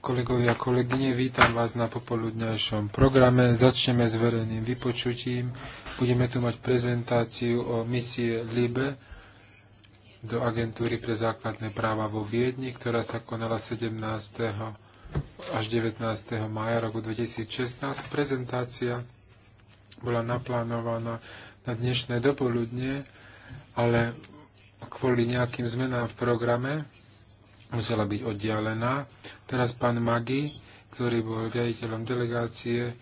Kolegovia kolegyne, vítam vás na popoludňajšom programe. Začneme s verejným vypočutím. Budeme tu mať prezentáciu o misie LIBE do Agentúry pre základné práva vo Viedni, ktorá sa konala 17. až 19. maja roku 2016. Prezentácia bola naplánovaná na dnešné dopoludne, ale kvôli nejakým zmenám v programe musela byť oddialená. Teraz pán Magi, ktorý bol riaditeľom delegácie,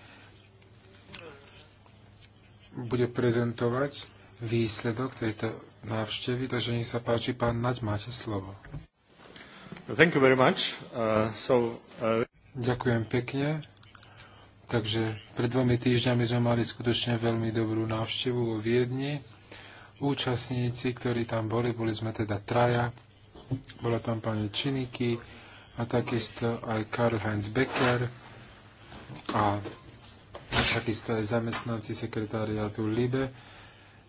bude prezentovať výsledok tejto návštevy, takže nech sa páči, pán Naď, máte slovo. Thank you very much. Uh, so, uh... Ďakujem pekne. Takže pred dvomi týždňami sme mali skutočne veľmi dobrú návštevu vo Viedni účastníci, ktorí tam boli, boli sme teda traja, bola tam pani Činiky a takisto aj Karl-Heinz Becker a takisto aj zamestnanci sekretariátu LIBE.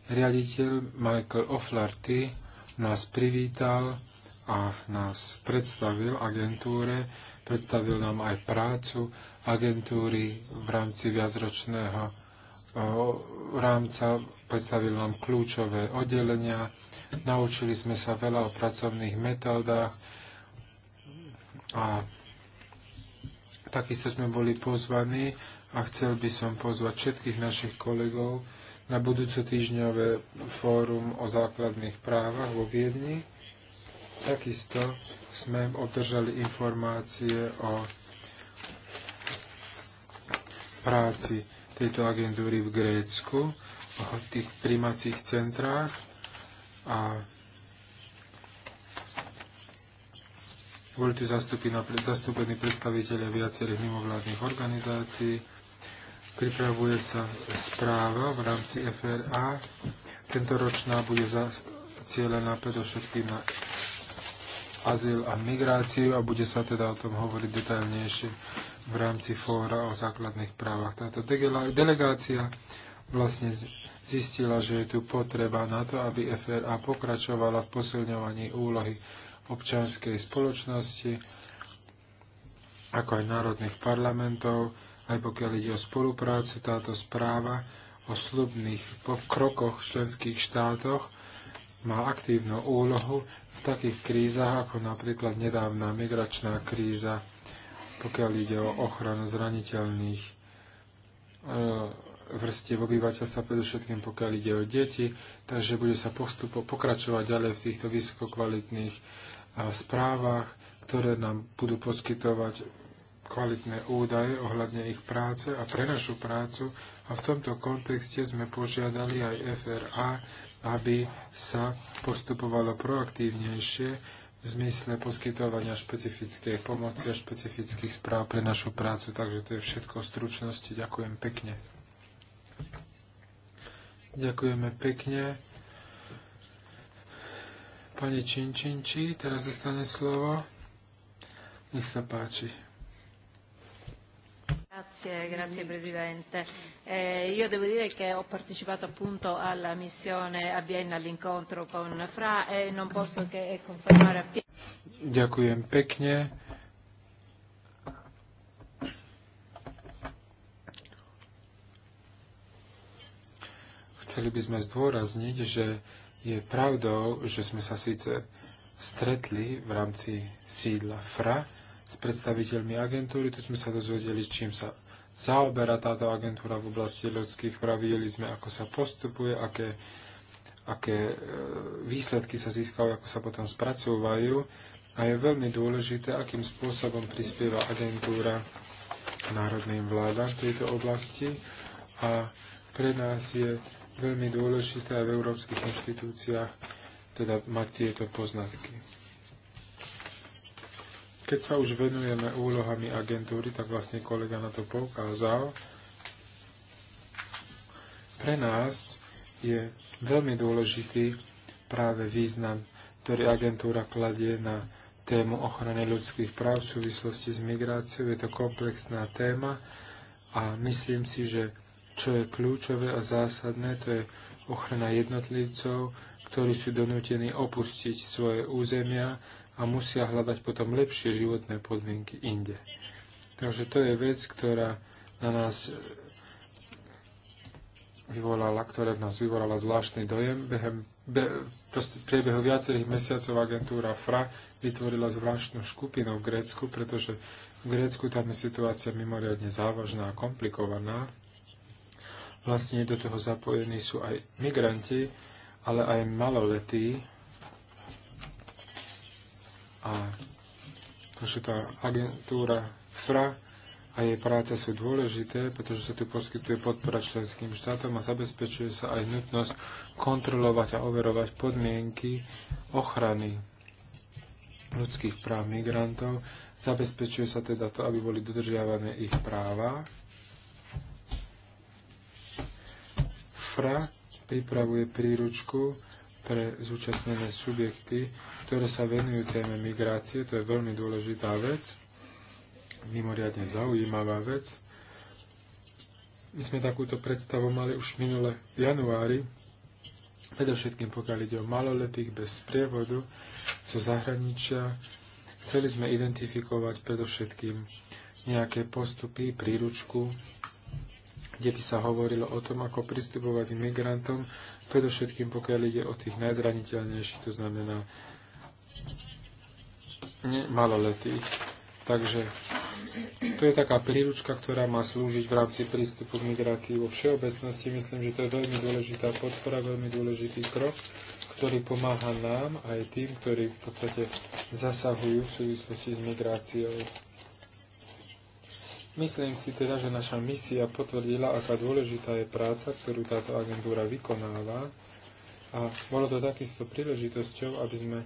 Riaditeľ Michael Oflarty nás privítal a nás predstavil agentúre, predstavil nám aj prácu agentúry v rámci viacročného rámca, predstavil nám kľúčové oddelenia, naučili sme sa veľa o pracovných metódach a takisto sme boli pozvaní a chcel by som pozvať všetkých našich kolegov na budúco týždňové fórum o základných právach vo Viedni. Takisto sme obdržali informácie o práci tejto agentúry v Grécku, v tých primacích centrách a boli tu zastúpení predstaviteľe viacerých mimovládnych organizácií. Pripravuje sa správa v rámci FRA. Tento ročná bude zacielená predovšetkým na azyl a migráciu a bude sa teda o tom hovoriť detailnejšie v rámci fóra o základných právach. Táto delegácia vlastne zistila, že je tu potreba na to, aby FRA pokračovala v posilňovaní úlohy občanskej spoločnosti, ako aj národných parlamentov, aj pokiaľ ide o spoluprácu, táto správa o slubných krokoch v členských štátoch má aktívnu úlohu v takých krízach, ako napríklad nedávna migračná kríza pokiaľ ide o ochranu zraniteľných e, vrstiev obyvateľstva, predovšetkým pokiaľ ide o deti, takže bude sa postupo, pokračovať ďalej v týchto vysokokvalitných e, správach, ktoré nám budú poskytovať kvalitné údaje ohľadne ich práce a pre našu prácu. A v tomto kontexte sme požiadali aj FRA, aby sa postupovalo proaktívnejšie v zmysle poskytovania špecifickej pomoci a špecifických správ pre našu prácu. Takže to je všetko v stručnosti. Ďakujem pekne. Ďakujeme pekne. Pani Činčinči, teraz dostane slovo. Nech sa páči. Grazie, grazie Presidente. Eh, io devo dire che ho partecipato appunto alla missione a Vienna all'incontro con Fra e non posso che confermare a pieno. Ďakujem pekne. Chceli by sme zdôrazniť, že je pravdou, že sme sa síce stretli v rámci sídla FRA, s predstaviteľmi agentúry. Tu sme sa dozvedeli, čím sa zaoberá táto agentúra v oblasti ľudských práv. Videli sme, ako sa postupuje, aké, aké e, výsledky sa získajú, ako sa potom spracúvajú. A je veľmi dôležité, akým spôsobom prispieva agentúra národným vládam v tejto oblasti. A pre nás je veľmi dôležité aj v európskych inštitúciách teda mať tieto poznatky. Keď sa už venujeme úlohami agentúry, tak vlastne kolega na to poukázal, pre nás je veľmi dôležitý práve význam, ktorý agentúra kladie na tému ochrany ľudských práv v súvislosti s migráciou. Je to komplexná téma a myslím si, že čo je kľúčové a zásadné, to je ochrana jednotlivcov, ktorí sú donútení opustiť svoje územia a musia hľadať potom lepšie životné podmienky inde. Takže to je vec, ktorá na nás e, vyvolala, ktoré v nás vyvolala zvláštny dojem. Behem, be, proste, v priebehu viacerých mesiacov agentúra FRA vytvorila zvláštnu skupinu v Grécku, pretože v Grécku tam je situácia mimoriadne závažná a komplikovaná. Vlastne do toho zapojení sú aj migranti, ale aj maloletí, a takže tá agentúra FRA a jej práca sú dôležité, pretože sa tu poskytuje podpora členským štátom a zabezpečuje sa aj nutnosť kontrolovať a overovať podmienky ochrany ľudských práv migrantov. Zabezpečuje sa teda to, aby boli dodržiavané ich práva. FRA pripravuje príručku pre zúčastnené subjekty, ktoré sa venujú téme migrácie. To je veľmi dôležitá vec, mimoriadne zaujímavá vec. My sme takúto predstavu mali už minule v januári, predovšetkým pokiaľ ide o maloletých bez sprievodu zo zahraničia. Chceli sme identifikovať predovšetkým nejaké postupy, príručku, kde by sa hovorilo o tom, ako pristupovať k predovšetkým pokiaľ ide o tých najzraniteľnejších, to znamená maloletých. Takže to je taká príručka, ktorá má slúžiť v rámci prístupu k migrácii vo všeobecnosti. Myslím, že to je veľmi dôležitá podpora, veľmi dôležitý krok, ktorý pomáha nám aj tým, ktorí v podstate zasahujú v súvislosti s migráciou. Myslím si teda, že naša misia potvrdila, aká dôležitá je práca, ktorú táto agentúra vykonáva. A bolo to takisto príležitosťou, aby sme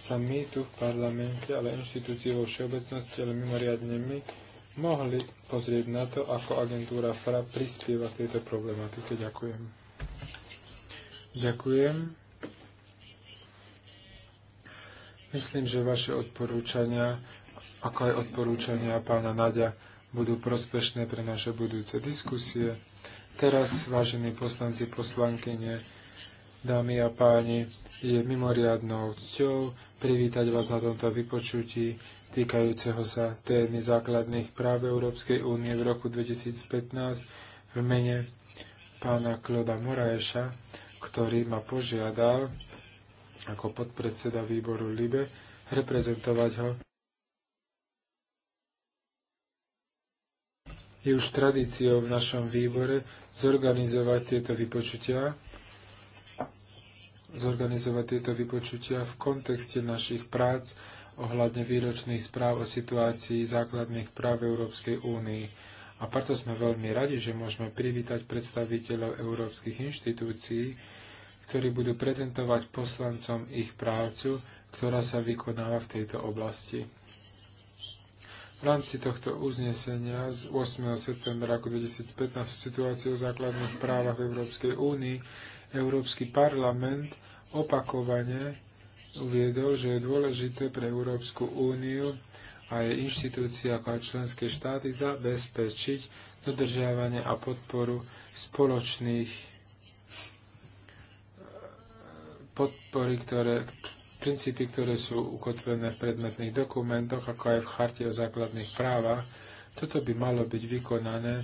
sa my tu v parlamente, ale inštitúcie vo všeobecnosti, ale mimoriadne my, mohli pozrieť na to, ako agentúra FRA prispieva k tejto problematike. Ďakujem. Ďakujem. Myslím, že vaše odporúčania, ako aj odporúčania pána Nadia, budú prospešné pre naše budúce diskusie. Teraz, vážení poslanci, poslankyne, dámy a páni, je mimoriadnou cťou privítať vás na tomto vypočutí týkajúceho sa témy základných práv Európskej únie v roku 2015 v mene pána Kloda Moraeša, ktorý ma požiadal ako podpredseda výboru LIBE reprezentovať ho je už tradíciou v našom výbore zorganizovať tieto vypočutia, zorganizovať tieto vypočutia v kontexte našich prác ohľadne výročných správ o situácii základných práv Európskej únii. A preto sme veľmi radi, že môžeme privítať predstaviteľov európskych inštitúcií, ktorí budú prezentovať poslancom ich prácu, ktorá sa vykonáva v tejto oblasti. V rámci tohto uznesenia z 8. septembra roku 2015 o situácii o základných právach v Európskej únii Európsky parlament opakovane uviedol, že je dôležité pre Európsku úniu a jej inštitúcie ako aj členské štáty zabezpečiť dodržiavanie a podporu spoločných podpory, ktoré princípy, ktoré sú ukotvené v predmetných dokumentoch, ako aj v charte o základných právach. Toto by malo byť vykonané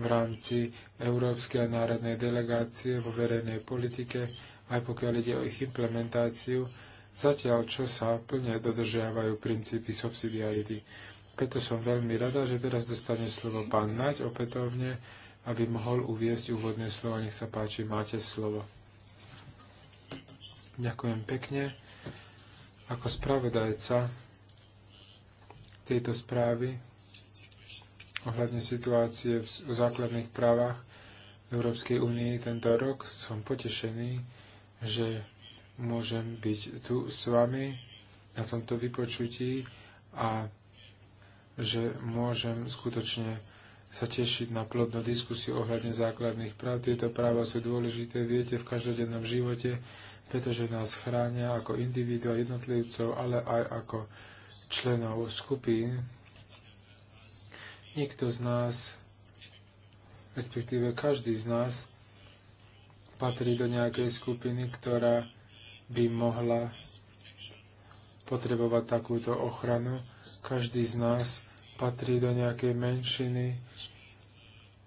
v rámci Európskej a národnej delegácie vo verejnej politike, aj pokiaľ ide o ich implementáciu, zatiaľ čo sa plne dodržiavajú princípy subsidiarity. Preto som veľmi rada, že teraz dostane slovo pán Naď opätovne, aby mohol uviezť úvodné slovo. Nech sa páči, máte slovo. Ďakujem pekne ako spravodajca tejto správy ohľadne situácie v, v základných právach v Európskej únii tento rok. Som potešený, že môžem byť tu s vami na tomto vypočutí a že môžem skutočne sa tešiť na plodnú diskusiu ohľadne základných práv. Tieto práva sú dôležité, viete, v každodennom živote, pretože nás chránia ako individua jednotlivcov, ale aj ako členov skupín. Nikto z nás, respektíve každý z nás, patrí do nejakej skupiny, ktorá by mohla potrebovať takúto ochranu. Každý z nás patrí do nejakej menšiny,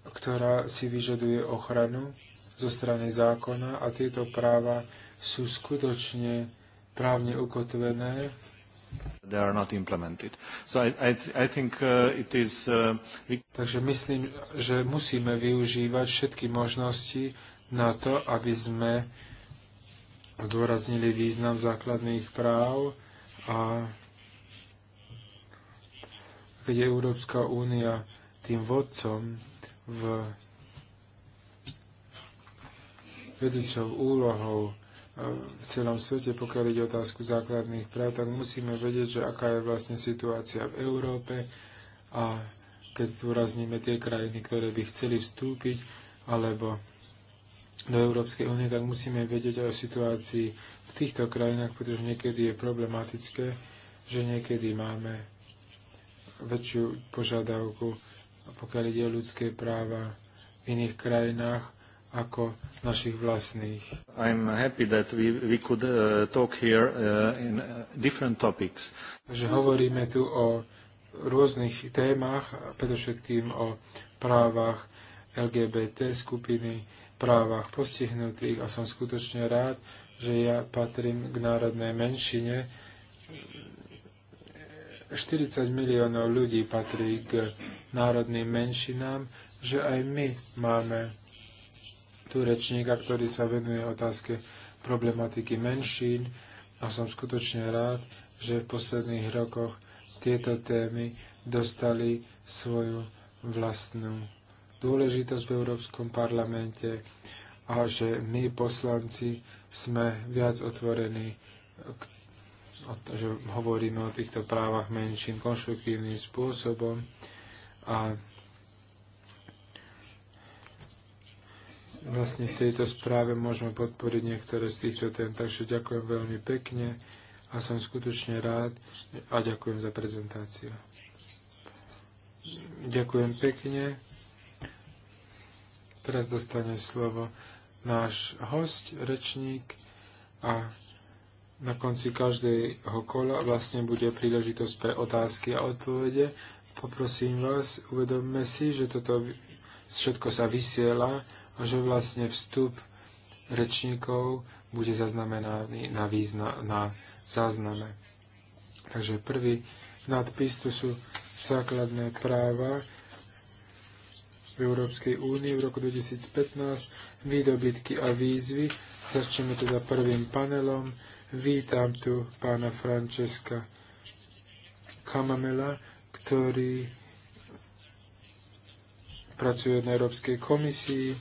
ktorá si vyžaduje ochranu zo strany zákona a tieto práva sú skutočne právne ukotvené. They are not implemented. So I, I, I think uh, it is, uh, we... Takže myslím, že musíme využívať všetky možnosti na to, aby sme zdôraznili význam základných práv a keď je Európska únia tým vodcom v vedúcov úlohou eh, v celom svete, pokiaľ ide otázku základných práv, tak musíme vedieť, že aká je vlastne situácia v Európe a keď zdôrazníme tie krajiny, ktoré by chceli vstúpiť alebo do Európskej únie, tak musíme vedieť aj o situácii v týchto krajinách, pretože niekedy je problematické, že niekedy máme väčšiu požiadavku, pokiaľ ide o ľudské práva v iných krajinách ako našich vlastných. I'm happy that we, we could uh, talk here uh, in uh, different topics. Takže hovoríme tu o rôznych témach, predovšetkým o právach LGBT skupiny, právach postihnutých a som skutočne rád, že ja patrím k národnej menšine, 40 miliónov ľudí patrí k národným menšinám, že aj my máme tu rečníka, ktorý sa venuje otázke problematiky menšín a som skutočne rád, že v posledných rokoch tieto témy dostali svoju vlastnú dôležitosť v Európskom parlamente a že my poslanci sme viac otvorení k že hovoríme o týchto právach menšín konštruktívnym spôsobom a vlastne v tejto správe môžeme podporiť niektoré z týchto tém. Takže ďakujem veľmi pekne a som skutočne rád a ďakujem za prezentáciu. Ďakujem pekne. Teraz dostane slovo náš host, rečník a na konci každého kola vlastne bude príležitosť pre otázky a odpovede. Poprosím vás, uvedomme si, že toto všetko sa vysiela a že vlastne vstup rečníkov bude zaznamenaný na, význa, na zázname. Takže prvý nadpis tu sú základné práva v Európskej únii v roku 2015, výdobytky a výzvy. Začneme teda prvým panelom Vítam tu pána Francesca Kamamela, ktorý pracuje na Európskej komisii,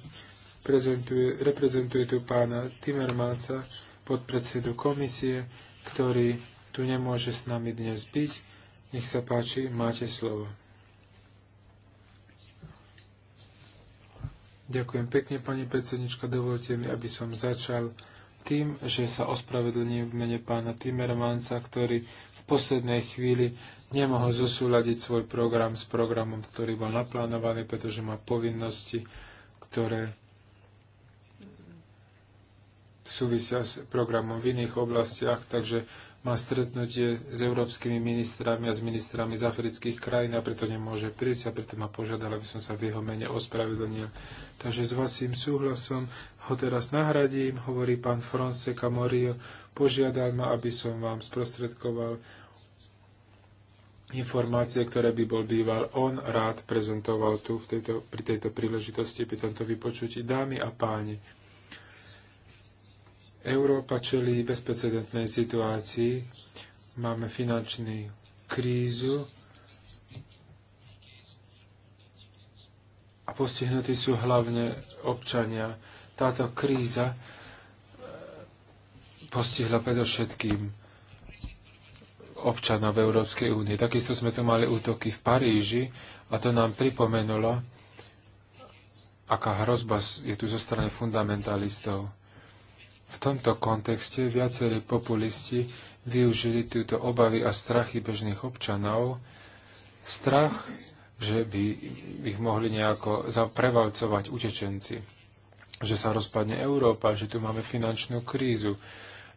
prezentuje, reprezentuje tu pána Timmermansa, podpredsedu komisie, ktorý tu nemôže s nami dnes byť. Nech sa páči, máte slovo. Ďakujem pekne, pani predsednička. Dovolte mi, aby som začal tým, že sa ospravedlním v mene pána Timmermansa, ktorý v poslednej chvíli nemohol zosúľadiť svoj program s programom, ktorý bol naplánovaný, pretože má povinnosti, ktoré súvisia s programom v iných oblastiach, takže má stretnutie s európskymi ministrami a s ministrami z afrických krajín a preto nemôže prísť a preto ma požiadal, aby som sa v jeho mene ospravedlnil. Takže s vasím súhlasom ho teraz nahradím, hovorí pán Fronseca Morio, požiadal ma, aby som vám sprostredkoval informácie, ktoré by bol býval on rád prezentoval tu v tejto, pri tejto príležitosti, pri tomto vypočutí. Dámy a páni, Európa čelí bezprecedentnej situácii. Máme finančnú krízu a postihnutí sú hlavne občania. Táto kríza eh, postihla predovšetkým občanov Európskej únie. Takisto sme tu mali útoky v Paríži a to nám pripomenulo, aká hrozba je tu zo strany fundamentalistov. V tomto kontexte viacerí populisti využili tieto obavy a strachy bežných občanov. Strach, že by ich mohli nejako prevalcovať utečenci, že sa rozpadne Európa, že tu máme finančnú krízu,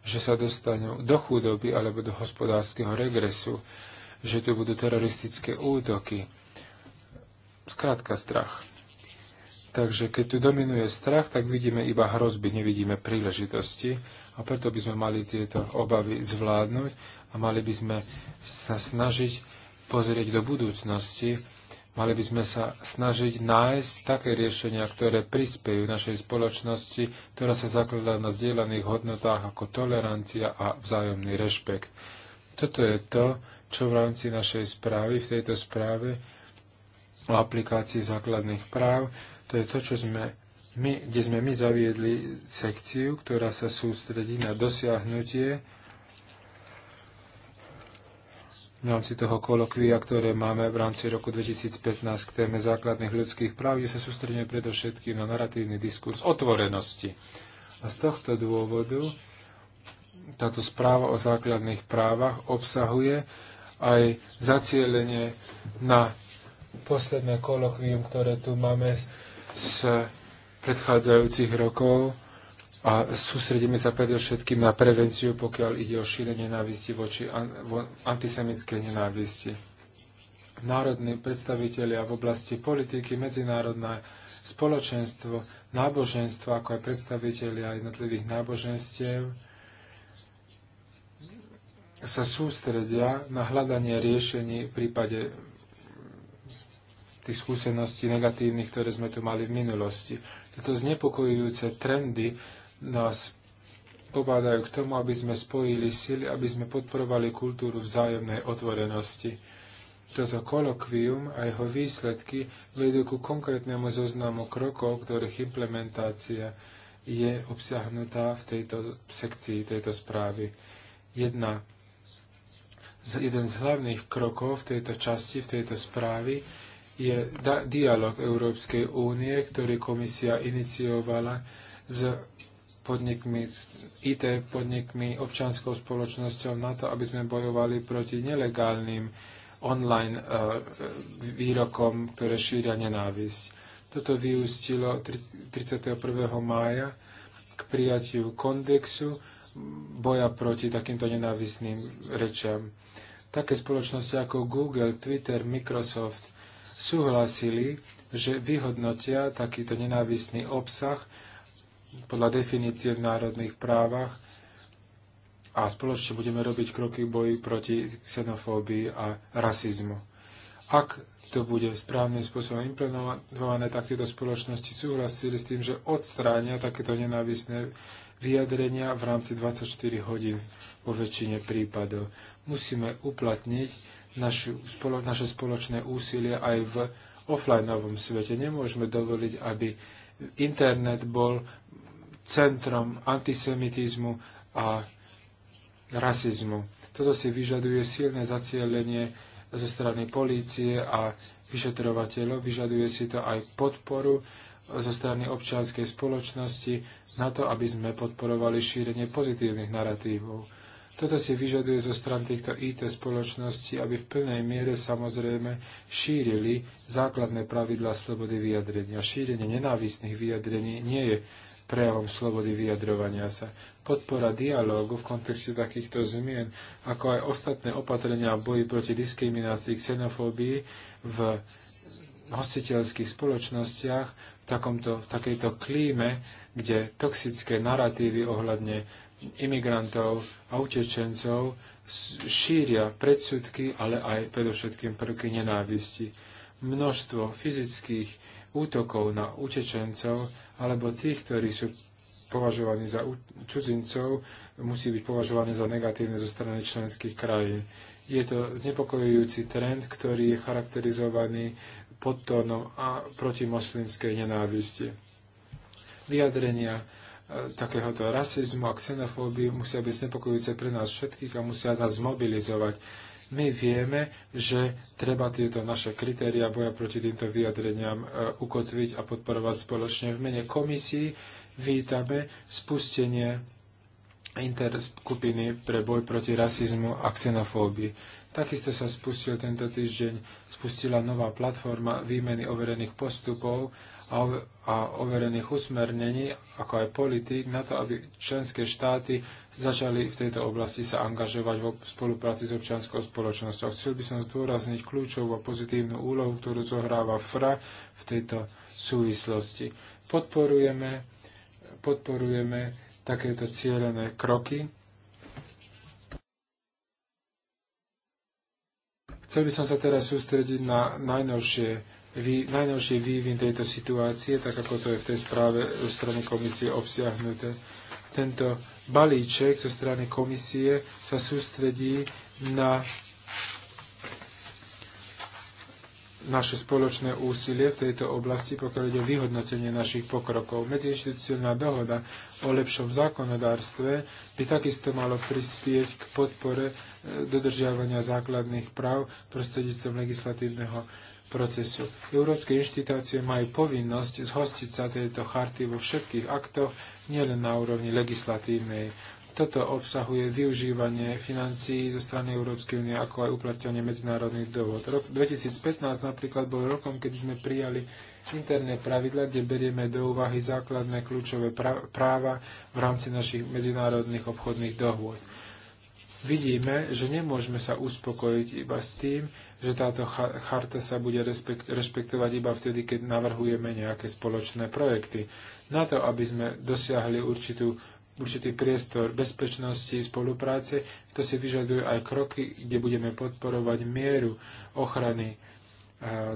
že sa dostanú do chudoby alebo do hospodárskeho regresu, že tu budú teroristické útoky. Skrátka strach. Takže keď tu dominuje strach, tak vidíme iba hrozby, nevidíme príležitosti a preto by sme mali tieto obavy zvládnuť a mali by sme sa snažiť pozrieť do budúcnosti, mali by sme sa snažiť nájsť také riešenia, ktoré prispejú našej spoločnosti, ktorá sa zakladá na zdieľaných hodnotách ako tolerancia a vzájomný rešpekt. Toto je to, čo v rámci našej správy, v tejto správe o aplikácii základných práv to je to, čo sme my, kde sme my zaviedli sekciu, ktorá sa sústredí na dosiahnutie v rámci toho kolokvia, ktoré máme v rámci roku 2015 k téme základných ľudských práv, kde sa sústredíme predovšetkým na narratívny diskurs otvorenosti. A z tohto dôvodu táto správa o základných právach obsahuje aj zacielenie na posledné kolokvium, ktoré tu máme z predchádzajúcich rokov a sústredíme sa predovšetkým na prevenciu, pokiaľ ide o šírenie nenávisti voči antisemickej nenávisti. Národní predstavitelia v oblasti politiky, medzinárodné spoločenstvo, náboženstvo, ako aj predstavitelia jednotlivých náboženstiev, sa sústredia na hľadanie riešení v prípade tých skúseností negatívnych, ktoré sme tu mali v minulosti. Tieto znepokojujúce trendy nás pobádajú k tomu, aby sme spojili sily, aby sme podporovali kultúru vzájomnej otvorenosti. Toto kolokvium a jeho výsledky vedú ku konkrétnemu zoznamu krokov, ktorých implementácia je obsiahnutá v tejto sekcii tejto správy. Jedna, jeden z hlavných krokov v tejto časti, v tejto správy je dialog Európskej únie, ktorý komisia iniciovala s podnikmi, IT podnikmi, občanskou spoločnosťou na to, aby sme bojovali proti nelegálnym online uh, výrokom, ktoré šíria nenávisť. Toto vyústilo 31. mája k prijatiu kondexu boja proti takýmto nenávisným rečiam. Také spoločnosti ako Google, Twitter, Microsoft súhlasili, že vyhodnotia takýto nenávisný obsah podľa definície v národných právach a spoločne budeme robiť kroky v boji proti xenofóbii a rasizmu. Ak to bude správnym spôsobom implementované, tak tieto spoločnosti súhlasili s tým, že odstránia takéto nenávisné vyjadrenia v rámci 24 hodín vo väčšine prípadov. Musíme uplatniť spolo, naše spoločné úsilie aj v offlineovom svete. Nemôžeme dovoliť, aby internet bol centrom antisemitizmu a rasizmu. Toto si vyžaduje silné zacielenie zo strany polície a vyšetrovateľov, vyžaduje si to aj podporu zo strany občianskej spoločnosti na to, aby sme podporovali šírenie pozitívnych narratívov. Toto si vyžaduje zo stran týchto IT spoločností, aby v plnej miere samozrejme šírili základné pravidlá slobody vyjadrenia. Šírenie nenávistných vyjadrení nie je prejavom slobody vyjadrovania sa. Podpora dialógu v kontexte takýchto zmien, ako aj ostatné opatrenia v boji proti diskriminácii, xenofóbii v hostiteľských spoločnostiach v, takomto, v takejto klíme, kde toxické narratívy ohľadne imigrantov a utečencov šíria predsudky, ale aj predovšetkým prvky nenávisti. Množstvo fyzických útokov na utečencov alebo tých, ktorí sú považovaní za cudzincov, musí byť považované za negatívne zo strany členských krajín. Je to znepokojujúci trend, ktorý je charakterizovaný podtónom a moslimskej nenávisti. Vyjadrenia takéhoto rasizmu a xenofóbiu musia byť znepokojúce pre nás všetkých a musia nás zmobilizovať. My vieme, že treba tieto naše kritéria boja proti týmto vyjadreniam e, ukotviť a podporovať spoločne. V mene komisii vítame spustenie interskupiny pre boj proti rasizmu a xenofóbii. Takisto sa spustil tento týždeň, spustila nová platforma výmeny overených postupov a overených usmernení, ako aj politik na to, aby členské štáty začali v tejto oblasti sa angažovať v spolupráci s občianskou spoločnosťou. Chcel by som zdôrazniť kľúčovú a pozitívnu úlohu, ktorú zohráva FRA v tejto súvislosti. Podporujeme, podporujeme takéto cieľené kroky, Chcel by som sa teraz sústrediť na najnovšie vy, najnovší vývin tejto situácie, tak ako to je v tej správe zo strany komisie obsiahnuté. Tento balíček zo strany komisie sa sústredí na naše spoločné úsilie v tejto oblasti, pokiaľ ide o vyhodnotenie našich pokrokov. Medziinstitucionálna dohoda o lepšom zákonodárstve by takisto malo prispieť k podpore e, dodržiavania základných práv prostredníctvom legislatívneho procesu. Európske inštitácie majú povinnosť zhostiť sa tejto charty vo všetkých aktoch, nielen na úrovni legislatívnej. Toto obsahuje využívanie financií zo strany Európskej únie, ako aj uplatňovanie medzinárodných dohod. Rok 2015 napríklad bol rokom, keď sme prijali interné pravidla, kde berieme do úvahy základné kľúčové práva v rámci našich medzinárodných obchodných dohôd vidíme, že nemôžeme sa uspokojiť iba s tým, že táto charta sa bude rešpektovať iba vtedy, keď navrhujeme nejaké spoločné projekty. Na to, aby sme dosiahli určitú, určitý priestor bezpečnosti, spolupráce, to si vyžaduje aj kroky, kde budeme podporovať mieru ochrany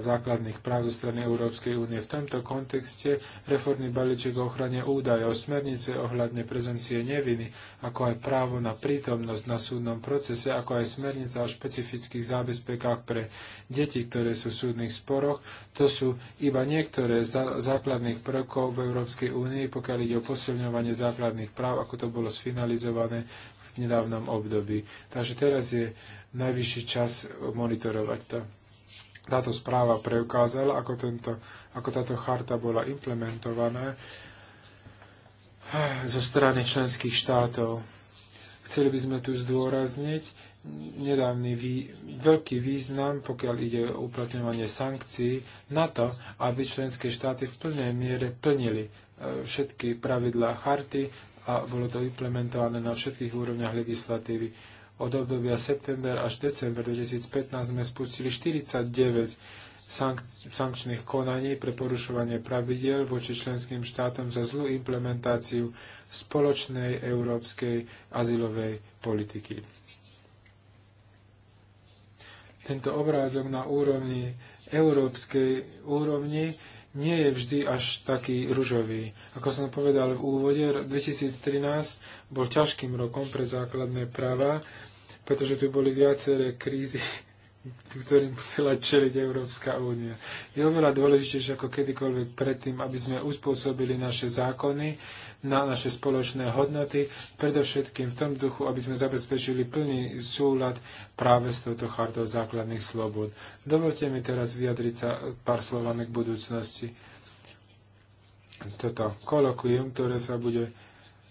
základných práv zo strany Európskej únie. V tomto kontexte reformný balíček o ochrane údajov, smernice ohľadne prezumcie neviny, ako aj právo na prítomnosť na súdnom procese, ako aj smernica o špecifických zábezpekách pre deti, ktoré sú v súdnych sporoch, to sú iba niektoré z základných prvkov v Európskej únii, pokiaľ ide o posilňovanie základných práv, ako to bolo sfinalizované v nedávnom období. Takže teraz je najvyšší čas monitorovať to táto správa preukázala, ako, tento, ako táto charta bola implementovaná eh, zo strany členských štátov. Chceli by sme tu zdôrazniť nedávny vý, veľký význam, pokiaľ ide o uplatňovanie sankcií, na to, aby členské štáty v plnej miere plnili eh, všetky pravidlá charty a bolo to implementované na všetkých úrovniach legislatívy od obdobia september až december 2015 sme spustili 49 sank- sankčných konaní pre porušovanie pravidiel voči členským štátom za zlú implementáciu spoločnej európskej azylovej politiky. Tento obrázok na úrovni európskej úrovni nie je vždy až taký ružový. Ako som povedal v úvode, 2013 bol ťažkým rokom pre základné práva, pretože tu boli viaceré krízy ktorým musela čeliť Európska únia. Je oveľa dôležitejšie ako kedykoľvek predtým, aby sme uspôsobili naše zákony na naše spoločné hodnoty, predovšetkým v tom duchu, aby sme zabezpečili plný súlad práve s touto chartou základných slobod. Dovolte mi teraz vyjadriť sa pár slovami k budúcnosti. Toto kolokujem, ktoré sa bude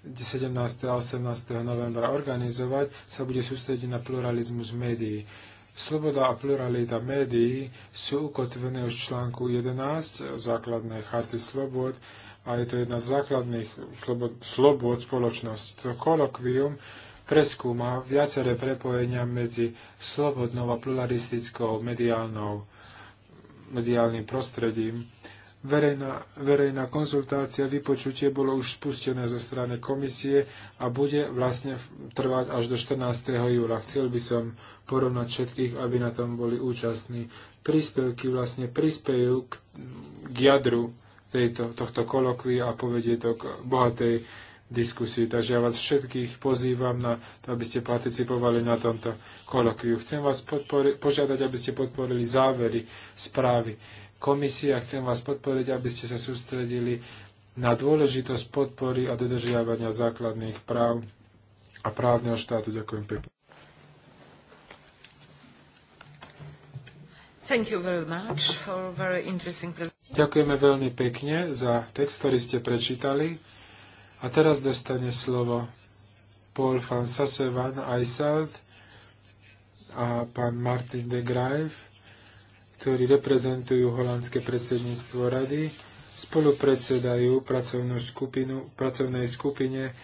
17. a 18. novembra organizovať, sa bude sústrediť na pluralizmus médií. Sloboda a pluralita médií sú ukotvené už v článku 11 základnej charty slobod a je to jedna z základných slobod, slobod spoločnosti. To kolokvium preskúma viaceré prepojenia medzi slobodnou a pluralistickou mediálnou, mediálnym prostredím Verejná, verejná konzultácia, vypočutie bolo už spustené zo strany komisie a bude vlastne trvať až do 14. júla. Chcel by som porovnať všetkých, aby na tom boli účastní. Príspevky vlastne prispejú k, k jadru tejto, tohto kolokví a povedie to k bohatej diskusii. Takže ja vás všetkých pozývam, na to, aby ste participovali na tomto kolokviu. Chcem vás požiadať, aby ste podporili závery správy komisii a chcem vás podporiť, aby ste sa sústredili na dôležitosť podpory a dodržiavania základných práv a právneho štátu. Ďakujem pekne. Ďakujeme veľmi pekne za text, ktorý ste prečítali. A teraz dostane slovo Paul van van Aysalt a pán Martin de Graeff ktorí reprezentujú holandské predsedníctvo rady, spolupredsedajú pracovnú skupinu, pracovnej skupine,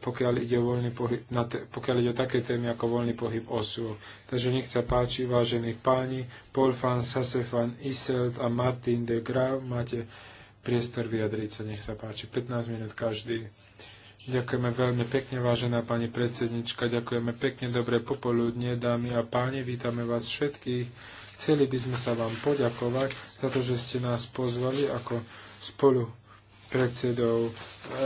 pokiaľ ide, o voľný pohyb, na te, pokiaľ ide o také témy ako voľný pohyb osôb. Takže nech sa páči, vážení páni, Paul van Sasefan Iselt a Martin de Graaf, máte priestor vyjadriť sa, nech sa páči, 15 minút každý. Ďakujeme veľmi pekne, vážená pani predsednička, ďakujeme pekne, dobré popoludne, dámy a páni, vítame vás všetkých Chceli by sme sa vám poďakovať za to, že ste nás pozvali ako spolu predsedov e, e,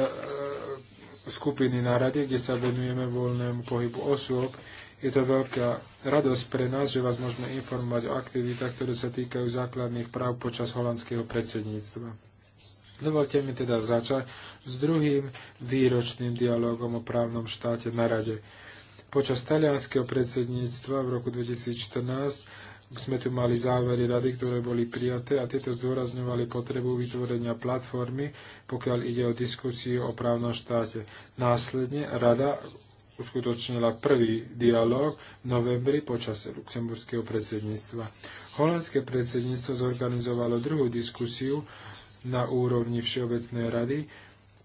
skupiny na rade, kde sa venujeme voľnému pohybu osôb. Je to veľká radosť pre nás, že vás môžeme informovať o aktivitách, ktoré sa týkajú základných práv počas holandského predsedníctva. Dovolte mi teda začať s druhým výročným dialogom o právnom štáte na rade. Počas talianského predsedníctva v roku 2014 sme tu mali závery rady, ktoré boli prijaté a tieto zdôrazňovali potrebu vytvorenia platformy, pokiaľ ide o diskusiu o právnom štáte. Následne rada uskutočnila prvý dialog v novembri počas luxemburského predsedníctva. Holandské predsedníctvo zorganizovalo druhú diskusiu na úrovni Všeobecnej rady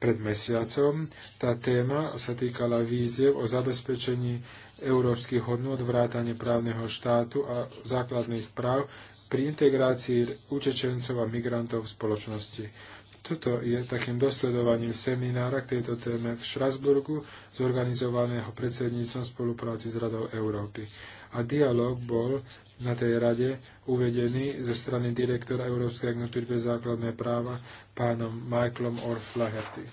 pred mesiacom. Tá téma sa týkala víziev o zabezpečení európskych hodnot, vrátane právneho štátu a základných práv pri integrácii učečencov a migrantov v spoločnosti. Toto je takým dosledovaním seminára k tejto téme v Štrasburgu, zorganizovaného predsedníctvom spolupráci s Radou Európy. A dialog bol na tej rade uvedený zo strany direktora Európskej agentúry pre základné práva pánom Michaelom Orflaherty.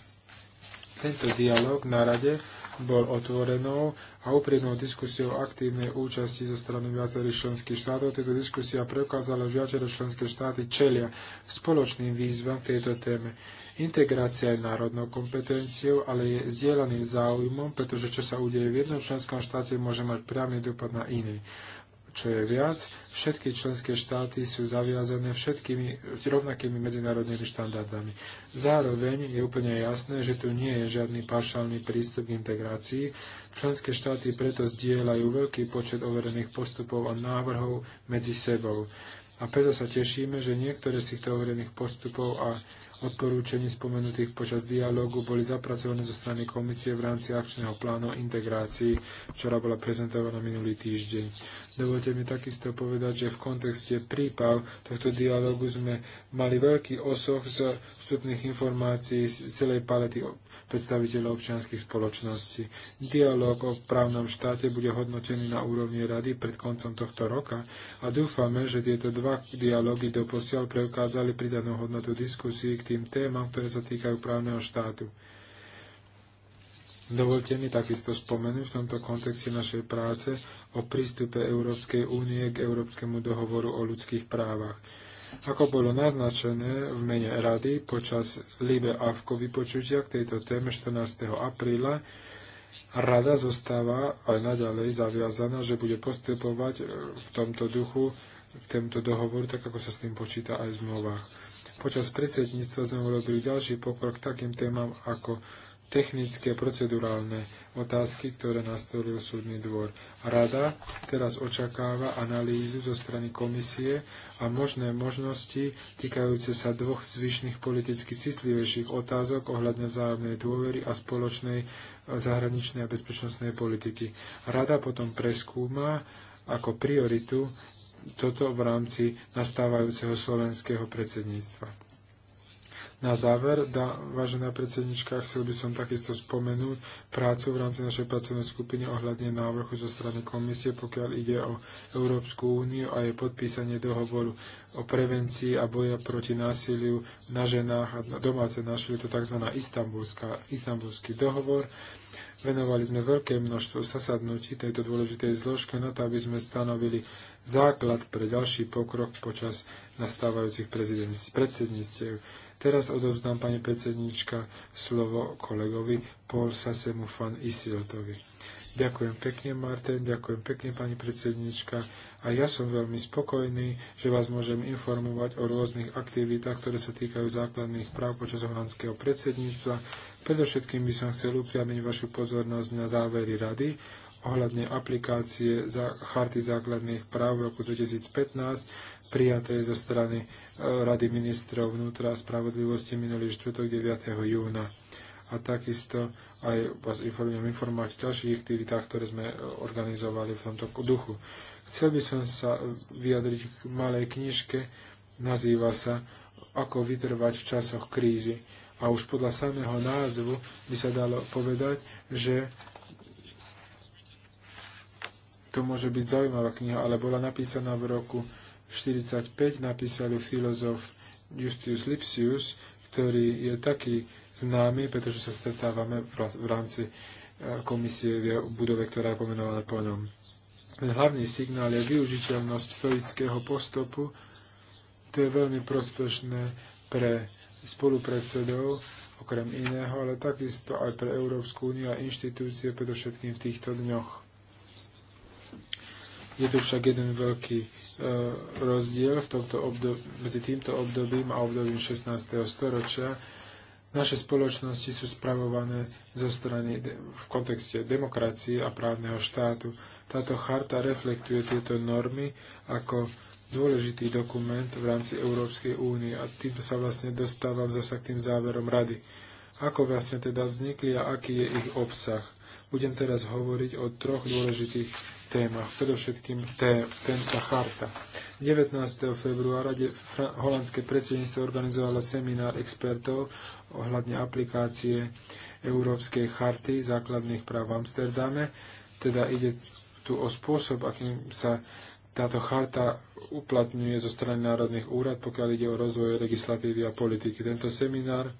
Tento dialog na rade bol otvorenou a úprimnou diskusiou aktívnej účasti zo strany viacerých členských štátov. Tieto diskusia preukázala, že viaceré členské štáty čelia spoločným výzvam v tejto téme. Integrácia je národnou kompetenciou, ale je zdieľaným záujmom, pretože čo sa udeje v jednom členskom štáte, môže mať priamy dopad na iný čo je viac, všetky členské štáty sú zaviazané všetkými rovnakými medzinárodnými štandardami. Zároveň je úplne jasné, že tu nie je žiadny paršálny prístup k integrácii. Členské štáty preto zdieľajú veľký počet overených postupov a návrhov medzi sebou. A preto sa tešíme, že niektoré z týchto overených postupov a odporúčení spomenutých počas dialógu boli zapracované zo strany komisie v rámci akčného plánu integrácií, ktorá bola prezentovaná minulý týždeň. Dovolte mi takisto povedať, že v kontexte príprav tohto dialogu sme mali veľký osoch z vstupných informácií z celej palety predstaviteľov občianských spoločností. Dialóg o právnom štáte bude hodnotený na úrovni rady pred koncom tohto roka a dúfame, že tieto dva dialógy doposiaľ preukázali pridanú hodnotu diskusí k tým témam, ktoré sa týkajú právneho štátu. Dovolte mi takisto spomenúť v tomto kontexte našej práce o prístupe Európskej únie k Európskemu dohovoru o ľudských právach. Ako bolo naznačené v mene Rady počas Libe Avko vypočutia k tejto téme 14. apríla, Rada zostáva aj naďalej zaviazaná, že bude postupovať e, v tomto duchu, v tomto dohovoru, tak ako sa s tým počíta aj v zmluvách. Počas predsedníctva sme urobili ďalší pokrok takým témam ako technické procedurálne otázky, ktoré nastolil súdny dvor. Rada teraz očakáva analýzu zo strany komisie a možné možnosti týkajúce sa dvoch zvyšných politicky citlivejších otázok ohľadne vzájomnej dôvery a spoločnej eh, zahraničnej a bezpečnostnej politiky. Rada potom preskúma ako prioritu toto v rámci nastávajúceho slovenského predsedníctva. Na záver, da, vážená predsednička, chcel by som takisto spomenúť prácu v rámci našej pracovnej skupiny ohľadne návrhu zo strany komisie, pokiaľ ide o Európsku úniu a je podpísanie dohovoru o prevencii a boja proti násiliu na ženách a na domáce násiliu, to tzv. istambulský dohovor. Venovali sme veľké množstvo zasadnutí tejto dôležitej zložke na to, aby sme stanovili základ pre ďalší pokrok počas nastávajúcich predsedníctiev. Teraz odovzdám, pani predsednička, slovo kolegovi Paul Sasemu van Isiltovi. Ďakujem pekne, Martin, ďakujem pekne, pani predsednička. A ja som veľmi spokojný, že vás môžem informovať o rôznych aktivitách, ktoré sa týkajú základných práv počas holandského predsedníctva. Predovšetkým by som chcel upriamiť vašu pozornosť na závery rady ohľadne aplikácie za Charty základných práv v roku 2015, prijaté zo strany e, Rady ministrov vnútra a spravodlivosti minulý štvrtok 9. júna. A takisto aj vás informujem informovať o ďalších aktivitách, ktoré sme e, organizovali v tomto duchu. Chcel by som sa vyjadriť k malej knižke, nazýva sa Ako vytrvať v časoch krízy. A už podľa samého názvu by sa dalo povedať, že to môže byť zaujímavá kniha, ale bola napísaná v roku 1945, napísal ju filozof Justius Lipsius, ktorý je taký známy, pretože sa stretávame v rámci e, komisie v budove, ktorá je pomenovaná po ňom. Ten hlavný signál je využiteľnosť stoického postupu. To je veľmi prospešné pre spolupredsedov, okrem iného, ale takisto aj pre Európsku úniu a inštitúcie, predovšetkým v týchto dňoch. Je tu však jeden veľký uh, rozdiel v tomto obdob- medzi týmto obdobím a obdobím 16. storočia. Naše spoločnosti sú spravované zo strany v kontexte demokracie a právneho štátu. Táto charta reflektuje tieto normy ako dôležitý dokument v rámci Európskej únie a týmto sa vlastne dostávam zase k tým záverom rady. Ako vlastne teda vznikli a aký je ich obsah? Budem teraz hovoriť o troch dôležitých témach, predovšetkým té, tenta charta. 19. februára holandské predsedníctvo organizovalo seminár expertov ohľadne aplikácie Európskej charty základných práv v Amsterdame. Teda ide tu o spôsob, akým sa táto charta uplatňuje zo strany národných úrad, pokiaľ ide o rozvoj legislatívy a politiky. Tento seminár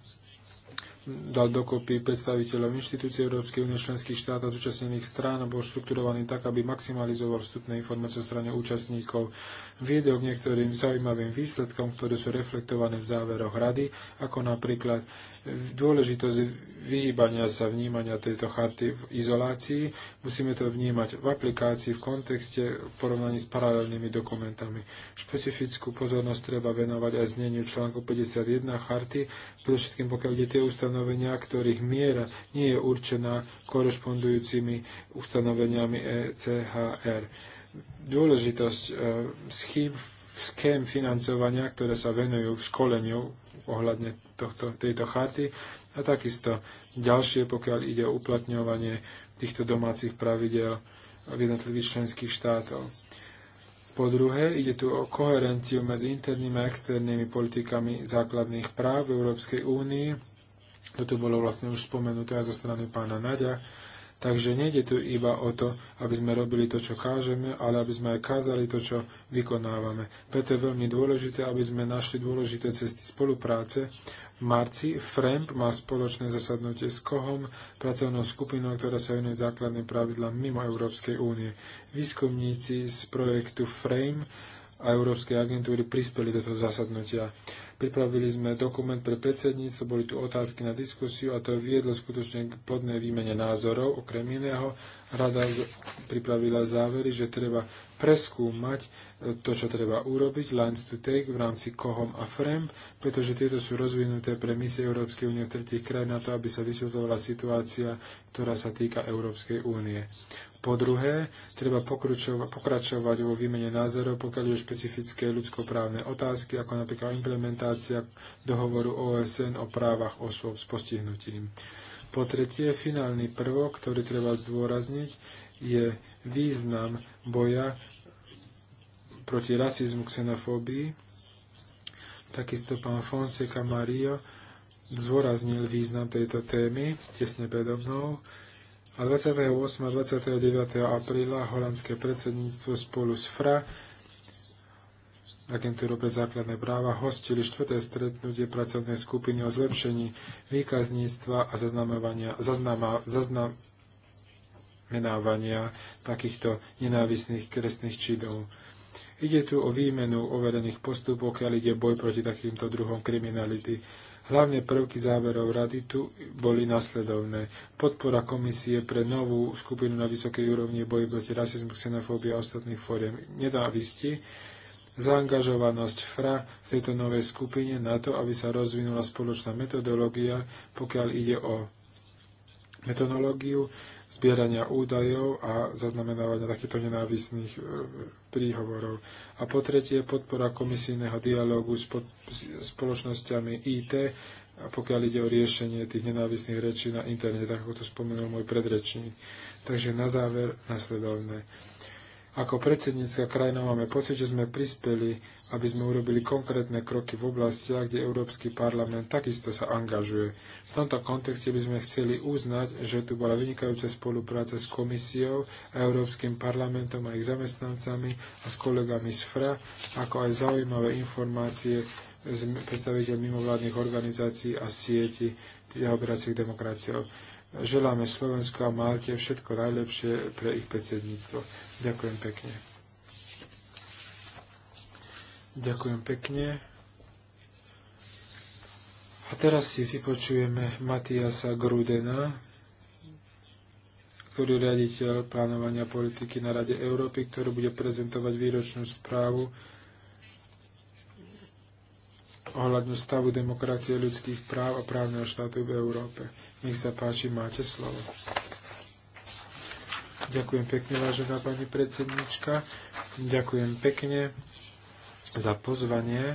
dal dokopy predstaviteľov inštitúcií Európskej únie, členských štátov, zúčastnených strán a bol štrukturovaný tak, aby maximalizoval vstupné informácie o strane účastníkov. Viedol k niektorým zaujímavým výsledkom, ktoré sú reflektované v záveroch rady, ako napríklad dôležitosť vyhýbania sa vnímania tejto charty v izolácii. Musíme to vnímať v aplikácii, v kontexte, v porovnaní s paralelnými dokumentami. Špecifickú pozornosť treba venovať aj zneniu článku 51 charty, predovšetkým pokiaľ ide tie ustanovenia, ktorých miera nie je určená korešpondujúcimi ustanoveniami ECHR. Dôležitosť eh, schým schém financovania, ktoré sa venujú v školeniu ohľadne tohto, tejto chaty a takisto ďalšie, pokiaľ ide o uplatňovanie týchto domácich pravidel v jednotlivých členských štátov. Po druhé, ide tu o koherenciu medzi internými a externými politikami základných práv v Európskej únii. Toto bolo vlastne už spomenuté aj zo strany pána Nadia Takže nejde tu iba o to, aby sme robili to, čo kážeme, ale aby sme aj kázali to, čo vykonávame. Preto je veľmi dôležité, aby sme našli dôležité cesty spolupráce. V marci FREMP má spoločné zasadnutie s KOHOM, pracovnou skupinou, ktorá sa venuje základným pravidlám mimo Európskej únie. Výskumníci z projektu FRAME a Európskej agentúry prispeli do toho zasadnutia. Pripravili sme dokument pre predsedníctvo, boli tu otázky na diskusiu a to viedlo skutočne k plodnej výmene názorov. Okrem iného, rada pripravila závery, že treba preskúmať e, to, čo treba urobiť, lines to take v rámci COHOM a FREM, pretože tieto sú rozvinuté pre misie Európskej únie v tretich krajín na to, aby sa vysvetlovala situácia, ktorá sa týka Európskej únie. Po druhé, treba pokračovať vo výmene názorov, pokiaľ je špecifické ľudskoprávne otázky, ako napríklad implementácia dohovoru OSN o právach osôb s postihnutím. Po tretie, finálny prvok, ktorý treba zdôrazniť, je význam boja proti rasizmu, xenofóbii. Takisto pán Fonseca Mario zdôraznil význam tejto témy tesne predo mnou a 28. a 29. apríla holandské predsedníctvo spolu s FRA agentúru pre základné práva hostili štvrté stretnutie pracovnej skupiny o zlepšení výkazníctva a zaznamovania, zaznama, menávania takýchto nenávisných kresných činov. Ide tu o výmenu overených postupov, keď ide boj proti takýmto druhom kriminality. Hlavné prvky záverov rady tu boli nasledovné. Podpora komisie pre novú skupinu na vysokej úrovni boji proti rasizmu, xenofóbii a ostatných fóriem nedávisti, zaangažovanosť FRA v tejto novej skupine na to, aby sa rozvinula spoločná metodológia, pokiaľ ide o metodológiu zbierania údajov a zaznamenávania takýchto nenávisných e, príhovorov. A po tretie, podpora komisijného dialógu s, pod, s spoločnosťami IT, pokiaľ ide o riešenie tých nenávisných rečí na internete, tak ako to spomenul môj predrečník. Takže na záver nasledovné. Ako predsednícka krajina máme pocit, že sme prispeli, aby sme urobili konkrétne kroky v oblastiach, kde Európsky parlament takisto sa angažuje. V tomto kontexte by sme chceli uznať, že tu bola vynikajúca spolupráca s komisiou a Európskym parlamentom a ich zamestnancami a s kolegami z FRA, ako aj zaujímavé informácie z predstaviteľ mimovládnych organizácií a sieti zaoberacích demokraciou. Želáme Slovensku a Malte všetko najlepšie pre ich predsedníctvo. Ďakujem pekne. Ďakujem pekne. A teraz si vypočujeme Matiasa Grudena, ktorý je riaditeľ plánovania politiky na Rade Európy, ktorý bude prezentovať výročnú správu ohľadne stavu demokracie, ľudských práv a právneho štátu v Európe. Nech sa páči, máte slovo. Ďakujem pekne, vážená pani predsednička. Ďakujem pekne za pozvanie.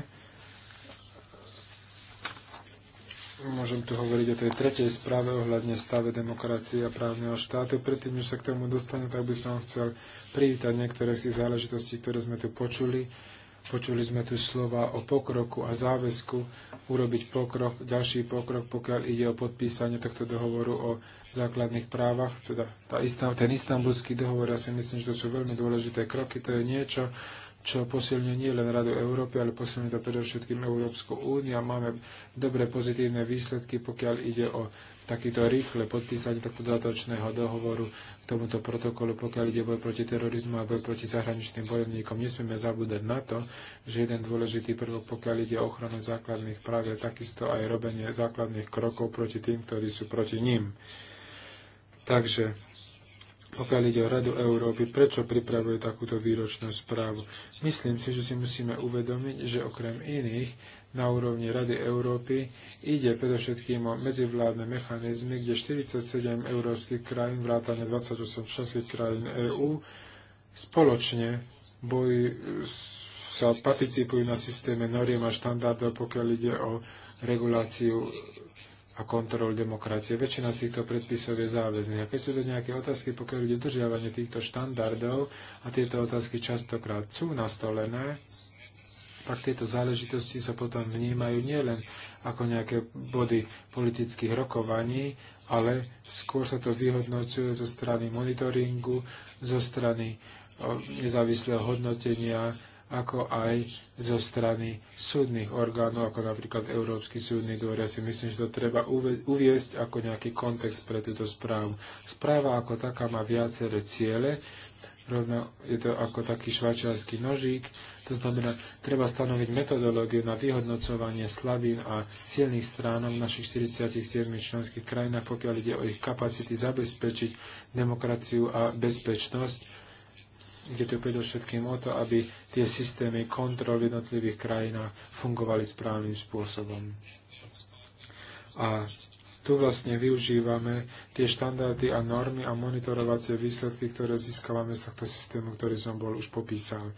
Môžem tu hovoriť o tej tretej správe ohľadne stave demokracie a právneho štátu. Predtým, než sa k tomu dostanem, tak by som chcel privítať niektoré z tých záležitostí, ktoré sme tu počuli Počuli sme tu slova o pokroku a záväzku urobiť pokrok, ďalší pokrok, pokiaľ ide o podpísanie tohto dohovoru o základných právach, teda tá istá, ten istambulský dohovor, ja si myslím, že to sú veľmi dôležité kroky, to je niečo, čo posilňuje nie len Radu Európy, ale posilňuje to predovšetkým Európsku úniu a máme dobré pozitívne výsledky, pokiaľ ide o takýto rýchle podpísanie takto dodatočného dohovoru k tomuto protokolu, pokiaľ ide boj proti terorizmu a boj proti zahraničným bojovníkom. Nesmieme zabúdať na to, že jeden dôležitý prvok, pokiaľ ide o ochranu základných práv, je takisto aj robenie základných krokov proti tým, ktorí sú proti ním. Takže pokiaľ ide o Radu Európy, prečo pripravuje takúto výročnú správu. Myslím si, že si musíme uvedomiť, že okrem iných na úrovni Rady Európy. Ide predovšetkým o medzivládne mechanizmy, kde 47 európskych krajín, vrátane 28 členských krajín EÚ, spoločne bojujú sa participujú na systéme noriem a štandardov, pokiaľ ide o reguláciu a kontrol demokracie. Väčšina z týchto predpisov je záväzných. A keď sú to nejaké otázky, pokiaľ ide dodržiavanie týchto štandardov, a tieto otázky častokrát sú nastolené, Pak tieto záležitosti sa potom vnímajú nielen ako nejaké body politických rokovaní, ale skôr sa to vyhodnocuje zo strany monitoringu, zo strany nezávislého hodnotenia, ako aj zo strany súdnych orgánov, ako napríklad Európsky súdny dvor. Ja si myslím, že to treba uviesť ako nejaký kontext pre túto správu. Správa ako taká má viaceré ciele, rovno je to ako taký švajčiarsky nožík. To znamená, treba stanoviť metodológiu na vyhodnocovanie slabín a silných stránok našich 47 členských krajinách, pokiaľ ide o ich kapacity zabezpečiť demokraciu a bezpečnosť. Ide to predovšetkým o to, aby tie systémy kontrol v jednotlivých krajinách fungovali správnym spôsobom. A tu vlastne využívame tie štandardy a normy a monitorovacie výsledky, ktoré získavame z tohto systému, ktorý som bol už popísal.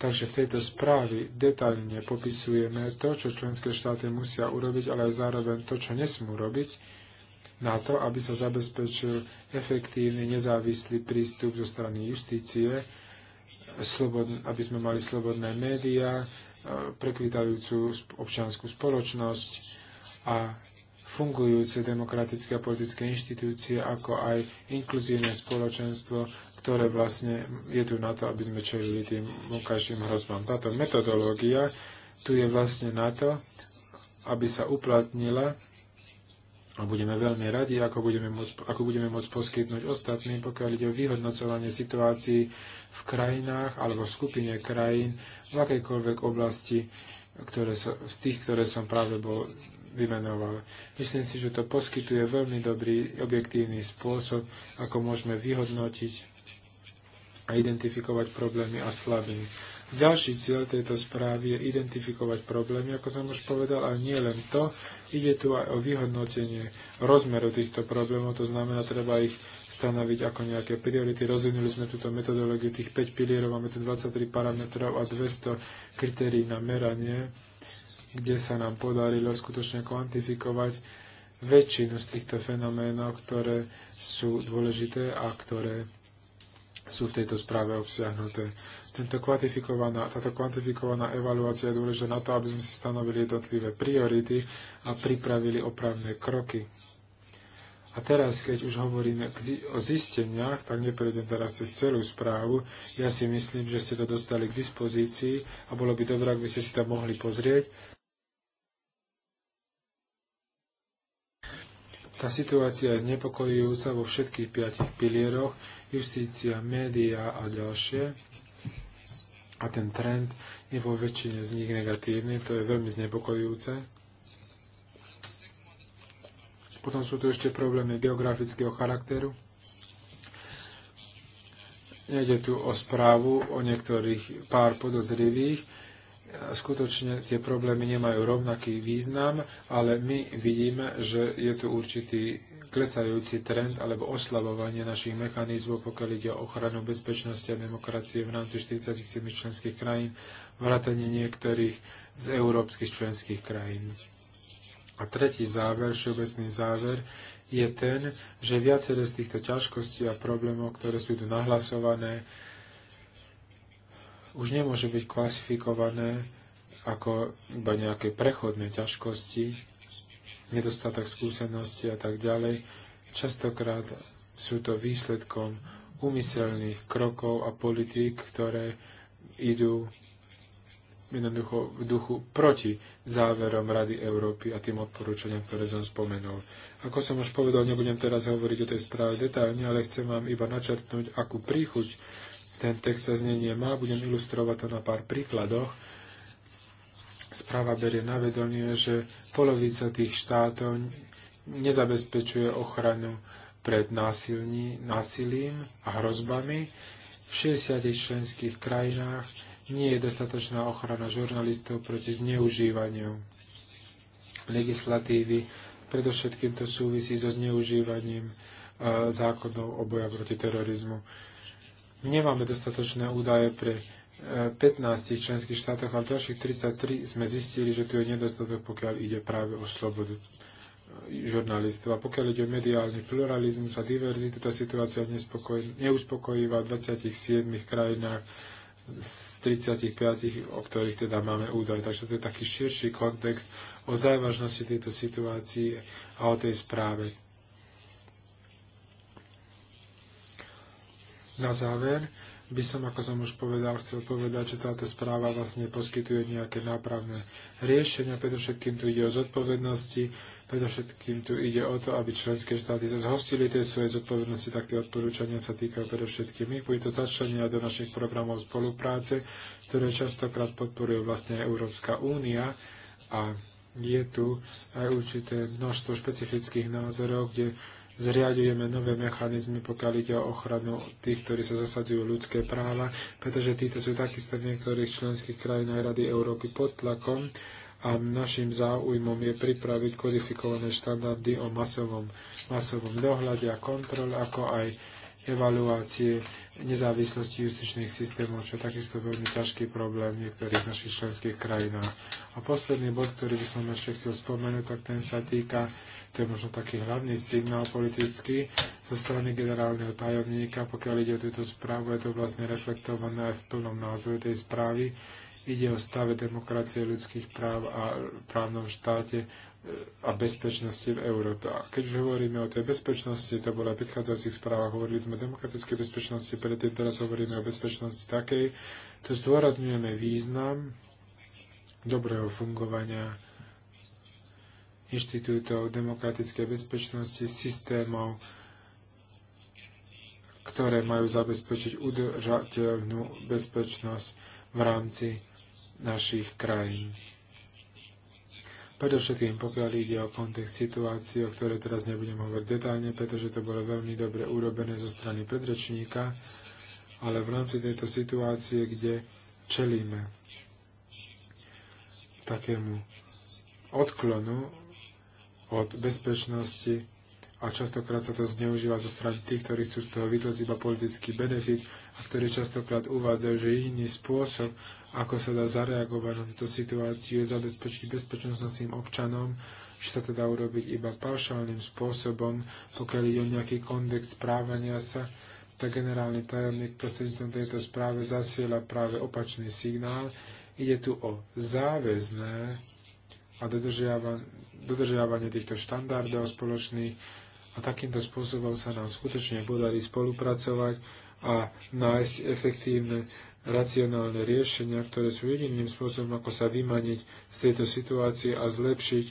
Takže v tejto správe detailne popisujeme to, čo členské štáty musia urobiť, ale aj zároveň to, čo nesmú robiť, na to, aby sa zabezpečil efektívny, nezávislý prístup zo strany justície, aby sme mali slobodné médiá, e, prekvitajúcu občianskú spoločnosť a fungujúce demokratické a politické inštitúcie, ako aj inkluzívne spoločenstvo, ktoré vlastne je tu na to, aby sme čelili tým vonkajším hrozbám. Táto metodológia tu je vlastne na to, aby sa uplatnila a budeme veľmi radi, ako budeme môcť, ako budeme môcť poskytnúť ostatným, pokiaľ ide o vyhodnocovanie situácií v krajinách alebo v skupine krajín v akejkoľvek oblasti, ktoré so, z tých, ktoré som práve bol vymenoval. Myslím si, že to poskytuje veľmi dobrý objektívny spôsob, ako môžeme vyhodnotiť a identifikovať problémy a slabiny. Ďalší cieľ tejto správy je identifikovať problémy, ako som už povedal, ale nie len to, ide tu aj o vyhodnotenie rozmeru týchto problémov, to znamená, treba ich stanoviť ako nejaké priority. Rozvinuli sme túto metodológiu tých 5 pilierov, máme tu 23 parametrov a 200 kritérií na meranie kde sa nám podarilo skutočne kvantifikovať väčšinu z týchto fenoménov, ktoré sú dôležité a ktoré sú v tejto správe obsiahnuté. Tento kvantifikovaná, táto kvantifikovaná evaluácia je dôležitá na to, aby sme si stanovili jednotlivé priority a pripravili opravné kroky. A teraz, keď už hovoríme o zisteniach, tak neprejdem teraz cez celú správu. Ja si myslím, že ste to dostali k dispozícii a bolo by dobré, ak by ste si to mohli pozrieť Tá situácia je znepokojujúca vo všetkých piatich pilieroch, justícia, média a ďalšie. A ten trend je vo väčšine z nich negatívny, to je veľmi znepokojujúce. Potom sú tu ešte problémy geografického charakteru. Nejde tu o správu o niektorých pár podozrivých, skutočne tie problémy nemajú rovnaký význam, ale my vidíme, že je tu určitý klesajúci trend alebo oslabovanie našich mechanizmov, pokiaľ ide o ochranu bezpečnosti a demokracie v rámci 47 členských krajín, vrátanie niektorých z európskych členských krajín. A tretí záver, všeobecný záver, je ten, že viaceré z týchto ťažkostí a problémov, ktoré sú tu nahlasované, už nemôže byť klasifikované ako iba nejaké prechodné ťažkosti, nedostatok skúsenosti a tak ďalej. Častokrát sú to výsledkom úmyselných krokov a politík, ktoré idú jednoducho v duchu proti záverom Rady Európy a tým odporúčaniam, ktoré som spomenul. Ako som už povedal, nebudem teraz hovoriť o tej správe detailne, ale chcem vám iba načrtnúť, akú príchuť ten text sa znenie má. Budem ilustrovať to na pár príkladoch. Správa berie na vedomie, že polovica tých štátov nezabezpečuje ochranu pred násilní, násilím a hrozbami. V 60 členských krajinách nie je dostatočná ochrana žurnalistov proti zneužívaniu legislatívy. Predovšetkým to súvisí so zneužívaním e, zákonov o boja proti terorizmu. Nemáme dostatočné údaje pre 15 eh, členských štátoch, ale ďalších 33 sme zistili, že tu je nedostatok, pokiaľ ide práve o slobodu eh, žurnalistov. A pokiaľ ide o mediálny pluralizmus a diverzitu, tá situácia je neuspokojivá v 27 krajinách z 35, o ktorých teda máme údaj. Takže to je taký širší kontext o závažnosti tejto situácii a o tej správe. Na záver by som, ako som už povedal, chcel povedať, že táto správa vlastne poskytuje nejaké nápravné riešenia. Predovšetkým tu ide o zodpovednosti, predovšetkým tu ide o to, aby členské štáty sa zhostili tie svoje zodpovednosti, tak tie odporúčania sa týkajú predovšetkým ich. Bude to začlenia do našich programov spolupráce, ktoré častokrát podporuje vlastne Európska únia a je tu aj určité množstvo špecifických názorov, kde zriadujeme nové mechanizmy, pokiaľ ide o ochranu tých, ktorí sa zasadzujú ľudské práva, pretože títo sú takisto v niektorých členských krajinách Rady Európy pod tlakom a našim záujmom je pripraviť kodifikované štandardy o masovom, masovom dohľade a kontrole, ako aj evaluácie nezávislosti justičných systémov, čo je takisto veľmi ťažký problém v niektorých našich členských krajinách. A posledný bod, ktorý by som ešte chcel spomenúť, tak ten sa týka, to je možno taký hlavný signál politický zo strany generálneho tajomníka, pokiaľ ide o túto správu, je to vlastne reflektované aj v plnom názve tej správy. Ide o stave demokracie ľudských práv a právnom štáte a bezpečnosti v Európe. A keď už hovoríme o tej bezpečnosti, to aj v predchádzajúcich správach, hovorili sme o demokratickej bezpečnosti, predtým teraz hovoríme o bezpečnosti takej, to zdôrazňujeme význam dobrého fungovania inštitútov demokratickej bezpečnosti, systémov, ktoré majú zabezpečiť udržateľnú bezpečnosť v rámci našich krajín. Predovšetkým pokiaľ ide o kontext situácie, o ktorej teraz nebudem hovoriť detálne, pretože to bolo veľmi dobre urobené zo strany predrečníka, ale v rámci tejto situácie, kde čelíme takému odklonu od bezpečnosti a častokrát sa to zneužíva zo strany tých, ktorí chcú z toho vytlesť iba politický benefit a ktorí častokrát uvádzajú, že jediný spôsob, ako sa dá zareagovať na túto situáciu, je zabezpečiť bezpečnosť občanom, že sa to dá urobiť iba paušálnym spôsobom, pokiaľ ide nejaký kondex správania sa, tak generálny tajomník prostredníctvom tejto správe zasiela práve opačný signál. Ide tu o záväzné a dodržiavanie týchto štandardov spoločných a takýmto spôsobom sa nám skutočne podarí spolupracovať a nájsť efektívne racionálne riešenia, ktoré sú jediným spôsobom, ako sa vymaniť z tejto situácie a zlepšiť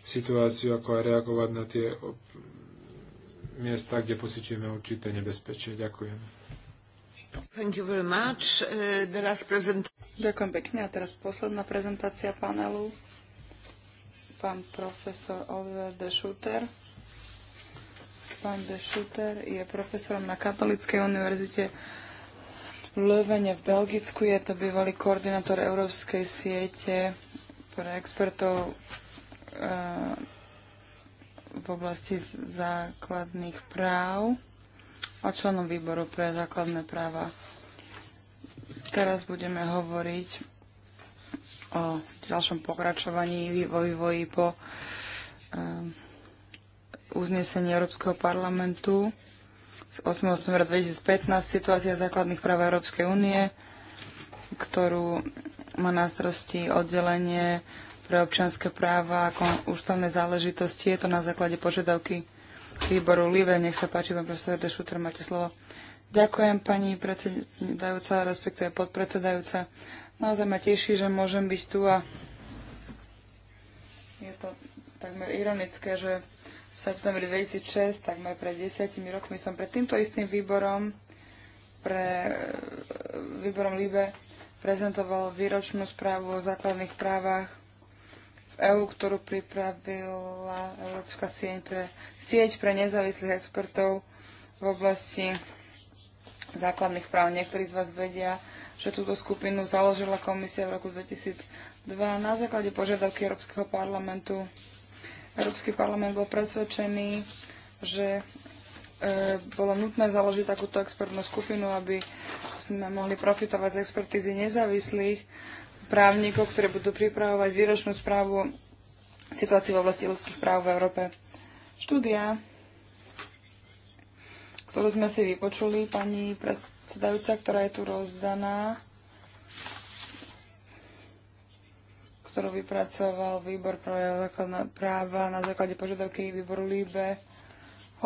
situáciu, ako aj reagovať na tie miesta, kde pocitujeme určité nebezpečie. Ďakujem. Thank you very much. Uh, teraz prezent... Ďakujem pekne. A teraz posledná prezentácia panelu. Pán profesor Oliver de Schutter Pán de Schutter je profesorom na Katolíckej univerzite v Lövene v Belgicku. Je to bývalý koordinátor Európskej siete pre expertov eh, v oblasti základných práv a členom výboru pre základné práva. Teraz budeme hovoriť o ďalšom pokračovaní vývoji po eh, uznesenie Európskeho parlamentu z 8. oktobra 2015 situácia základných práv Európskej únie, ktorú má na starosti oddelenie pre občianske práva a ústavné záležitosti. Je to na základe požiadavky výboru LIVE. Nech sa páči, pán profesor De Šuter, máte slovo. Ďakujem, pani predsedajúca, respektíve podpredsedajúca. Naozaj ma teší, že môžem byť tu a je to takmer ironické, že septembri 2006, takmer pred desiatimi rokmi som pred týmto istým výborom pre výborom LIBE prezentoval výročnú správu o základných právach v EÚ, ktorú pripravila Európska sieť pre, sieť pre nezávislých expertov v oblasti základných práv. Niektorí z vás vedia, že túto skupinu založila komisia v roku 2002 na základe požiadavky Európskeho parlamentu Európsky parlament bol presvedčený, že e, bolo nutné založiť takúto expertnú skupinu, aby sme mohli profitovať z expertízy nezávislých právnikov, ktorí budú pripravovať výročnú správu situácii v oblasti ľudských práv v Európe. Štúdia, ktorú sme si vypočuli, pani predsedajúca, ktorá je tu rozdaná, ktorú vypracoval výbor pre základné práva na základe požiadavky výboru LIBE,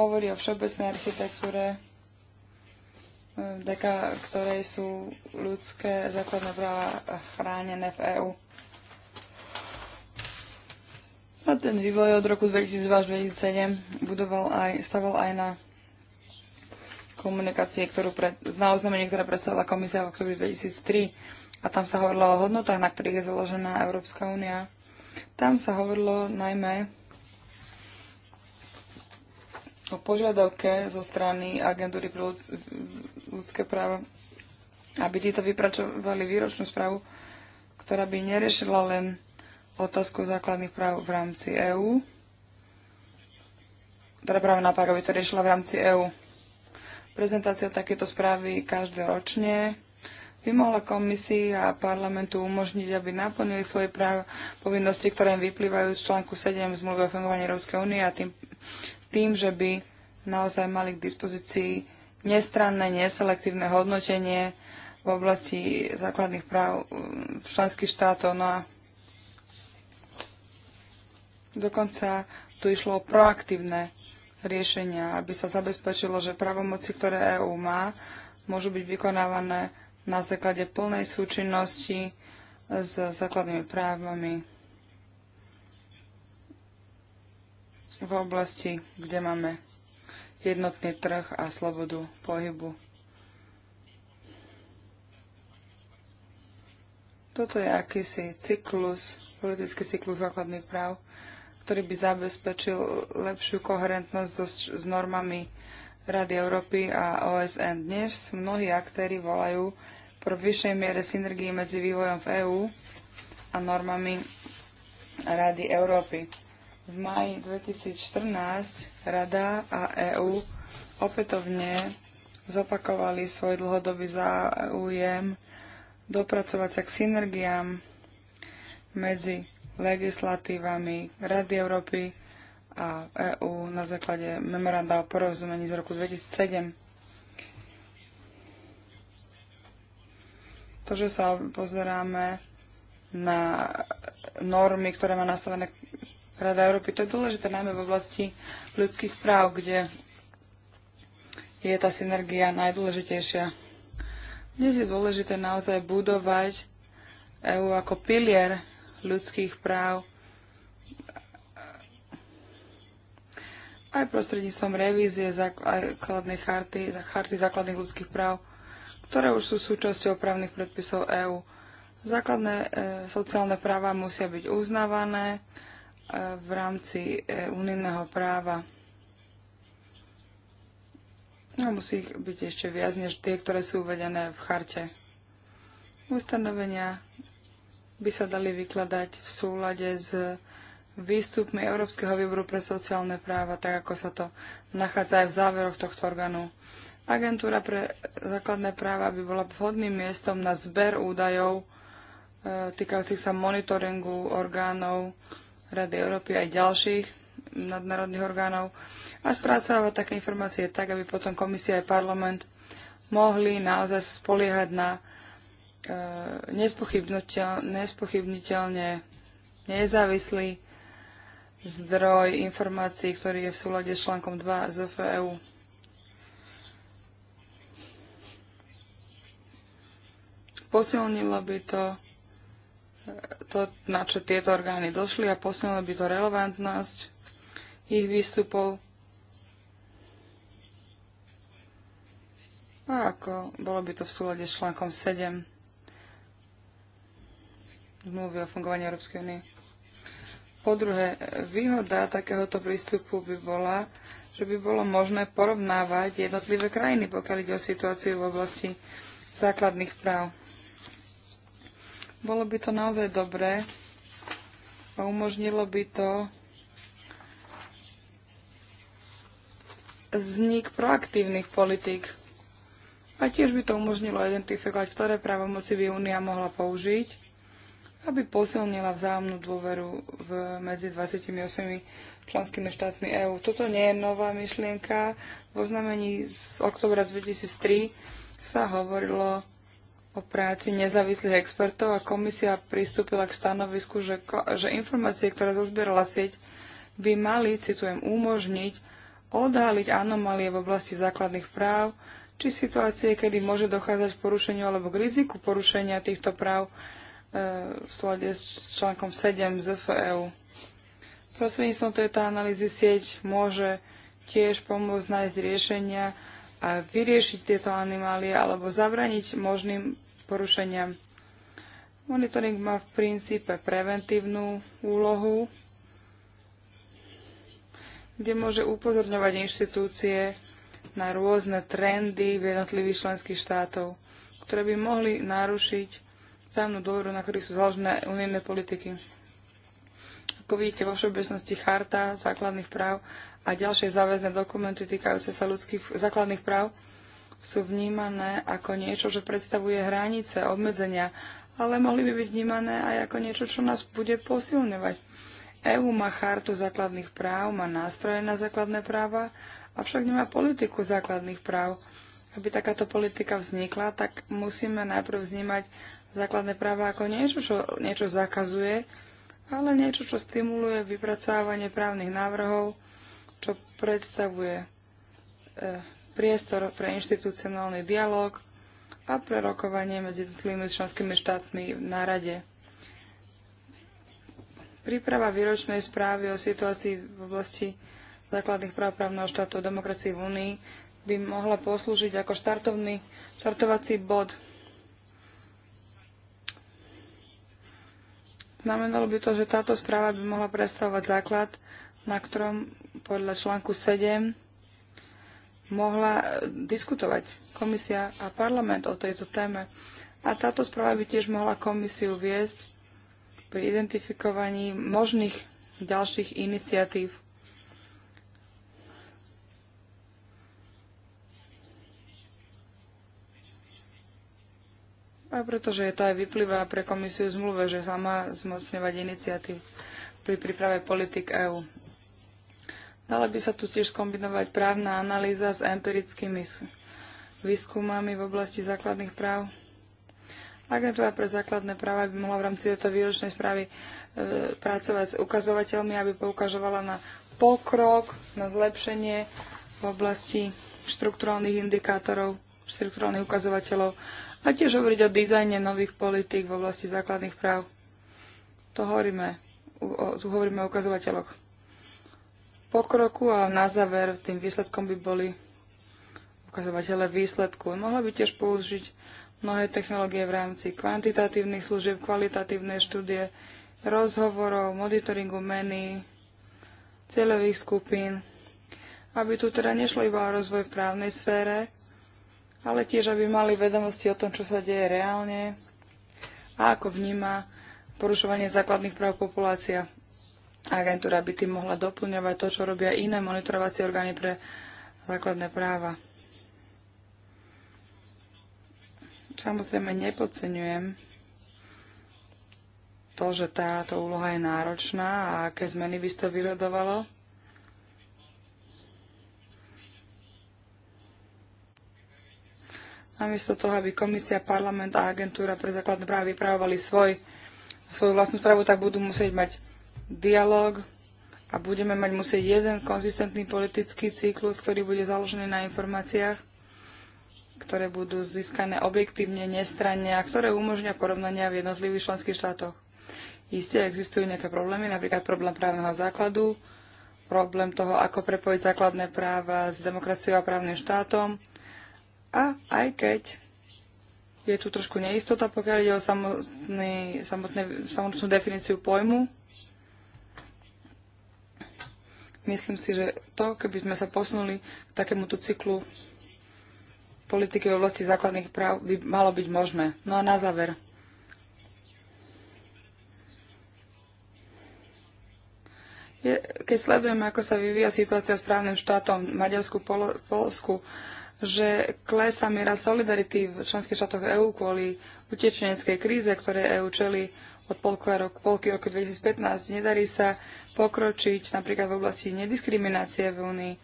hovorí o všeobecnej architektúre, e, vďaka ktorej sú ľudské základné práva chránené v EÚ. A ten vývoj od roku 2002 až 2007 budoval aj, stavol aj na komunikácie, ktorú pre, na oznámenie, ktoré predstavila komisia v oktobri 2003 a tam sa hovorilo o hodnotách, na ktorých je založená Európska únia. Tam sa hovorilo najmä o požiadavke zo strany agentúry pre ľudské práva, aby títo vypracovali výročnú správu, ktorá by neriešila len otázku základných práv v rámci EÚ, ktorá teda práve napáka aby to riešila v rámci EÚ. Prezentácia takéto správy každoročne by mohla komisii a parlamentu umožniť, aby naplnili svoje práv, povinnosti, ktoré im vyplývajú z článku 7 zmluvy o fungovaní Európskej únie a tým, tým, že by naozaj mali k dispozícii nestranné, neselektívne hodnotenie v oblasti základných práv um, členských štátov. No a dokonca tu išlo o proaktívne riešenia, aby sa zabezpečilo, že pravomoci, ktoré EÚ má, môžu byť vykonávané na základe plnej súčinnosti s základnými právami v oblasti, kde máme jednotný trh a slobodu pohybu. Toto je akýsi cyklus, politický cyklus základných práv, ktorý by zabezpečil lepšiu koherentnosť so, s normami Rady Európy a OSN. Dnes mnohí aktéry volajú pro vyššej miere synergii medzi vývojom v EÚ a normami Rady Európy. V maji 2014 Rada a EÚ opätovne zopakovali svoj dlhodobý záujem dopracovať sa k synergiám medzi legislatívami Rady Európy a EÚ na základe memoranda o porozumení z roku 2007. To, že sa pozeráme na normy, ktoré má nastavené Rada Európy, to je dôležité najmä v oblasti ľudských práv, kde je tá synergia najdôležitejšia. Dnes je dôležité naozaj budovať EÚ ako pilier ľudských práv aj prostredníctvom revízie základnej charty, charty základných ľudských práv ktoré už sú súčasťou právnych predpisov EÚ. Základné e, sociálne práva musia byť uznávané e, v rámci e, unijného práva. No, musí ich byť ešte viac než tie, ktoré sú uvedené v charte. Ustanovenia by sa dali vykladať v súlade s výstupmi Európskeho výboru pre sociálne práva, tak ako sa to nachádza aj v záveroch tohto orgánu. Agentúra pre základné práva by bola vhodným miestom na zber údajov e, týkajúcich sa monitoringu orgánov Rady Európy aj ďalších nadnárodných orgánov a spracovať také informácie tak, aby potom komisia aj parlament mohli naozaj spoliehať na e, nespochybniteľne nezávislý zdroj informácií, ktorý je v súlade s článkom 2 ZFEU. posilnilo by to to, na čo tieto orgány došli a posilnilo by to relevantnosť ich výstupov. A ako bolo by to v súlade s článkom 7 zmluvy o fungovaní Európskej únie. Po druhé, výhoda takéhoto prístupu by bola, že by bolo možné porovnávať jednotlivé krajiny, pokiaľ ide o situáciu v oblasti základných práv. Bolo by to naozaj dobré a umožnilo by to vznik proaktívnych politík. A tiež by to umožnilo identifikovať, ktoré právomoci by Únia mohla použiť, aby posilnila vzájomnú dôveru v medzi 28 členskými štátmi EÚ. Toto nie je nová myšlienka. V oznamení z oktobra 2003 sa hovorilo o práci nezávislých expertov a komisia pristúpila k stanovisku, že, že informácie, ktoré zozbierala sieť, by mali, citujem, umožniť odhaliť anomálie v oblasti základných práv či situácie, kedy môže dochádzať k porušeniu alebo k riziku porušenia týchto práv e, v slade s článkom 7 ZFEU. Prostredníctvom tejto analýzy sieť môže tiež pomôcť nájsť riešenia, vyriešiť tieto animálie alebo zabraniť možným porušeniam. Monitoring má v princípe preventívnu úlohu, kde môže upozorňovať inštitúcie na rôzne trendy v jednotlivých členských štátov, ktoré by mohli narušiť vzájomnú dôveru, na ktorých sú založené unijné politiky. Ako vidíte, vo všeobecnosti charta základných práv a ďalšie záväzné dokumenty týkajúce sa ľudských základných práv sú vnímané ako niečo, čo predstavuje hranice, obmedzenia, ale mohli by byť vnímané aj ako niečo, čo nás bude posilňovať. EÚ má chartu základných práv, má nástroje na základné práva, avšak nemá politiku základných práv. Aby takáto politika vznikla, tak musíme najprv vnímať základné práva ako niečo, čo niečo zakazuje, ale niečo, čo stimuluje vypracávanie právnych návrhov, čo predstavuje e, priestor pre inštitucionálny dialog a pre rokovanie medzi jednotlivými členskými štátmi na rade. Príprava výročnej správy o situácii v oblasti základných práv právneho štátu a demokracii v Únii by mohla poslúžiť ako štartovný, štartovací bod. Znamenalo by to, že táto správa by mohla predstavovať základ, na ktorom podľa článku 7 mohla eh, diskutovať komisia a parlament o tejto téme. A táto správa by tiež mohla komisiu viesť pri identifikovaní možných ďalších iniciatív. A pretože je to aj vyplýva pre komisiu zmluve, že sa má zmocňovať iniciatív pri príprave politik EÚ. Dala by sa tu tiež skombinovať právna analýza s empirickými výskumami v oblasti základných práv. Agentúra pre základné práva by mohla v rámci tejto výročnej správy e, pracovať s ukazovateľmi, aby poukažovala na pokrok, na zlepšenie v oblasti štruktúrálnych indikátorov, štruktúrálnych ukazovateľov a tiež hovoriť o dizajne nových politík v oblasti základných práv. To hovoríme, o, tu hovoríme o ukazovateľoch pokroku a na záver tým výsledkom by boli ukazovatele výsledku. Mohla by tiež použiť mnohé technológie v rámci kvantitatívnych služieb, kvalitatívne štúdie, rozhovorov, monitoringu meny, cieľových skupín, aby tu teda nešlo iba o rozvoj v právnej sfére, ale tiež, aby mali vedomosti o tom, čo sa deje reálne a ako vníma porušovanie základných práv populácia. Agentúra by tým mohla doplňovať to, čo robia iné monitorovacie orgány pre základné práva. Samozrejme nepodceňujem to, že táto úloha je náročná a aké zmeny by to vyrodovalo. Namiesto toho, aby komisia, parlament a agentúra pre základné práva vypravovali svoj, svoju vlastnú správu, tak budú musieť mať dialog a budeme mať musieť jeden konzistentný politický cyklus, ktorý bude založený na informáciách, ktoré budú získané objektívne, nestranne a ktoré umožnia porovnania v jednotlivých členských štátoch. Isté existujú nejaké problémy, napríklad problém právneho základu, problém toho, ako prepojiť základné práva s demokraciou a právnym štátom. A aj keď je tu trošku neistota, pokiaľ ide o samotnú definíciu pojmu, Myslím si, že to, keby sme sa posunuli k takémuto cyklu politiky v oblasti základných práv, by malo byť možné. No a na záver. Je, keď sledujeme, ako sa vyvíja situácia s právnym štátom v Maďarsku, Polsku, že klesá miera solidarity v členských štátoch EÚ kvôli utečeneckej kríze, ktoré EÚ čeli od polky roku, polky roku 2015. Nedarí sa pokročiť napríklad v oblasti nediskriminácie v Únii,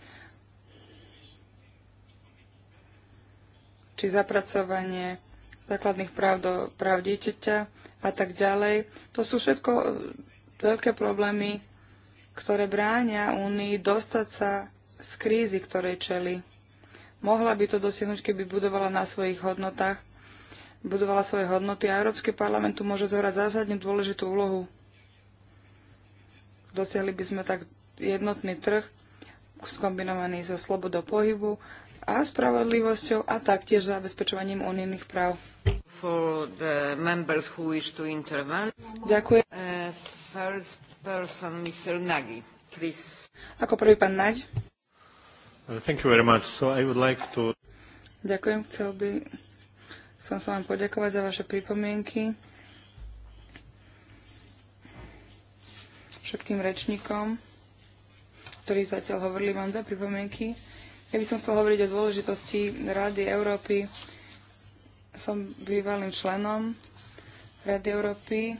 či zapracovanie základných práv do práv dieťaťa a tak ďalej. To sú všetko eh, veľké problémy, ktoré bránia Únii dostať sa z krízy, ktorej čeli. Mohla by to dosiahnuť, keby budovala na svojich hodnotách, budovala svoje hodnoty a Európsky parlament tu môže zohrať zásadne dôležitú úlohu. Dosiahli by sme tak jednotný trh skombinovaný so slobodou pohybu a spravodlivosťou a taktiež zabezpečovaním unijných práv. Ďakujem. Uh, Nagy, Ako prvý pán Naď. Uh, so like to... Ďakujem, chcel by som sa vám poďakovať za vaše pripomienky. všetkým rečníkom, ktorí zatiaľ hovorili, vám za pripomienky. Ja by som chcel hovoriť o dôležitosti Rady Európy. Som bývalým členom Rady Európy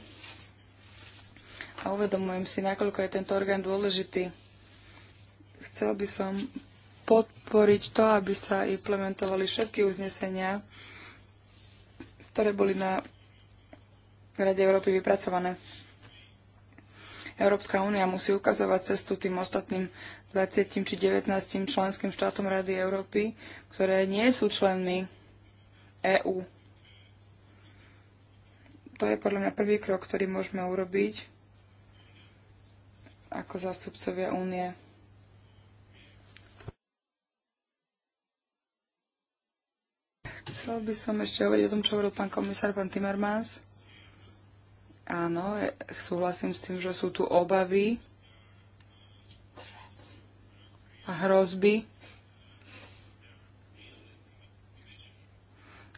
a uvedomujem si, nakoľko je tento orgán dôležitý. Chcel by som podporiť to, aby sa implementovali všetky uznesenia, ktoré boli na Rade Európy vypracované. Európska únia musí ukazovať cestu tým ostatným 20 či 19 členským štátom Rady Európy, ktoré nie sú členmi EÚ. To je podľa mňa prvý krok, ktorý môžeme urobiť ako zástupcovia únie. Chcel by som ešte hovoriť o tom, čo hovoril pán komisár, pán Timmermans. Áno, súhlasím s tým, že sú tu obavy a hrozby.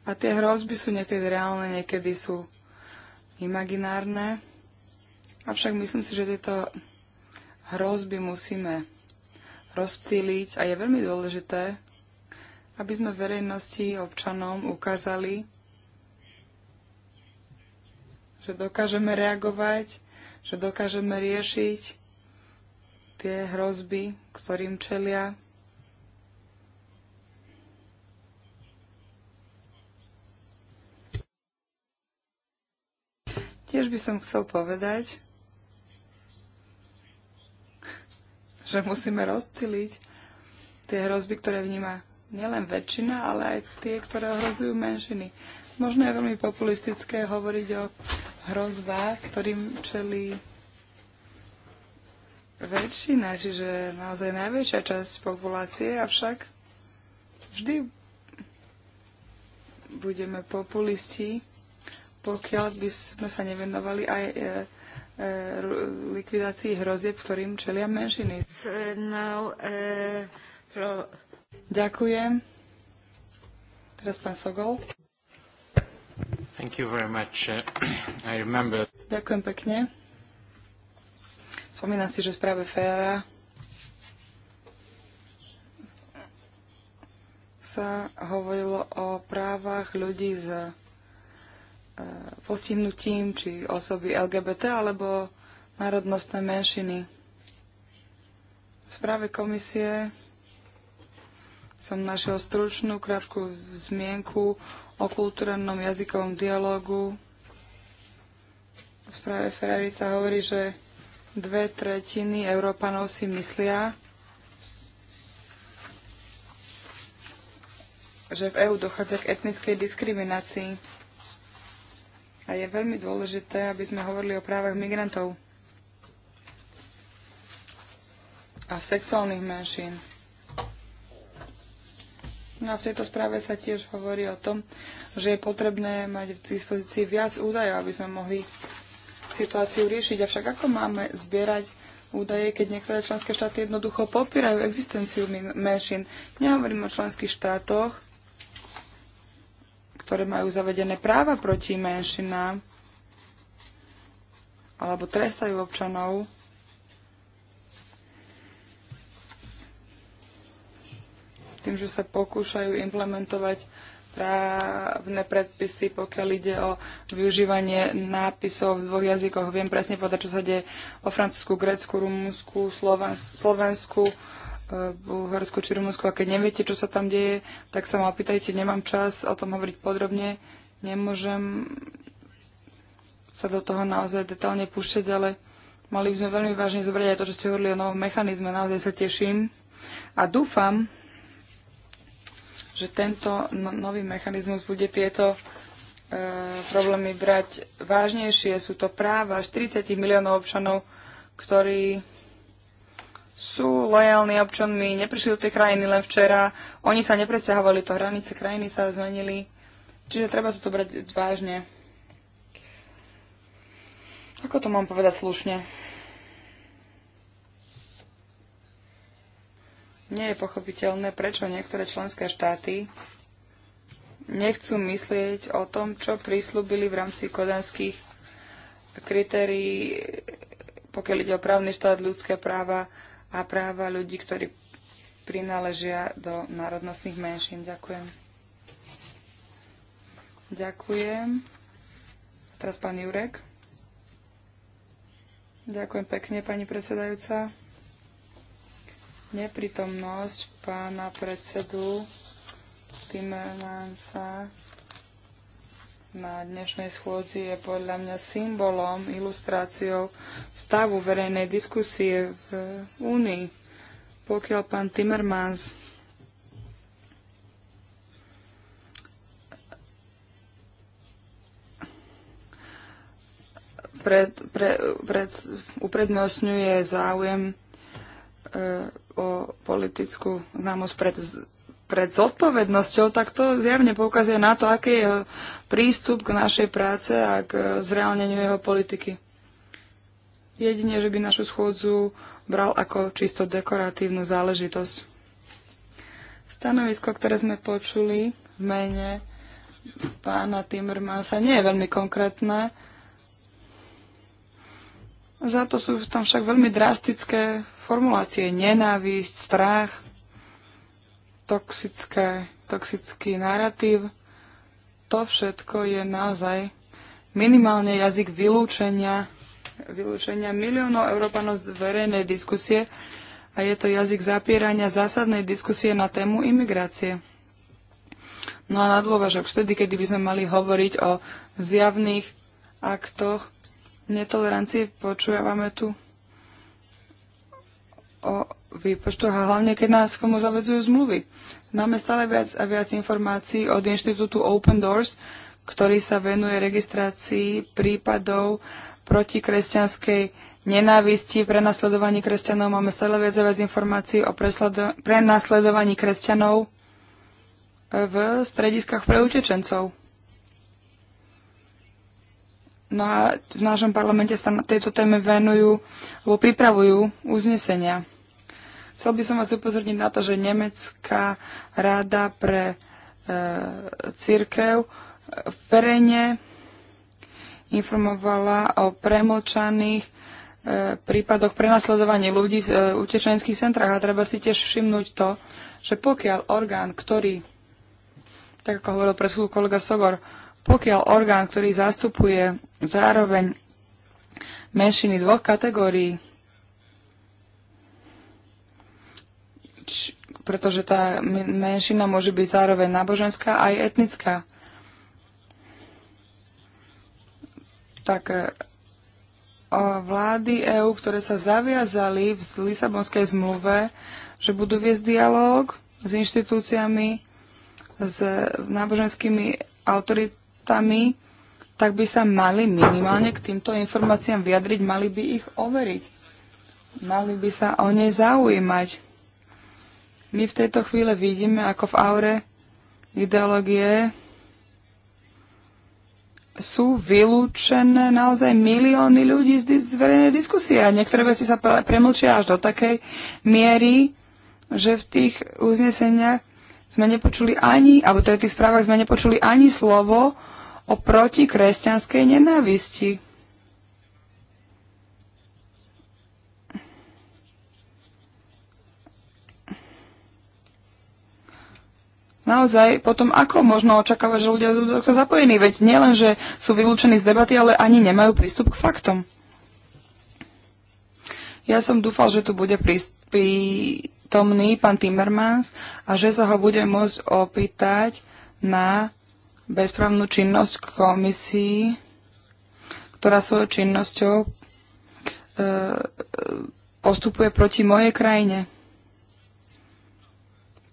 A tie hrozby sú niekedy reálne, niekedy sú imaginárne. Avšak myslím si, že tieto hrozby musíme rozptýliť a je veľmi dôležité, aby sme verejnosti, občanom ukázali, že dokážeme reagovať, že dokážeme riešiť tie hrozby, ktorým čelia. Tiež by som chcel povedať, že musíme rozptýliť tie hrozby, ktoré vníma nielen väčšina, ale aj tie, ktoré ohrozujú menšiny. Možno je veľmi populistické hovoriť o hrozbách, ktorým čeli väčšina, čiže naozaj najväčšia časť populácie, avšak vždy budeme populisti, pokiaľ by sme sa nevenovali aj e, e, likvidácii hrozieb, ktorým čelia menšiny. E, Ďakujem. Teraz pán Sogol. Thank you very much. Uh, I remember... Ďakujem pekne. Spomínam si, že v správe Ferrara sa hovorilo o právach ľudí s e, postihnutím, či osoby LGBT, alebo národnostné menšiny. V správe komisie som našiel stručnú, krátku zmienku o kultúrnom jazykovom dialogu. V správe Ferrari sa hovorí, že dve tretiny Európanov si myslia, že v EÚ dochádza k etnickej diskriminácii. A je veľmi dôležité, aby sme hovorili o právach migrantov a sexuálnych menšín. No a v tejto správe sa tiež hovorí o tom, že je potrebné mať v dispozícii viac údajov, aby sme mohli situáciu riešiť. Avšak ako máme zbierať údaje, keď niektoré členské štáty jednoducho popierajú existenciu menšín. Nehovorím o členských štátoch, ktoré majú zavedené práva proti menšinám alebo trestajú občanov tým, že sa pokúšajú implementovať právne predpisy, pokiaľ ide o využívanie nápisov v dvoch jazykoch. Viem presne povedať, čo sa deje o Francúzsku, Grécku, Rumunsku, Slovensku, e, Bulharsku či Rumunsku. A keď neviete, čo sa tam deje, tak sa ma opýtajte. Nemám čas o tom hovoriť podrobne. Nemôžem sa do toho naozaj detálne púšťať, ale mali by sme veľmi vážne zobrať aj to, čo ste hovorili o novom mechanizme. Naozaj sa teším a dúfam, že tento no, nový mechanizmus bude tieto e, problémy brať vážnejšie. Sú to práva 40 miliónov občanov, ktorí sú lojálni občanmi, neprišli do tej krajiny len včera, oni sa nepresťahovali, to hranice krajiny sa zmenili, čiže treba toto brať vážne. Ako to mám povedať slušne? Nie je pochopiteľné, prečo niektoré členské štáty nechcú myslieť o tom, čo prislúbili v rámci kodanských kritérií, pokiaľ ide o právny štát, ľudské práva a práva ľudí, ktorí prináležia do národnostných menšín. Ďakujem. Ďakujem. Teraz pán Jurek. Ďakujem pekne, pani predsedajúca neprítomnosť pána predsedu Timmermansa na dnešnej schôdzi je podľa mňa symbolom, ilustráciou stavu verejnej diskusie v Únii. Pokiaľ pán Timmermans pred, pred, pred, uprednostňuje záujem e, o politickú známosť pred, pred zodpovednosťou, tak to zjavne poukazuje na to, aký je jeho prístup k našej práce a k zreálneniu jeho politiky. Jedine, že by našu schôdzu bral ako čisto dekoratívnu záležitosť. Stanovisko, ktoré sme počuli v mene pána Timmermansa, nie je veľmi konkrétne. Za to sú tam však veľmi drastické formulácie nenávisť, strach, toxické, toxický narratív, to všetko je naozaj minimálne jazyk vylúčenia, vylúčenia miliónov Európanov z verejnej diskusie a je to jazyk zapierania zásadnej diskusie na tému imigrácie. No a na dôvažok, vtedy, kedy by sme mali hovoriť o zjavných aktoch netolerancie, počúvame tu o výpočtoch a hlavne, keď nás komu zavezujú zmluvy. Máme stále viac a viac informácií od inštitútu Open Doors, ktorý sa venuje registrácii prípadov proti kresťanskej nenávisti, prenasledovaní kresťanov. Máme stále viac a viac informácií o prenasledovaní kresťanov v strediskách pre utečencov. No a v našom parlamente sa na tejto téme venujú, alebo pripravujú uznesenia. Chcel by som vás upozorniť na to, že Nemecká rada pre e, církev v Perene informovala o premlčaných e, prípadoch prenasledovania ľudí v e, utečenských centrách. A treba si tiež všimnúť to, že pokiaľ orgán, ktorý, tak ako hovoril pred kolega Sogor, e, pokiaľ orgán, ktorý zastupuje zároveň menšiny dvoch kategórií, či, pretože tá menšina môže byť zároveň náboženská aj etnická, tak e, vlády EÚ, ktoré sa zaviazali v Lisabonskej zmluve, že budú viesť dialog s inštitúciami, s e, náboženskými autoritami, faktami, tak by sa mali minimálne k týmto informáciám vyjadriť, mali by ich overiť. Mali by sa o ne zaujímať. My v tejto chvíle vidíme, ako v aure ideológie sú vylúčené naozaj milióny ľudí z, z verejnej diskusie a niektoré veci sa premlčia až do takej miery, že v tých uzneseniach sme nepočuli ani, alebo teda v tých správach sme nepočuli ani slovo o protikresťanskej nenávisti. Naozaj, potom ako možno očakávať, že ľudia sú takto zapojení? Veď nielen, že sú vylúčení z debaty, ale ani nemajú prístup k faktom. Ja som dúfal, že tu bude prítomný pán Timmermans a že sa ho bude môcť opýtať na bezprávnu činnosť komisii, ktorá svojou činnosťou e, postupuje proti mojej krajine.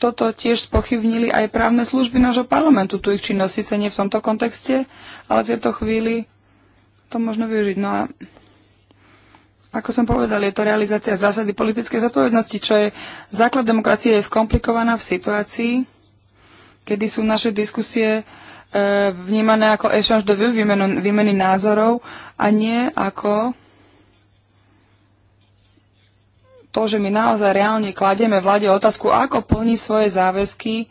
Toto tiež spochybnili aj právne služby nášho parlamentu. Tu ich činnosť síce nie v tomto kontexte, ale v tejto chvíli to možno využiť. No a ako som povedal, je to realizácia zásady politickej zodpovednosti, čo je základ demokracie, je skomplikovaná v situácii, kedy sú naše diskusie E, vnímané ako exchange de view, výmenu, výmeny názorov a nie ako to, že my naozaj reálne kladieme vláde otázku, ako plní svoje záväzky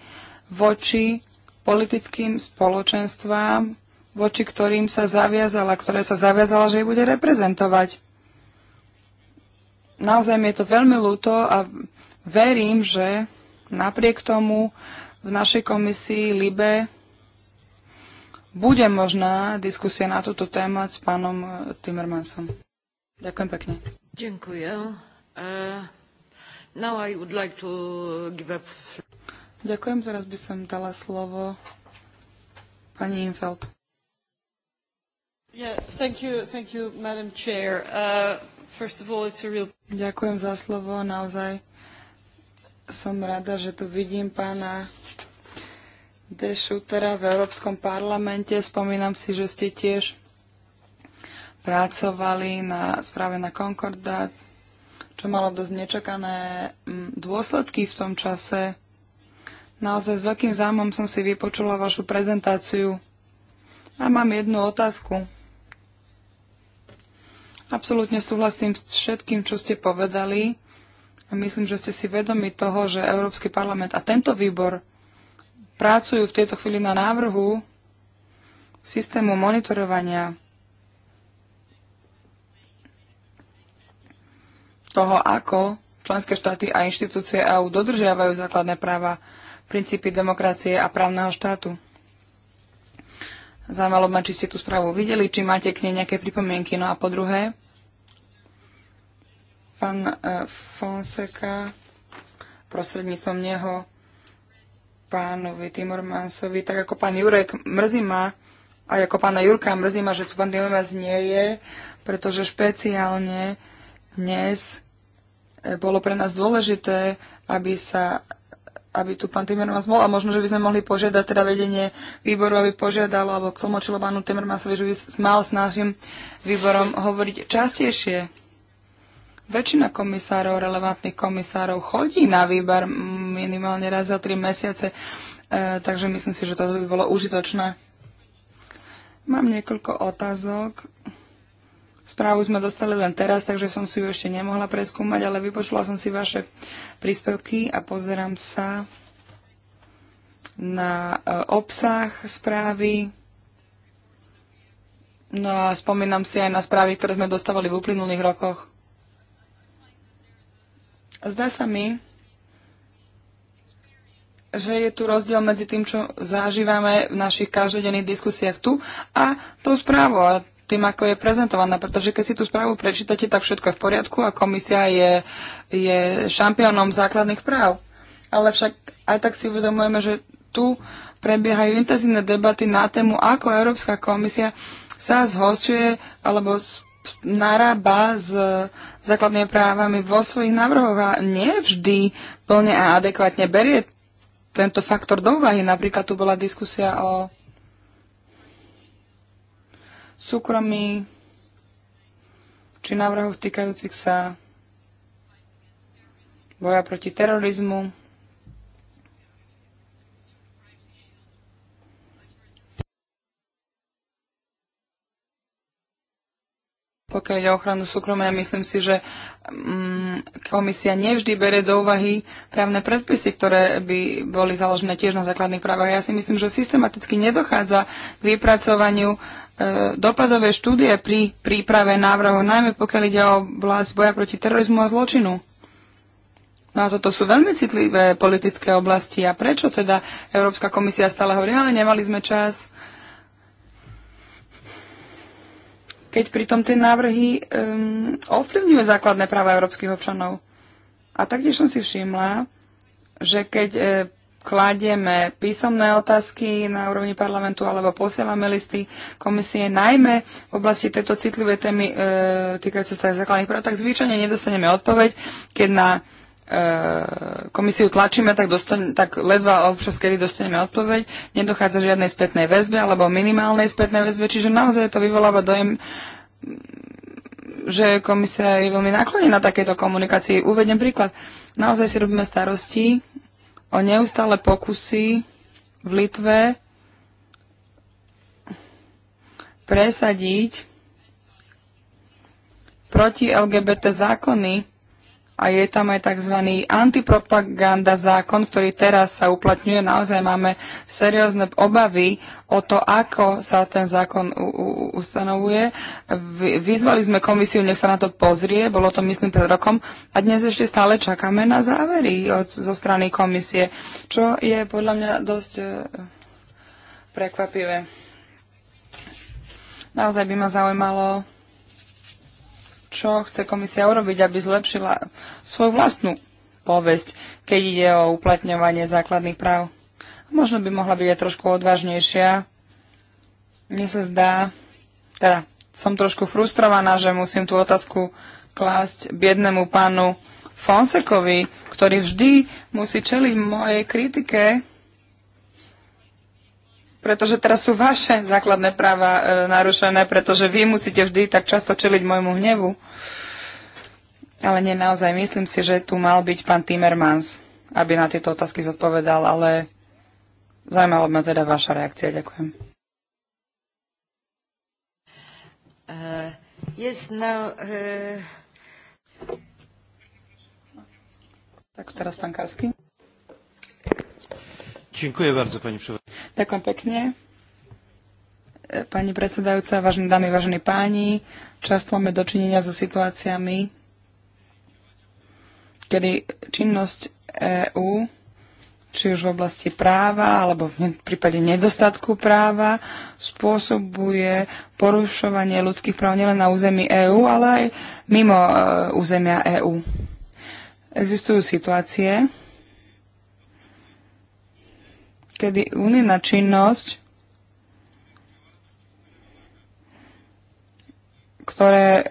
voči politickým spoločenstvám, voči ktorým sa zaviazala, ktoré sa zaviazala, že ich bude reprezentovať. Naozaj mi je to veľmi ľúto a verím, že napriek tomu v našej komisii LIBE bude možná diskusia na túto tému s pánom Timmermansom. Ďakujem pekne. Ďakujem. Uh, now I would like to give up. Ďakujem, teraz by som dala slovo pani Infeld. Eh, Ďakujem za slovo, naozaj som rada, že tu vidím pána de Schutera v Európskom parlamente. Spomínam si, že ste tiež pracovali na správe na Concordat, čo malo dosť nečakané mm, dôsledky v tom čase. Naozaj s veľkým zámom som si vypočula vašu prezentáciu a mám jednu otázku. Absolútne súhlasím s všetkým, čo ste povedali a myslím, že ste si vedomi toho, že Európsky parlament a tento výbor pracujú v tejto chvíli na návrhu systému monitorovania toho, ako členské štáty a inštitúcie EÚ dodržiavajú základné práva, princípy demokracie a právneho štátu. Zaujímalo ma, či ste tú správu videli, či máte k nej nejaké pripomienky. No a po druhé, pán eh, Fonseca prostredníctvom neho pánovi Timormansovi, tak ako pán Jurek, mrzí ma, aj ako pána Jurka, mrzí ma, že tu pán Timormans nie je, pretože špeciálne dnes e, bolo pre nás dôležité, aby sa aby tu pán Timmermans bol a možno, že by sme mohli požiadať teda vedenie výboru, aby požiadalo alebo k tomu pánu Timmermansovi, že by mal s našim výborom hovoriť častejšie väčšina komisárov, relevantných komisárov chodí na výbar minimálne raz za tri mesiace, e, takže myslím si, že to by bolo užitočné. Mám niekoľko otázok. Správu sme dostali len teraz, takže som si ju ešte nemohla preskúmať, ale vypočula som si vaše príspevky a pozerám sa na e, obsah správy. No a spomínam si aj na správy, ktoré sme dostávali v uplynulých rokoch. Zdá sa mi, že je tu rozdiel medzi tým, čo zažívame v našich každodenných diskusiách tu a tou správou a tým, ako je prezentovaná. Pretože keď si tú správu prečítate, tak všetko je v poriadku a komisia je, je šampiónom základných práv. Ale však aj tak si uvedomujeme, že tu prebiehajú intenzívne debaty na tému, ako Európska komisia sa zhosťuje alebo narába s základnými právami vo svojich návrhoch a nevždy plne a adekvátne berie tento faktor do úvahy. Napríklad tu bola diskusia o súkromí či návrhoch týkajúcich sa boja proti terorizmu. Pokiaľ ide o ochranu súkromia, myslím si, že mm, komisia nevždy bere do úvahy právne predpisy, ktoré by boli založené tiež na základných právach. Ja si myslím, že systematicky nedochádza k vypracovaniu e, dopadové štúdie pri príprave návrhu, najmä pokiaľ ide o vlast boja proti terorizmu a zločinu. No a toto sú veľmi citlivé politické oblasti. A prečo teda Európska komisia stále hovorí, ale nemali sme čas, keď pritom tie návrhy um, ovplyvňujú základné práva európskych občanov. A taktiež som si všimla, že keď e, kladieme písomné otázky na úrovni parlamentu alebo posielame listy komisie, najmä v oblasti tejto citlivej témy e, týkajúce sa základných práv, tak zvyčajne nedostaneme odpoveď, keď na E, komisiu tlačíme, tak, dostane, tak ledva občas, kedy dostaneme odpoveď, nedochádza žiadnej spätnej väzbe alebo minimálnej spätnej väzbe, čiže naozaj to vyvoláva dojem, že komisia je veľmi naklonená takéto komunikácii. Uvediem príklad. Naozaj si robíme starosti o neustále pokusy v Litve presadiť proti LGBT zákony, a je tam aj tzv. antipropaganda zákon, ktorý teraz sa uplatňuje. Naozaj máme seriózne obavy o to, ako sa ten zákon ustanovuje. Vyzvali sme komisiu, nech sa na to pozrie, bolo to myslím pred rokom a dnes ešte stále čakáme na závery od, zo strany komisie, čo je podľa mňa dosť e, prekvapivé. Naozaj by ma zaujímalo, čo chce komisia urobiť, aby zlepšila svoju vlastnú povesť, keď ide o uplatňovanie základných práv. Možno by mohla byť aj trošku odvážnejšia. Mne sa zdá, teda som trošku frustrovaná, že musím tú otázku klásť biednemu pánu Fonsekovi, ktorý vždy musí čeliť mojej kritike pretože teraz sú vaše základné práva e, narušené, pretože vy musíte vždy tak často čeliť môjmu hnevu. Ale nie, naozaj, myslím si, že tu mal byť pán Timmermans, aby na tieto otázky zodpovedal, ale zaujímala ma teda vaša reakcia. Ďakujem. Uh, yes, now, uh... Tak teraz pán Karsky. Ďakujem bardzo, pani przewodnicząca. Ďakujem pekne. E, pani predsedajúca, vážne dámy, vážení páni, často máme dočinenia so situáciami, kedy činnosť EÚ, či už v oblasti práva alebo v prípade nedostatku práva, spôsobuje porušovanie ľudských práv nielen na území EÚ, ale aj mimo e, územia EÚ. Existujú situácie, kedy unijná činnosť, ktoré e,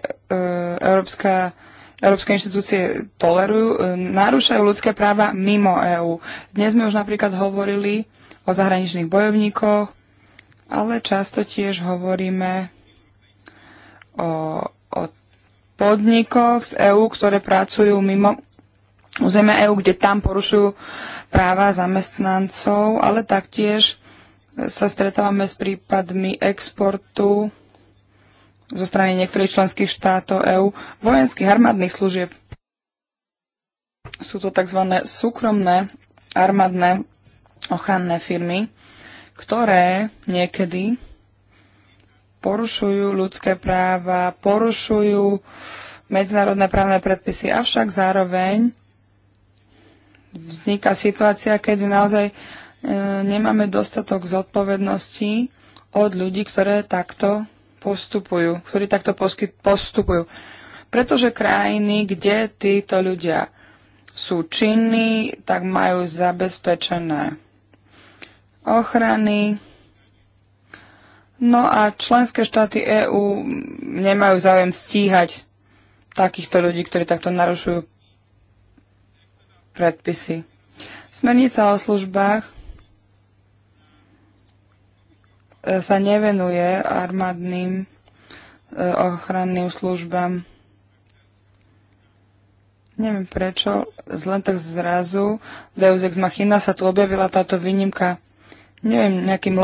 Európska Európske inštitúcie tolerujú, e, narúšajú ľudské práva mimo EÚ. Dnes sme už napríklad hovorili o zahraničných bojovníkoch, ale často tiež hovoríme o, o podnikoch z EÚ, ktoré pracujú mimo územia EÚ, kde tam porušujú práva zamestnancov, ale taktiež e, sa stretávame s prípadmi exportu zo strany niektorých členských štátov EÚ vojenských armádnych služieb. Sú to tzv. súkromné armádne ochranné firmy, ktoré niekedy porušujú ľudské práva, porušujú medzinárodné právne predpisy, avšak zároveň vzniká situácia, kedy naozaj e, nemáme dostatok zodpovedností od ľudí, ktoré takto postupujú, ktorí takto posky, postupujú. Pretože krajiny, kde títo ľudia sú činní, tak majú zabezpečené ochrany. No a členské štáty EÚ nemajú záujem stíhať takýchto ľudí, ktorí takto narušujú predpisy. Smernica o službách e, sa nevenuje armádnym e, ochranným službám. Neviem prečo, len tak zrazu Deus Ex Machina sa tu objavila táto výnimka. Neviem, nejakým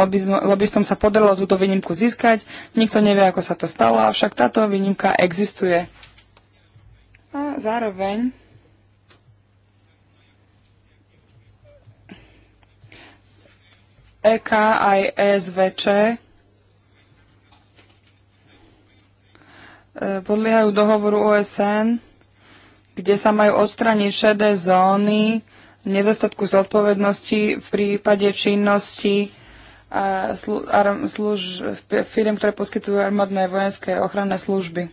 lobbystom sa podarilo túto výnimku získať, nikto nevie, ako sa to stalo, avšak táto výnimka existuje. A zároveň EK aj ESVČ e, podliehajú dohovoru OSN, kde sa majú odstraniť šedé zóny nedostatku zodpovednosti v prípade činnosti firiem, firm, ktoré poskytujú armádne vojenské ochranné služby.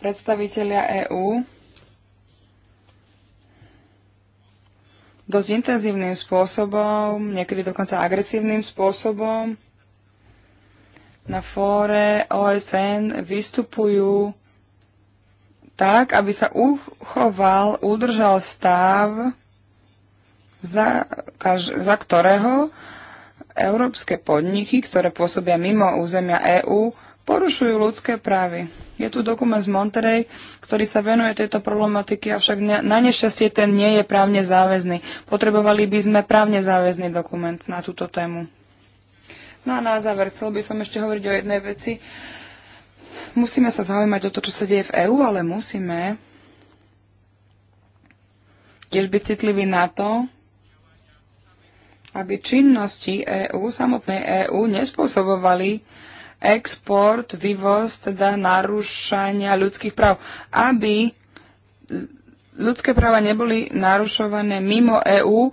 Predstavitelia EÚ dosť intenzívnym spôsobom, niekedy dokonca agresívnym spôsobom. Na fóre OSN vystupujú tak, aby sa uchoval, udržal stav, za, za ktorého európske podniky, ktoré pôsobia mimo územia EÚ, porušujú ľudské právy. Je tu dokument z Monterey, ktorý sa venuje tejto problematiky, avšak na nešťastie ten nie je právne záväzný. Potrebovali by sme právne záväzný dokument na túto tému. No a na záver, chcel by som ešte hovoriť o jednej veci. Musíme sa zaujímať o to, čo sa deje v EÚ, ale musíme tiež byť citliví na to, aby činnosti EÚ, samotnej EÚ, nespôsobovali export, vývoz, teda narúšania ľudských práv. Aby ľudské práva neboli narušované mimo EÚ, e,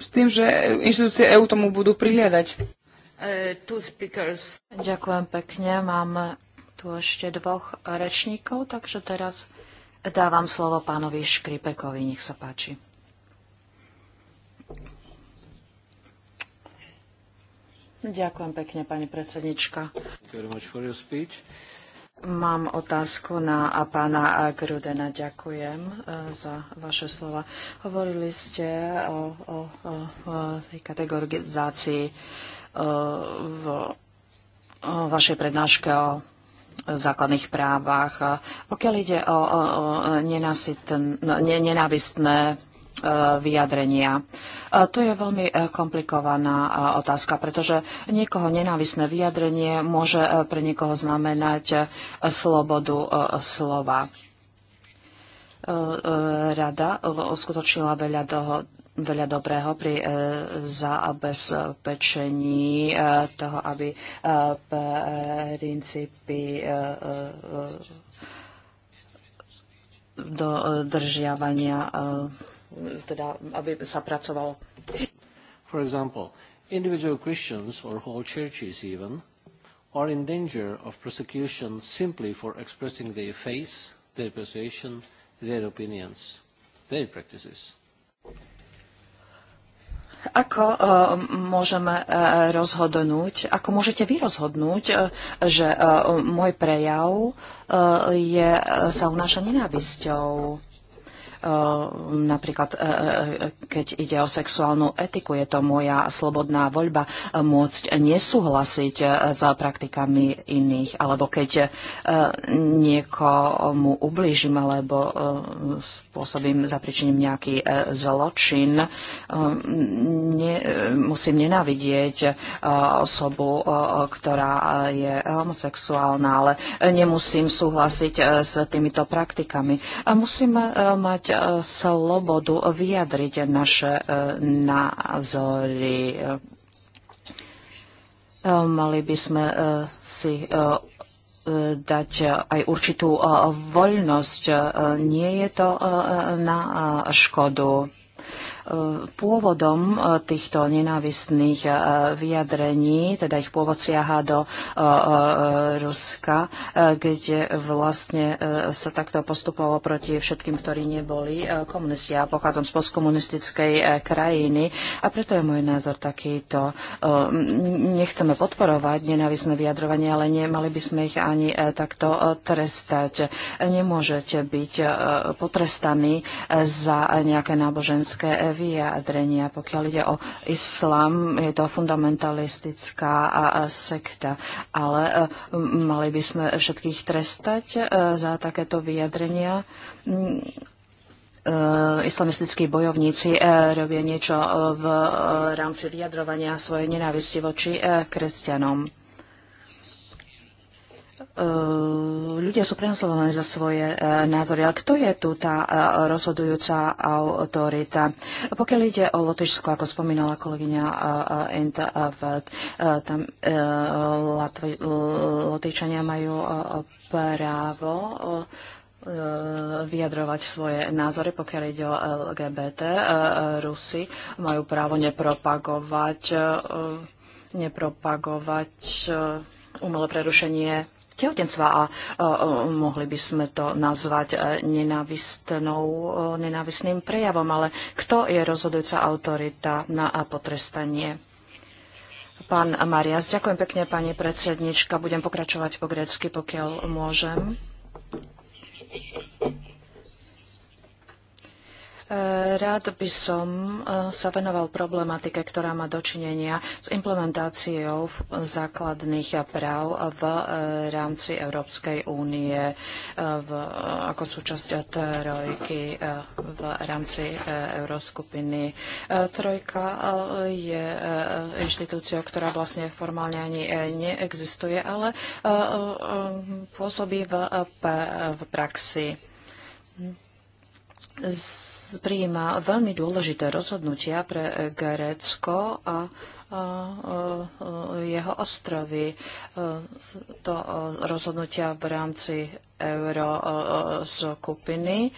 s tým, že inštitúcie EÚ tomu budú prihliadať. E, Ďakujem pekne. Mám tu ešte dvoch rečníkov, takže teraz dávam slovo pánovi Škripekovi. Nech sa páči. Ďakujem pekne, pani predsednička. Mám otázku na pána Grudena. Ďakujem eh, za vaše slova. Hovorili ste o, o, o, o tej kategorizácii eh, v vašej prednáške o základných právach. Pokiaľ ide o, o, o nenávistné Eh, vyjadrenia. Eh, to je veľmi eh, komplikovaná otázka, pretože niekoho nenávisné vyjadrenie môže pre niekoho znamenať slobodu slova. Rada uskutočnila veľa toho veľa dobrého pri e, zabezpečení e, toho, aby e, princípy e, e, dodržiavania e, teda, aby sa pracovalo. For example, individual Christians or whole churches even are in danger of prosecution simply for expressing their faith, their persuasion, their opinions, their practices. Ako uh, môžeme uh, rozhodnúť, ako môžete vy rozhodnúť, uh, že uh, môj prejav uh, je, uh, sa unáša nenávisťou? Ehm, napríklad, e, e, e, keď ide o sexuálnu etiku, je to moja slobodná voľba môcť nesúhlasiť s praktikami iných, alebo keď niekomu ublížim alebo spôsobím, zapričiním nejaký zločin, ne, musím nenávidieť osobu, ktorá je homosexuálna, ale nemusím súhlasiť s týmito praktikami. Musím mať E, slobodu vyjadriť naše e, názory. E, mali by sme si dať aj určitú voľnosť. Nie je to na škodu. Pôvodom e, týchto nenávistných e, vyjadrení, teda ich pôvod siaha do e, Ruska, kde vlastne sa takto postupovalo proti všetkým, ktorí neboli komunisti. Ja pochádzam z postkomunistickej krajiny a preto je môj názor takýto. Nechceme podporovať nenávisné vyjadrovanie, ale nemali by sme ich ani takto trestať. Nemôžete byť potrestaní za nejaké náboženské vyjadrenia. Pokiaľ ide o islám, je to fundamentalistická sekta, ale e, mali by sme všetkých trestať e, za takéto vyjadrenia e, islamistickí bojovníci robia niečo v rámci vyjadrovania svojej nenávisti voči kresťanom. Ehm, ľudia sú prenosledovaní za svoje eh, názory. Ale kto je tu tá eh, rozhodujúca autorita? Pokiaľ ide o Lotyšsko, ako spomínala kolegyňa Enta eh, tam Lotyčania majú právo vyjadrovať svoje názory, pokiaľ ide o LGBT. Rusi majú právo nepropagovať nepropagovať umelé prerušenie tehotenstva a mohli by sme to nazvať e, e, nenávistným prejavom, ale kto je rozhodujúca autorita na potrestanie? Pán Marias, ďakujem pekne, pani predsednička. Budem pokračovať po grécky, pokiaľ môžem. Rád by som e, sa venoval problematike, ktorá má dočinenia s implementáciou základných práv v e, rámci Európskej únie e, v, ako súčasť trojky v rámci Euroskupiny. Trojka je inštitúcia, ktorá vlastne formálne ani neexistuje, ale pôsobí v, v praxi. Z prijíma veľmi dôležité rozhodnutia pre Grécko a jeho ostrovy. To rozhodnutia v rámci euroskupiny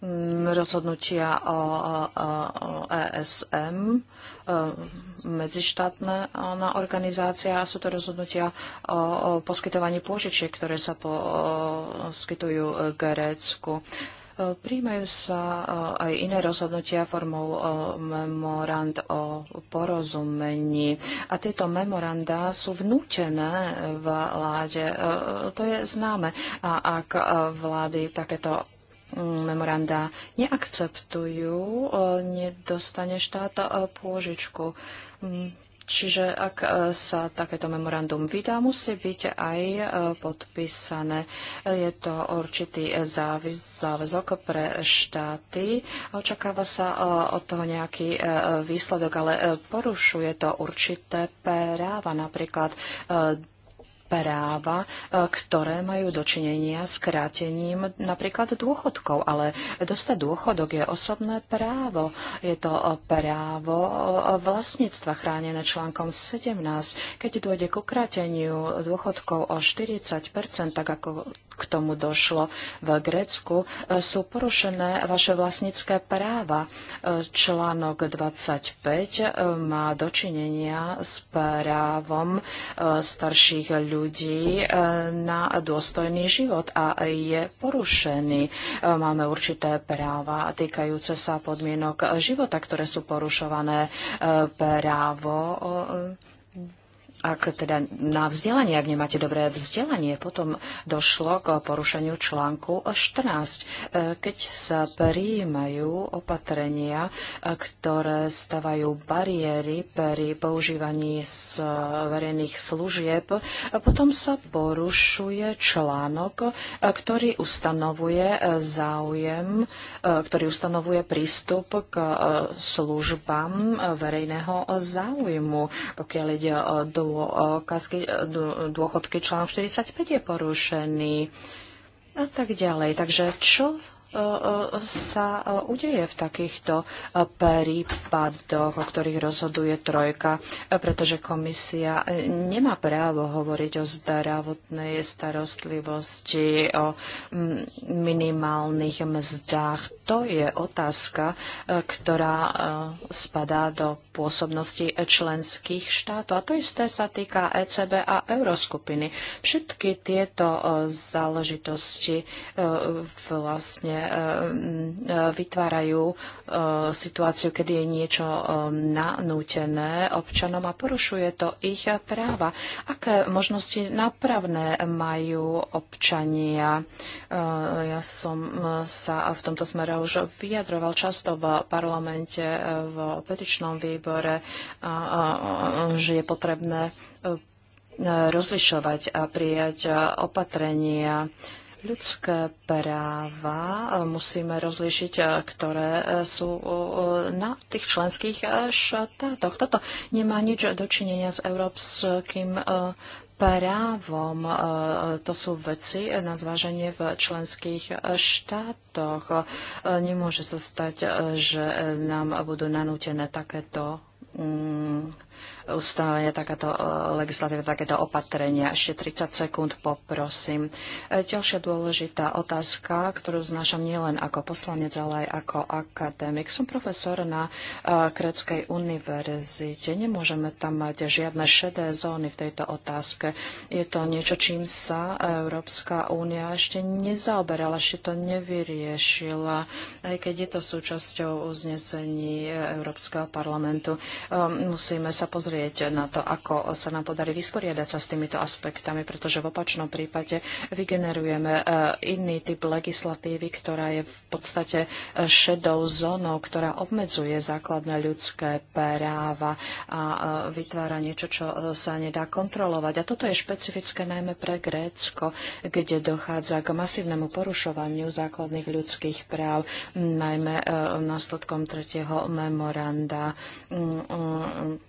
mm, rozhodnutia o, ESM, medzištátne organizácia a sú to rozhodnutia o, poskytovaní pôžičiek, ktoré sa poskytujú Grécku. Príjmajú sa eh, aj iné rozhodnutia formou eh, memorand o porozumení. A tieto memoranda sú vnútené vláde. Eh, to je známe. A ak vlády takéto mm, memoranda neakceptujú, nedostane štát pôžičku. Mm, Čiže ak e, sa takéto memorandum vydá, musí byť aj e, podpísané. Je to určitý záväzok pre štáty. Očakáva sa e, od toho nejaký výsledok, ale porušuje to určité práva, napríklad práva, e, ktoré majú dočinenia s krátením napríklad dôchodkov. Ale dostať dôchodok je osobné právo. Je to e, právo e, vlastníctva chránené článkom 17. Keď dôjde k ukráteniu dôchodkov o 40 tak ako k tomu došlo v Grécku, sú porušené vaše vlastnícke práva. Článok 25 má dočinenia s právom starších ľudí ľudí e, na dôstojný život a je porušený. E, máme určité práva týkajúce sa podmienok života, ktoré sú porušované e, právo ak teda na vzdelanie, ak nemáte dobré vzdelanie, potom došlo k porušeniu článku 14, e, keď sa prijímajú opatrenia, e, ktoré stavajú bariéry pri používaní z e, verejných služieb, potom sa porušuje článok, ktorý ustanovuje záujem, ktorý ustanovuje prístup k službám verejného záujmu, pokiaľ ide o dôkazky, e, dôchodky článok 45 je porušený a tak ďalej. Takže čo sa e, udeje v takýchto e, prípadoch, o ktorých rozhoduje trojka, e, pretože komisia nemá právo hovoriť o zdravotnej starostlivosti, o minimálnych mzdách. To je otázka, ktorá spadá do pôsobnosti členských štátov. A to isté sa týka ECB a Euroskupiny. Všetky tieto záležitosti vlastne Eh, vytvárajú eh, situáciu, kedy je niečo eh, nanútené občanom a porušuje to ich práva. Aké možnosti napravné majú občania? Ja som sa v tomto smere už vyjadroval často v parlamente, v petičnom výbore, že je potrebné rozlišovať a prijať opatrenia ľudské práva e, musíme rozlišiť, e, ktoré e, sú na tých členských štátoch. Toto nemá nič dočinenia s európskym právom. To sú veci na zváženie v členských štátoch. Nemôže sa stať, že nám budú nanútené takéto mm, ustanovenia, takáto e, legislatíva, takéto opatrenia. Ešte 30 sekúnd poprosím. E, ďalšia dôležitá otázka, ktorú znášam nielen ako poslanec, ale aj ako akadémik. Som profesor na e, Kréckej univerzite. Nemôžeme tam mať žiadne šedé zóny v tejto otázke. Je to niečo, čím sa Európska únia ešte nezaoberala, ešte to nevyriešila, aj keď je to súčasťou uznesení Európskeho parlamentu. Musíme sa pozrieť pozrieť na to, ako sa nám podarí vysporiadať sa s týmito aspektami, pretože v opačnom prípade vygenerujeme e, iný typ legislatívy, ktorá je v podstate e, šedou zónou, ktorá obmedzuje základné ľudské práva a e, vytvára niečo, čo sa nedá kontrolovať. A toto je špecifické najmä pre Grécko, kde dochádza k masívnemu porušovaniu základných ľudských práv, najmä následkom tretieho memoranda. Mm, mm,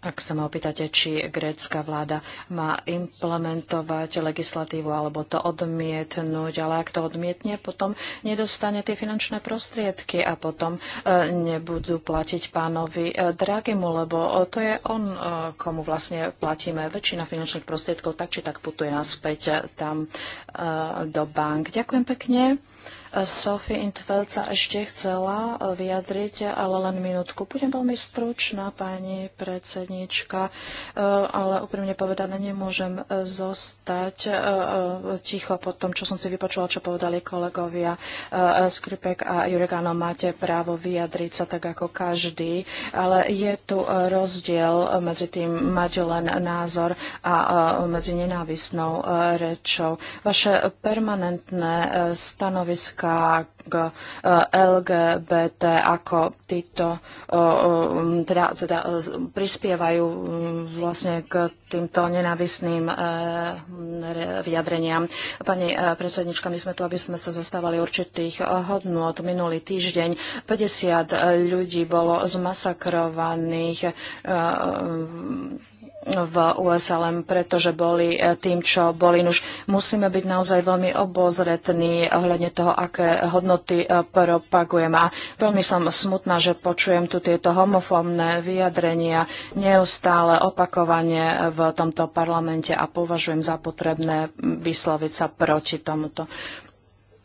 ak sa ma opýtate, či grécka vláda má implementovať legislatívu alebo to odmietnúť, ale ak to odmietne, potom nedostane tie finančné prostriedky a potom e, nebudú platiť pánovi e, Dragimu, lebo to je on, e, komu vlastne platíme. Väčšina finančných prostriedkov tak či tak putuje naspäť tam do bank. Ďakujem pekne. Sophie Intveld sa ešte chcela e, vyjadriť, ale len minútku. Budem veľmi stručná, pani predsednička, e, ale úprimne povedané nemôžem e, zostať ticho po tom, čo som si vypočula, čo povedali kolegovia Skripek a Juregano. Máte právo vyjadriť sa tak ako každý, ale je tu rozdiel medzi tým mať len názor a medzi nenávisnou rečou. Vaše permanentné stanovisko otázka k eh, LGBT, ako títo eh, eh, teda, teda prispievajú mm, vlastne k týmto nenávisným vyjadreniam. Pani predsednička, my sme tu, aby sme sa zastávali určitých hodnot. Minulý týždeň 50 ľudí bolo zmasakrovaných v USA len preto, že boli e, tým, čo boli. Už musíme byť naozaj veľmi obozretní ohľadne toho, aké hodnoty e, propagujeme. A veľmi som smutná, že počujem tu tieto homofóbne vyjadrenia neustále opakovanie v tomto parlamente a považujem za potrebné vysloviť sa proti tomuto.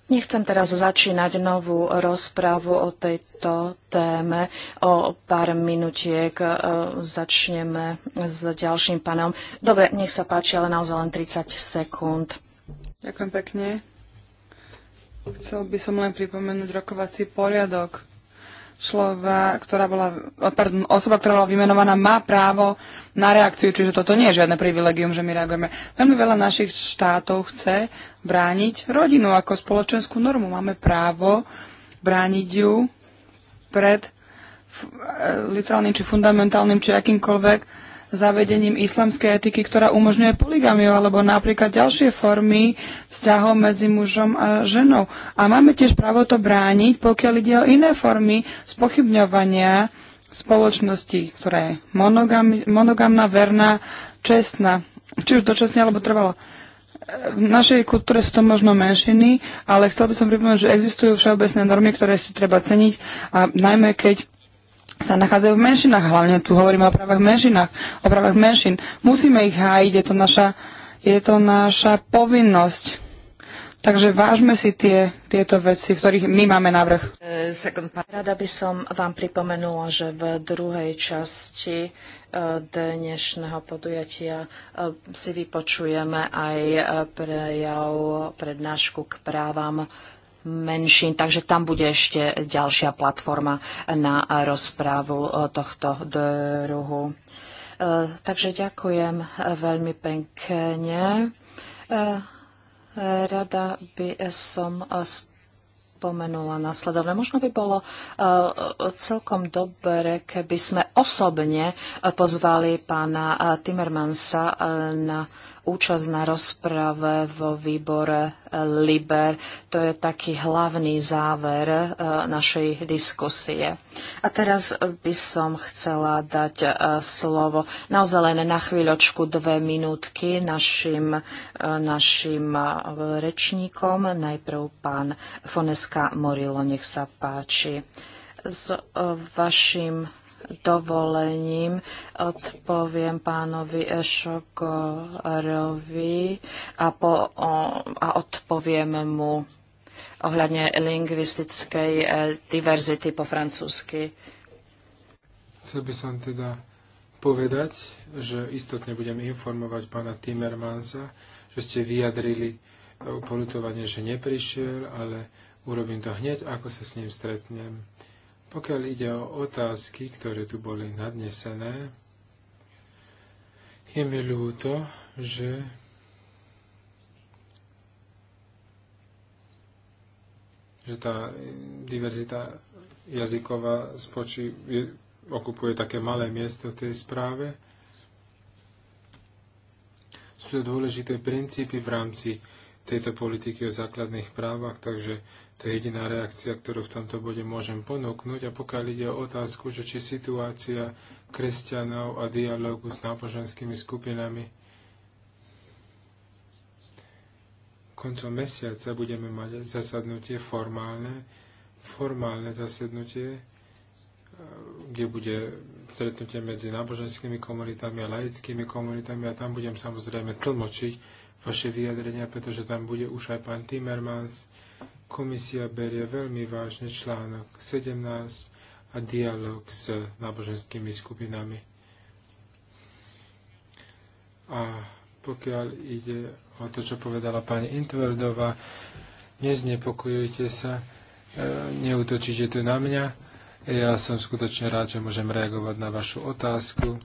Nechcem teraz začínať novú rozprávu o tejto téme. O pár minutiek e, začneme s ďalším panom. Dobre, nech sa páči, ale naozaj len 30 sekúnd. Ďakujem pekne. Chcel by som len pripomenúť rokovací poriadok slova, ktorá bola, eh, pardon, osoba, ktorá bola vymenovaná, má právo na reakciu, čiže toto nie je žiadne privilegium, že my reagujeme. Veľmi veľa našich štátov chce brániť rodinu ako spoločenskú normu. Máme právo brániť ju pred eh, literálnym či fundamentálnym či akýmkoľvek zavedením islamskej etiky, ktorá umožňuje poligamiu alebo napríklad ďalšie formy vzťahov medzi mužom a ženou. A máme tiež právo to brániť, pokiaľ ide o iné formy spochybňovania spoločnosti, ktorá je monogam, monogamná, verná, čestná. Či už dočasne alebo trvalo v našej kultúre sú to možno menšiny, ale chcel by som pripomenúť, že existujú všeobecné normy, ktoré si treba ceniť a najmä keď sa nachádzajú v menšinách. Hlavne tu hovoríme o právach menšinách, o právach menšin. Musíme ich hájiť, je to naša, je to naša povinnosť. Takže vážme si tie, tieto veci, v ktorých my máme návrh. Rada by som vám pripomenula, že v druhej časti e, dnešného podujatia e, si vypočujeme aj e, prejav prednášku k právam menšín, takže tam bude ešte ďalšia platforma na rozprávu tohto druhu. E, takže ďakujem veľmi pekne. E, rada by som spomenula nasledovne. Možno by bolo e, celkom dobre, keby sme osobne pozvali pána Timmermansa na účasť na rozprave vo výbore eh, Liber. To je taký hlavný záver eh, našej diskusie. A teraz eh, by som chcela dať slovo naozaj len na chvíľočku dve minútky našim, našim rečníkom. Najprv pán Foneska Morilo, nech sa páči. S vašim dovolením odpoviem pánovi Ešokorovi a, po, a odpoviem mu ohľadne lingvistickej e, diverzity po francúzsky. Chcel by som teda povedať, že istotne budem informovať pána Timmermansa, že ste vyjadrili e, polutovanie, že neprišiel, ale urobím to hneď, ako sa s ním stretnem. Pokiaľ ide o otázky, ktoré tu boli nadnesené, je mi ľúto, že že tá diverzita jazyková spočí, je, okupuje také malé miesto v tej správe. Sú to dôležité princípy v rámci tejto politiky o základných právach, takže to je jediná reakcia, ktorú v tomto bode môžem ponúknuť. A pokiaľ ide o otázku, že či situácia kresťanov a dialogu s náboženskými skupinami koncom mesiaca budeme mať zasadnutie formálne, formálne zasadnutie, eh, kde bude stretnutie medzi náboženskými komunitami a laickými komunitami a tam budem samozrejme tlmočiť vaše vyjadrenia, pretože tam bude už aj pán Timmermans, komisia berie veľmi vážne článok 17 a dialog s náboženskými skupinami. A pokiaľ ide o to, čo povedala pani Intverdová, neznepokojujte sa, e, neutočíte tu na mňa. Ja som skutočne rád, že môžem reagovať na vašu otázku.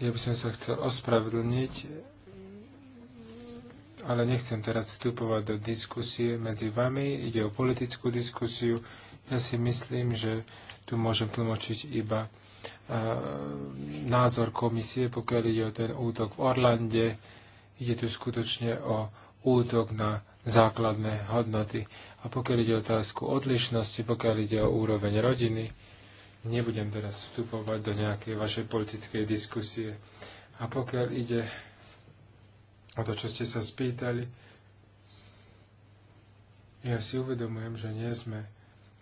Ja by som sa chcel ospravedlniť ale nechcem teraz vstupovať do diskusie medzi vami. Ide o politickú diskusiu. Ja si myslím, že tu môžem tlmočiť iba uh, názor komisie, pokiaľ ide o ten útok v Orlande. Ide tu skutočne o útok na základné hodnoty. A pokiaľ ide o otázku odlišnosti, pokiaľ ide o úroveň rodiny, nebudem teraz vstupovať do nejakej vašej politickej diskusie. A pokiaľ ide a to, čo ste sa spýtali, ja si uvedomujem, že nie sme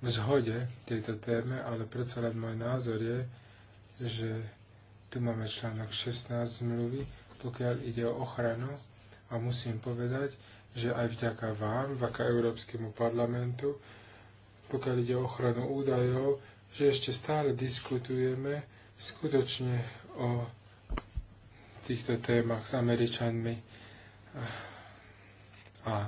v zhode tejto téme, ale predsa len môj názor je, že tu máme článok 16 zmluvy, pokiaľ ide o ochranu a musím povedať, že aj vďaka vám, vďaka Európskemu parlamentu, pokiaľ ide o ochranu údajov, že ešte stále diskutujeme skutočne o týchto témach s Američanmi a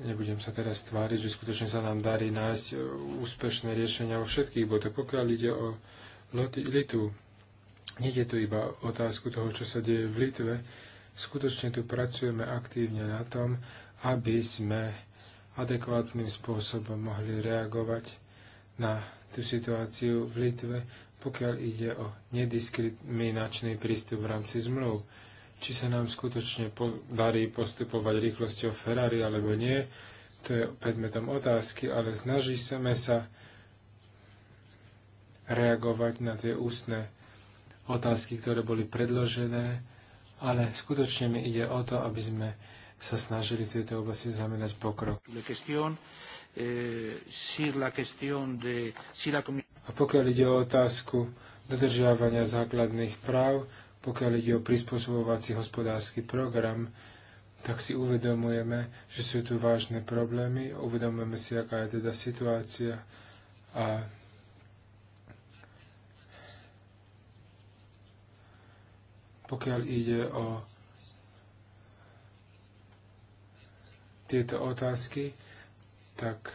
nebudem sa teraz tváriť, že skutočne sa nám darí nájsť úspešné riešenia vo všetkých bodoch. Pokiaľ ide o Litu, nie je to iba otázku toho, čo sa deje v Litve. Skutočne tu pracujeme aktívne na tom, aby sme adekvátnym spôsobom mohli reagovať na tú situáciu v Litve, pokiaľ ide o nediskriminačný prístup v rámci zmluv či sa nám skutočne podarí postupovať rýchlosťou Ferrari alebo nie, to je predmetom otázky, ale snažíme sa reagovať na tie ústne otázky, ktoré boli predložené, ale skutočne mi ide o to, aby sme sa snažili v tejto oblasti zamenať pokrok. Eh, A pokiaľ ide o otázku dodržiavania základných práv, pokiaľ ide o prispôsobovací hospodársky program, tak si uvedomujeme, že sú tu vážne problémy, uvedomujeme si, aká je teda situácia a pokiaľ ide o tieto otázky, tak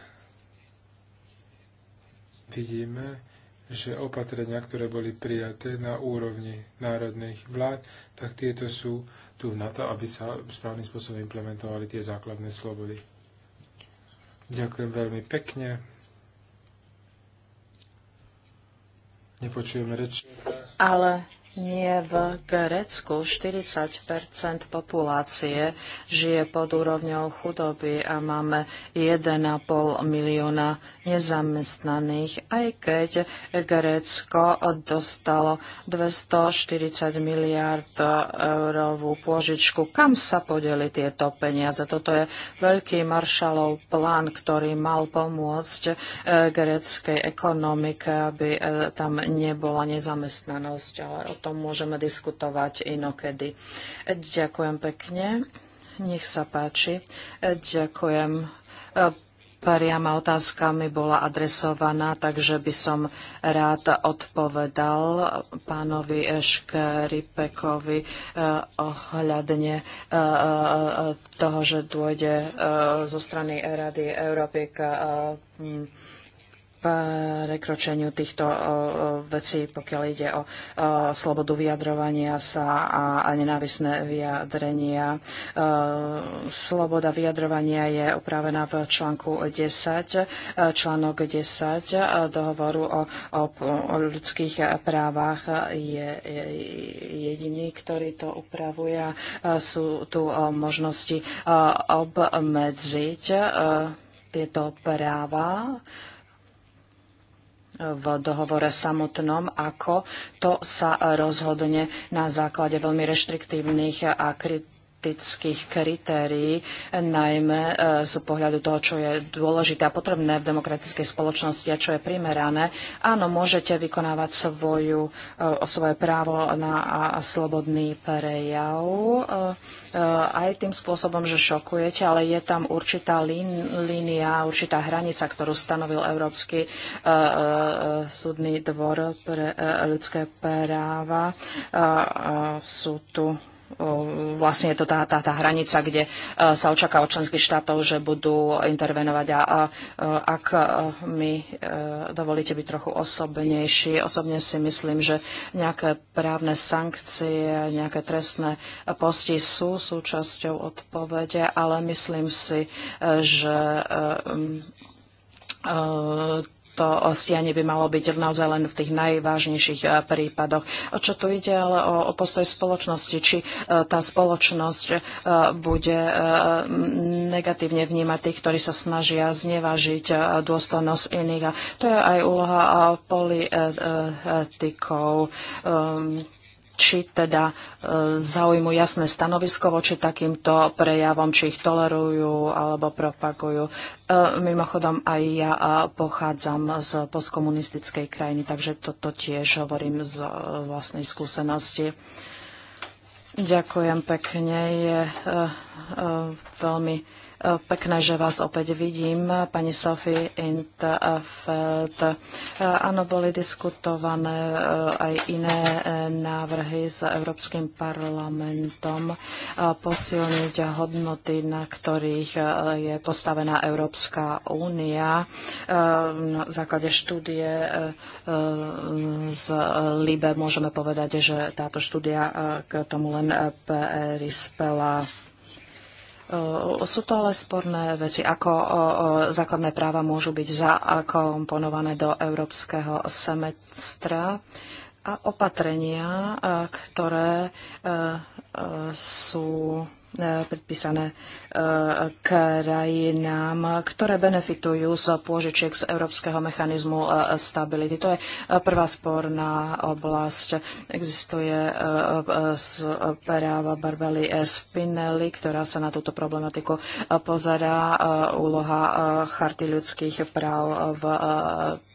vidíme, že opatrenia, ktoré boli prijaté na úrovni národných vlád, tak tieto sú tu na to, aby sa správnym spôsobom implementovali tie základné slobody. Ďakujem veľmi pekne. Nepočujeme reči. Ale nie v Grécku 40 populácie žije pod úrovňou chudoby a máme 1,5 milióna nezamestnaných, aj keď Grécko dostalo 240 miliard eurovú pôžičku. Kam sa podeli tieto peniaze? Toto je veľký maršalov plán, ktorý mal pomôcť eh, gréckej ekonomike, aby eh, tam nebola nezamestnanosť, ale tom môžeme diskutovať inokedy. Ďakujem pekne. Nech sa páči. Ďakujem. Priama otázka mi bola adresovaná, takže by som rád odpovedal pánovi Eškeripekovi eh, ohľadne eh, eh, toho, že dôjde zo strany Rady Európy k prekročeniu týchto vecí, pokiaľ ide o slobodu vyjadrovania sa a nenávisné vyjadrenia. Sloboda vyjadrovania je upravená v článku 10, e, článok 10 e, dohovoru o, o, o ľudských právach je jediný, ktorý to upravuje. E, sú tu možnosti obmedziť tieto práva v dohovore samotnom, ako to sa rozhodne na základe veľmi reštriktívnych a kritických etických kritérií, najmä e, z pohľadu toho, čo je dôležité a potrebné v demokratickej spoločnosti a čo je primerané. Áno, môžete vykonávať svoju, e, svoje právo na slobodný prejav e, aj tým spôsobom, že šokujete, ale je tam určitá línia, určitá hranica, ktorú stanovil Európsky súdny dvor pre ľudské práva. Sú tu vlastne je to tá, tá, tá hranica, kde e, sa očaká od členských štátov, že budú intervenovať. A, a ak e, mi e, dovolíte byť trochu osobnejší, osobne si myslím, že nejaké právne sankcie, nejaké trestné posti sú súčasťou odpovede, ale myslím si, že to stianie by malo byť naozaj len v tých najvážnejších eh, prípadoch. O čo tu ide, ale o, o postoj spoločnosti, či eh, tá spoločnosť eh, bude negatívne vnímať tých, ktorí sa snažia znevážiť dôstojnosť iných. A to je aj úloha politikov. Ehm, či teda e, zaujímu jasné stanovisko voči takýmto prejavom, či ich tolerujú alebo propagujú. E, mimochodom, aj ja e, pochádzam z postkomunistickej krajiny, takže toto tiež hovorím z vlastnej skúsenosti. Ďakujem pekne. Je veľmi Pekné, že vás opäť vidím, pani Sophie Intfeld. Áno, boli diskutované e, aj iné e, návrhy s Európskym parlamentom e, posilniť hodnoty, na ktorých je postavená Európska únia. Na základe štúdie z Libe môžeme povedať, že táto štúdia k tomu len prispela. Sú to ale sporné veci, ako základné práva môžu byť zakomponované do európskeho semestra a opatrenia, e, ktoré e, e, sú E, predpísané e, krajinám, ktoré benefitujú z pôžičiek z Európskeho mechanizmu e, stability. To je prvá sporná oblasť. Existuje práva Barbely Spinelli, ktorá sa na túto problematiku pozerá. Úloha Charty ľudských práv v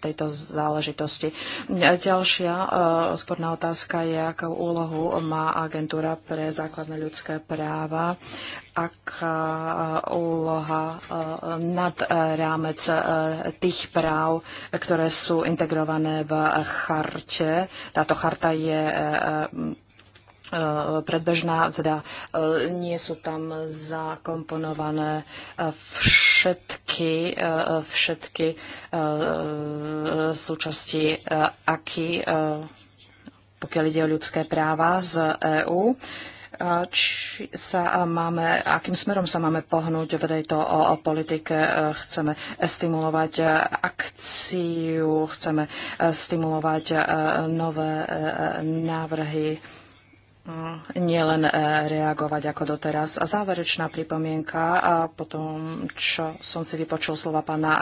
tejto záležitosti. Ďalšia sporná otázka je, akú úlohu má agentúra pre základné ľudské práva aká úloha eh, nad eh, rámec eh, tých práv, ktoré sú integrované v charte. Táto charta je predbežná, teda nie sú tam zakomponované všetky, všetky súčasti aký, pokiaľ ide o ľudské práva z EÚ či sa máme, akým smerom sa máme pohnúť v tejto politike. E, chceme stimulovať akciu, chceme e, stimulovať e, nové návrhy Hm, nielen eh, reagovať ako doteraz. A záverečná pripomienka a potom, čo som si vypočul slova pána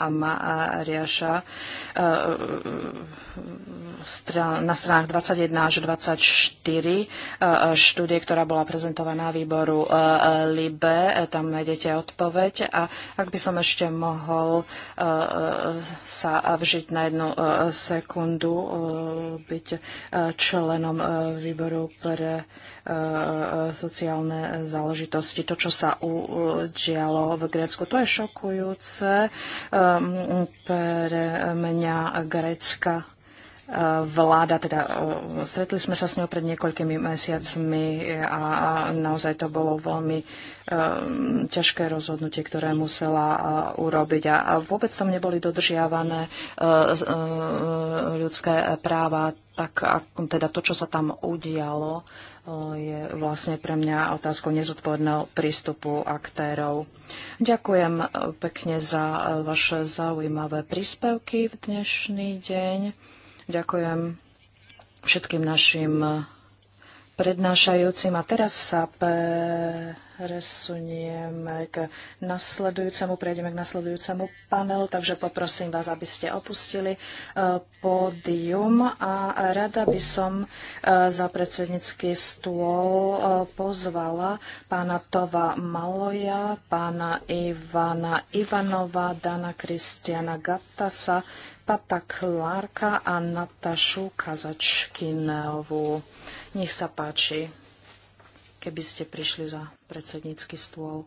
Riaša eh, na stranách 21 až 24 eh, štúdie, ktorá bola prezentovaná výboru LIBE, tam nájdete odpoveď. A ak by som ešte mohol sa vžiť na jednu sekundu, byť členom výboru pre Eh, sociálne záležitosti. To, čo sa udialo v Grécku, to je šokujúce. Eh, pre mňa Grécka eh, vláda, teda stretli sme sa s ňou pred niekoľkými mesiacmi a naozaj to bolo veľmi ťažké rozhodnutie, ktoré musela urobiť. A vôbec tam neboli dodržiavané ľudské práva, tak teda to, čo sa tam udialo, je vlastne pre mňa otázkou nezodpovedného prístupu aktérov. Ďakujem e, pekne za e, vaše zaujímavé príspevky v dnešný deň. Ďakujem všetkým našim prednášajúcim. A teraz sa presunieme k nasledujúcemu, prejdeme k nasledujúcemu panelu, takže poprosím vás, aby ste opustili e, pódium a rada by som e, za predsednícky stôl e, pozvala pána Tova Maloja, pána Ivana Ivanova, Dana Kristiana Gattasa, Pata Klárka a Natašu Kazačkinovú. Nech sa páči, keby ste prišli za predsednícky stôl.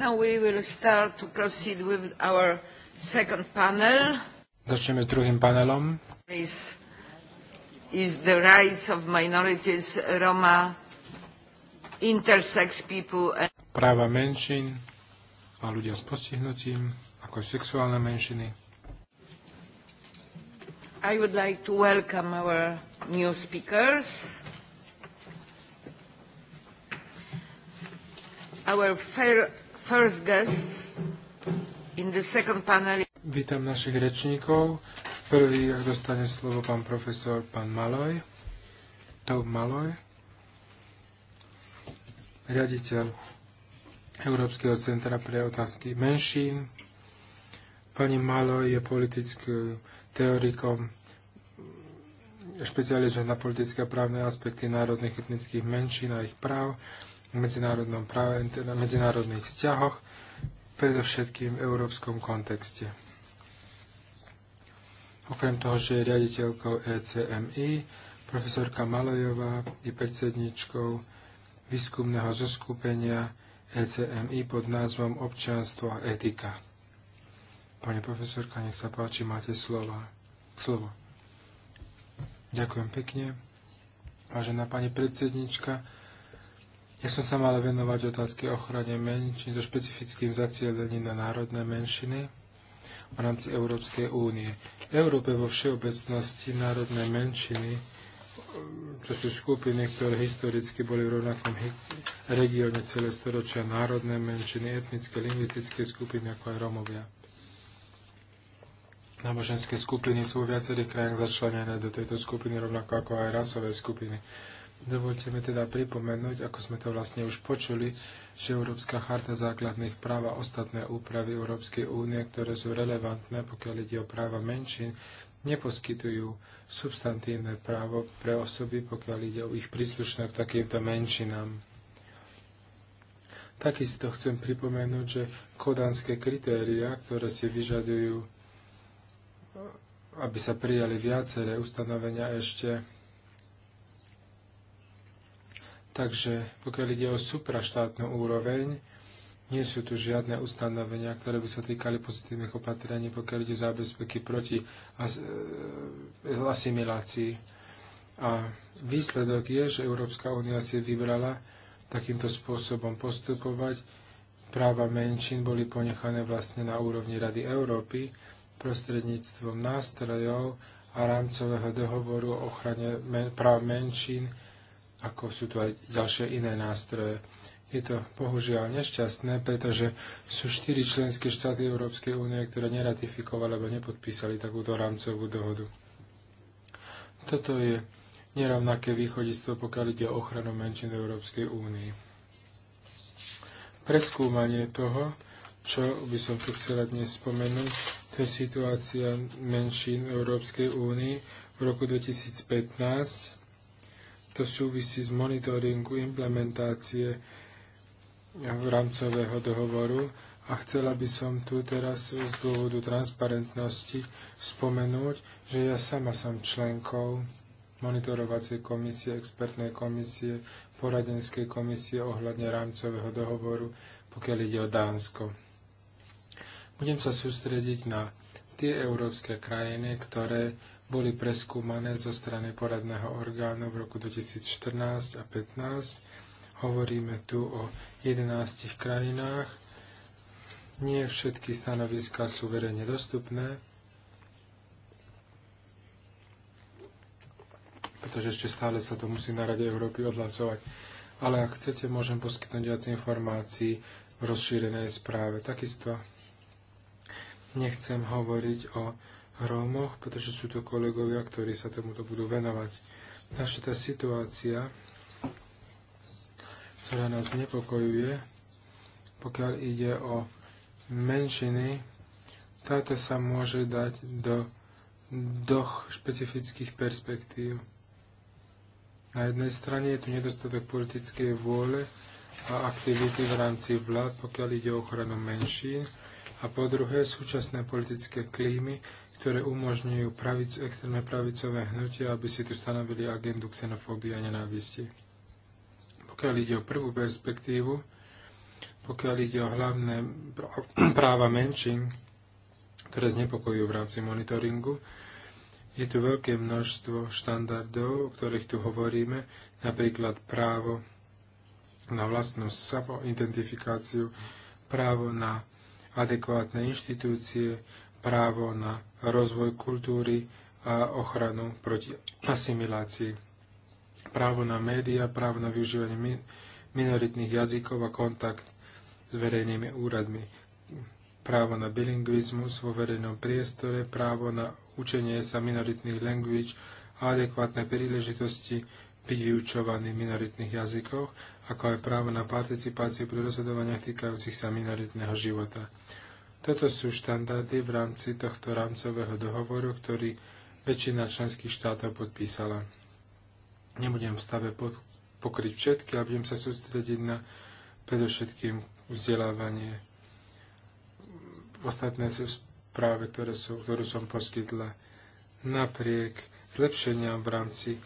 Now we will start to proceed with our second panel. Začneme s druhým panelom. Is, is the rights of minorities, Roma, intersex people and... Práva menšín a ľudia s postihnutím, ako aj sexuálne menšiny. I would like to welcome our new speakers. Our fair first guest in the second panel. Vítam našich rečníkov. Prvý, ak dostane slovo pán profesor, pán Maloj, Tom Maloj, riaditeľ Európskeho centra pre otázky menšín. Pani Maloj je politickým teorikom špecializuje na politické a právne aspekty národných etnických menšín a ich práv v medzinárodnom práve, na teda medzinárodných vzťahoch, predovšetkým v európskom kontexte. Okrem toho, že je riaditeľkou ECMI, profesorka Malojová je predsedničkou výskumného zoskupenia ECMI pod názvom Občianstvo a etika. Pani profesorka, nech sa páči, máte slova. slovo. Ďakujem pekne. Vážená pani predsednička, ja som sa mal venovať otázky ochrane menšín so špecifickým zacielením na národné menšiny v rámci Európskej únie. V Európe vo všeobecnosti národné menšiny to sú skupiny, ktoré historicky boli v rovnakom regióne celé storočia národné menšiny, etnické, lingvistické skupiny, ako aj Romovia. Náboženské skupiny sú v viacerých krajinách začlenené do tejto skupiny, rovnako ako aj rasové skupiny. Dovolte mi teda pripomenúť, ako sme to vlastne už počuli, že Európska charta základných práv a ostatné úpravy Európskej únie, ktoré sú relevantné, pokiaľ ide o práva menšín, neposkytujú substantívne právo pre osoby, pokiaľ ide o ich príslušnosť k takýmto menšinám. Takisto chcem pripomenúť, že kodanské kritéria, ktoré si vyžadujú, aby sa prijali viaceré ustanovenia ešte Takže pokiaľ ide o supraštátnu úroveň, nie sú tu žiadne ustanovenia, ktoré by sa týkali pozitívnych opatrení, pokiaľ ide o zábezpeky proti as- e, asimilácii. A výsledok je, že Európska únia si vybrala takýmto spôsobom postupovať. Práva menšín boli ponechané vlastne na úrovni Rady Európy prostredníctvom nástrojov a rámcového dohovoru o ochrane práv menšín ako sú tu aj ďalšie iné nástroje. Je to bohužiaľ nešťastné, pretože sú štyri členské štáty Európskej únie, ktoré neratifikovali alebo nepodpísali takúto rámcovú dohodu. Toto je nerovnaké východistvo, pokiaľ ide o ochranu menšin Európskej únii. Preskúmanie toho, čo by som tu chcela dnes spomenúť, to je situácia menšín Európskej únii v roku 2015 to súvisí s monitoringu implementácie eh, v rámcového dohovoru a chcela by som tu teraz z dôvodu transparentnosti spomenúť, že ja sama som členkou monitorovacej komisie, expertnej komisie, poradenskej komisie ohľadne rámcového dohovoru, pokiaľ ide o Dánsko. Budem sa sústrediť na tie európske krajiny, ktoré boli preskúmané zo strany poradného orgánu v roku 2014 a 2015. Hovoríme tu o 11 krajinách. Nie všetky stanoviska sú verejne dostupné, pretože ešte stále sa to musí na Rade Európy odhlasovať. Ale ak chcete, môžem poskytnúť viac informácií v rozšírenej správe. Takisto nechcem hovoriť o Rómoch, pretože sú to kolegovia, ktorí sa tomuto budú venovať. Naša tá situácia, ktorá nás nepokojuje, pokiaľ ide o menšiny, táto sa môže dať do doch špecifických perspektív. Na jednej strane je tu nedostatok politickej vôle a aktivity v rámci vlád, pokiaľ ide o ochranu menšín, a po druhé súčasné politické klímy, ktoré umožňujú pravic, extrémne pravicové hnutia, aby si tu stanovili agendu xenofóbie a nenávisti. Pokiaľ ide o prvú perspektívu, pokiaľ ide o hlavné práva menšín, ktoré znepokojujú v rámci monitoringu, je tu veľké množstvo štandardov, o ktorých tu hovoríme, napríklad právo na vlastnú samoidentifikáciu, právo na adekvátne inštitúcie, právo na rozvoj kultúry a ochranu proti asimilácii. Právo na média, právo na využívanie minoritných jazykov a kontakt s verejnými úradmi. Právo na bilingvizmus vo verejnom priestore, právo na učenie sa minoritných language a adekvátne príležitosti byť vyučovaný v minoritných jazykoch, ako aj právo na participáciu pri rozhodovaniach týkajúcich sa minoritného života. Toto sú štandardy v rámci tohto rámcového dohovoru, ktorý väčšina členských štátov podpísala. Nebudem v stave pod, pokryť všetky, ale budem sa sústrediť na predovšetkým vzdelávanie. Ostatné sú správy, ktoré sú, ktorú som poskytla. Napriek zlepšeniam v rámci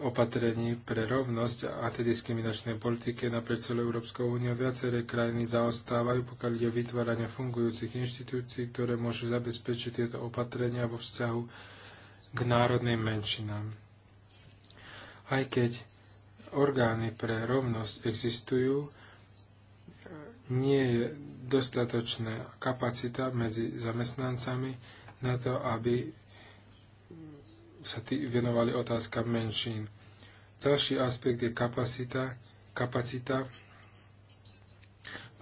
opatrení pre rovnosť a antidiskriminačnej politike naprieč celou Európskou úniou viaceré krajiny zaostávajú, pokiaľ ide o vytváranie fungujúcich inštitúcií, ktoré môžu zabezpečiť tieto opatrenia vo vzťahu k národným menšinám. Aj keď orgány pre rovnosť existujú, nie je dostatočná kapacita medzi zamestnancami na to, aby sa tý, venovali otázka menšín. Ďalší aspekt je kapacita. kapacita.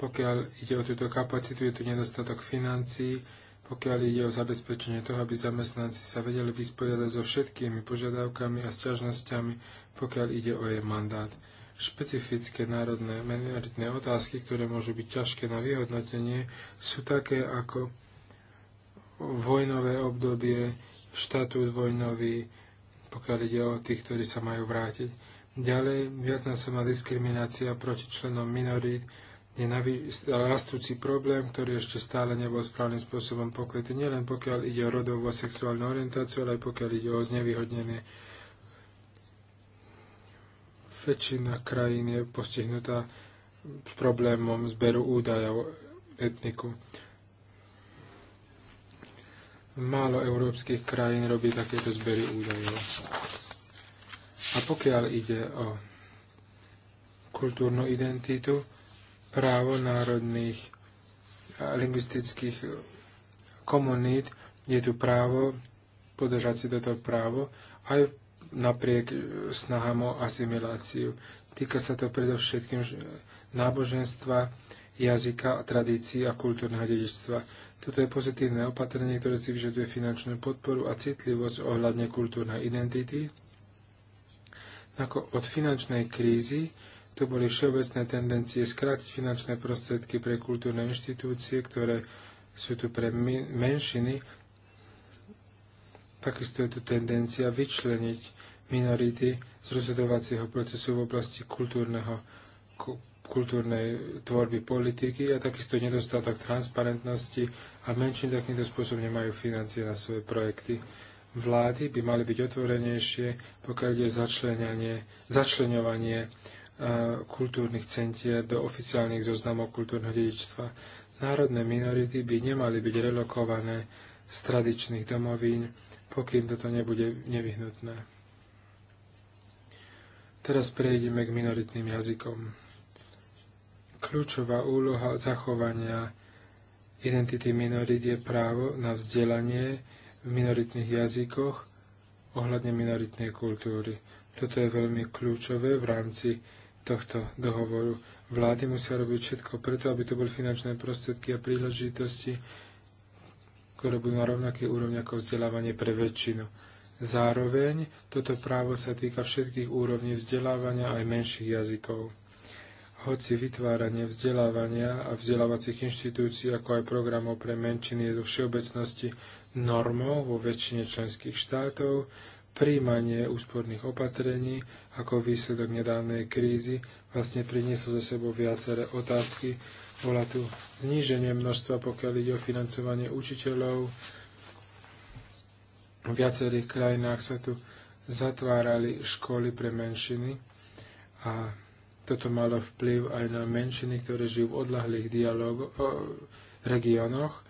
Pokiaľ ide o túto kapacitu, je tu nedostatok financií, pokiaľ ide o zabezpečenie toho, aby zamestnanci sa vedeli vysporiadať so všetkými požiadavkami a sťažnosťami, pokiaľ ide o jej mandát. Špecifické národné menoritné otázky, ktoré môžu byť ťažké na vyhodnotenie, sú také ako vojnové obdobie, štatút vojnový, pokiaľ ide o tých, ktorí sa majú vrátiť. Ďalej, viacnásobná diskriminácia proti členom minorít je rastúci problém, ktorý ešte stále nebol správnym spôsobom pokrytý, nielen pokiaľ ide o rodovú a sexuálnu orientáciu, ale aj pokiaľ ide o znevýhodnené. Väčšina krajín je postihnutá problémom zberu údajov etniku. Málo európskych krajín robí takéto zbery údajov. A pokiaľ ide o kultúrnu identitu, právo národných a lingvistických komunít je tu právo podržať si toto právo aj napriek snahám o asimiláciu. Týka sa to predovšetkým náboženstva, jazyka, tradícií a kultúrneho dedičstva. Toto je pozitívne opatrenie, ktoré si vyžaduje finančnú podporu a citlivosť ohľadne kultúrnej identity. Ako od finančnej krízy to boli všeobecné tendencie skrátiť finančné prostriedky pre kultúrne inštitúcie, ktoré sú tu pre menšiny. Takisto je tu tendencia vyčleniť minority z rozhodovacieho procesu v oblasti kultúrneho kultúrnej tvorby politiky a takisto nedostatok transparentnosti a menšin takýmto spôsobom nemajú financie na svoje projekty. Vlády by mali byť otvorenejšie, pokiaľ ide začlenovanie e, kultúrnych centier do oficiálnych zoznamov kultúrneho dedičstva. Národné minority by nemali byť relokované z tradičných domovín, pokým toto nebude nevyhnutné. Teraz prejdeme k minoritným jazykom kľúčová úloha zachovania identity minorít je právo na vzdelanie v minoritných jazykoch ohľadne minoritnej kultúry. Toto je veľmi kľúčové v rámci tohto dohovoru. Vlády musia robiť všetko preto, aby to boli finančné prostriedky a príležitosti, ktoré budú na rovnaké úrovni ako vzdelávanie pre väčšinu. Zároveň toto právo sa týka všetkých úrovní vzdelávania aj menších jazykov hoci vytváranie vzdelávania a vzdelávacích inštitúcií, ako aj programov pre menšiny je do všeobecnosti normou vo väčšine členských štátov, príjmanie úsporných opatrení ako výsledok nedávnej krízy vlastne prinieslo za sebou viaceré otázky. Bola tu zníženie množstva, pokiaľ ide o financovanie učiteľov. V viacerých krajinách sa tu zatvárali školy pre menšiny a toto malo vplyv aj na menšiny, ktoré žijú v odlahlých dialog, regiónoch,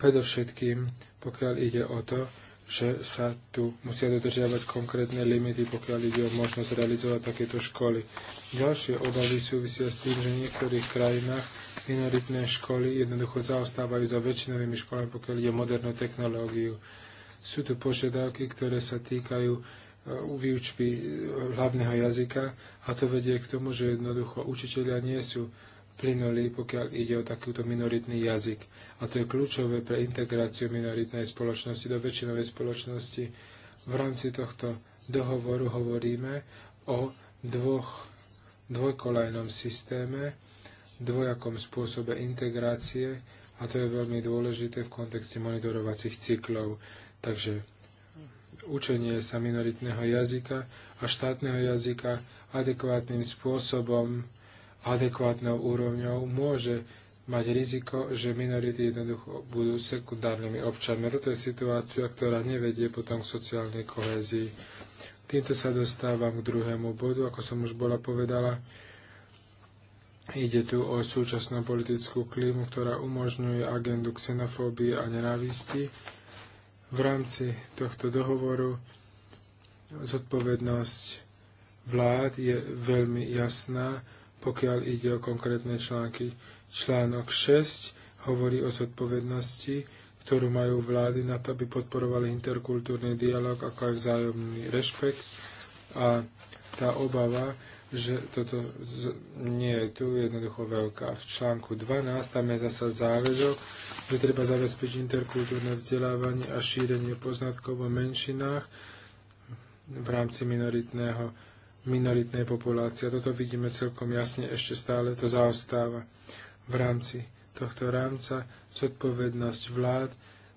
predovšetkým pokiaľ ide o to, že sa tu musia dodržiavať konkrétne limity, pokiaľ ide o možnosť realizovať takéto školy. Ďalšie obavy súvisia s tým, že v niektorých krajinách minoritné školy jednoducho zaostávajú za väčšinovými školami, pokiaľ ide o modernú technológiu. Sú tu požiadavky, ktoré sa týkajú výučby e, hlavného jazyka a to vedie k tomu, že jednoducho učiteľia nie sú plynulí, pokiaľ ide o takýto minoritný jazyk. A to je kľúčové pre integráciu minoritnej spoločnosti do väčšinovej spoločnosti. V rámci tohto dohovoru hovoríme o dvoch dvojkolajnom systéme, dvojakom spôsobe integrácie a to je veľmi dôležité v kontexte monitorovacích cyklov. Takže učenie sa minoritného jazyka a štátneho jazyka adekvátnym spôsobom, adekvátnou úrovňou môže mať riziko, že minority jednoducho budú sekundárnymi občanmi. Toto je situácia, ktorá nevedie potom k sociálnej kohézii. Týmto sa dostávam k druhému bodu, ako som už bola povedala. Ide tu o súčasnú politickú klímu, ktorá umožňuje agendu xenofóbie a nenávisti v rámci tohto dohovoru zodpovednosť vlád je veľmi jasná, pokiaľ ide o konkrétne články. Článok 6 hovorí o zodpovednosti, ktorú majú vlády na to, aby podporovali interkultúrny dialog, ako aj vzájomný rešpekt. A tá obava, že toto nie je tu jednoducho veľká. V článku 12 tam je zasa záväzok, že treba zabezpečiť interkultúrne vzdelávanie a šírenie poznatkov o menšinách v rámci minoritného, minoritnej populácie. Toto vidíme celkom jasne, ešte stále to zaostáva v rámci tohto rámca zodpovednosť vlád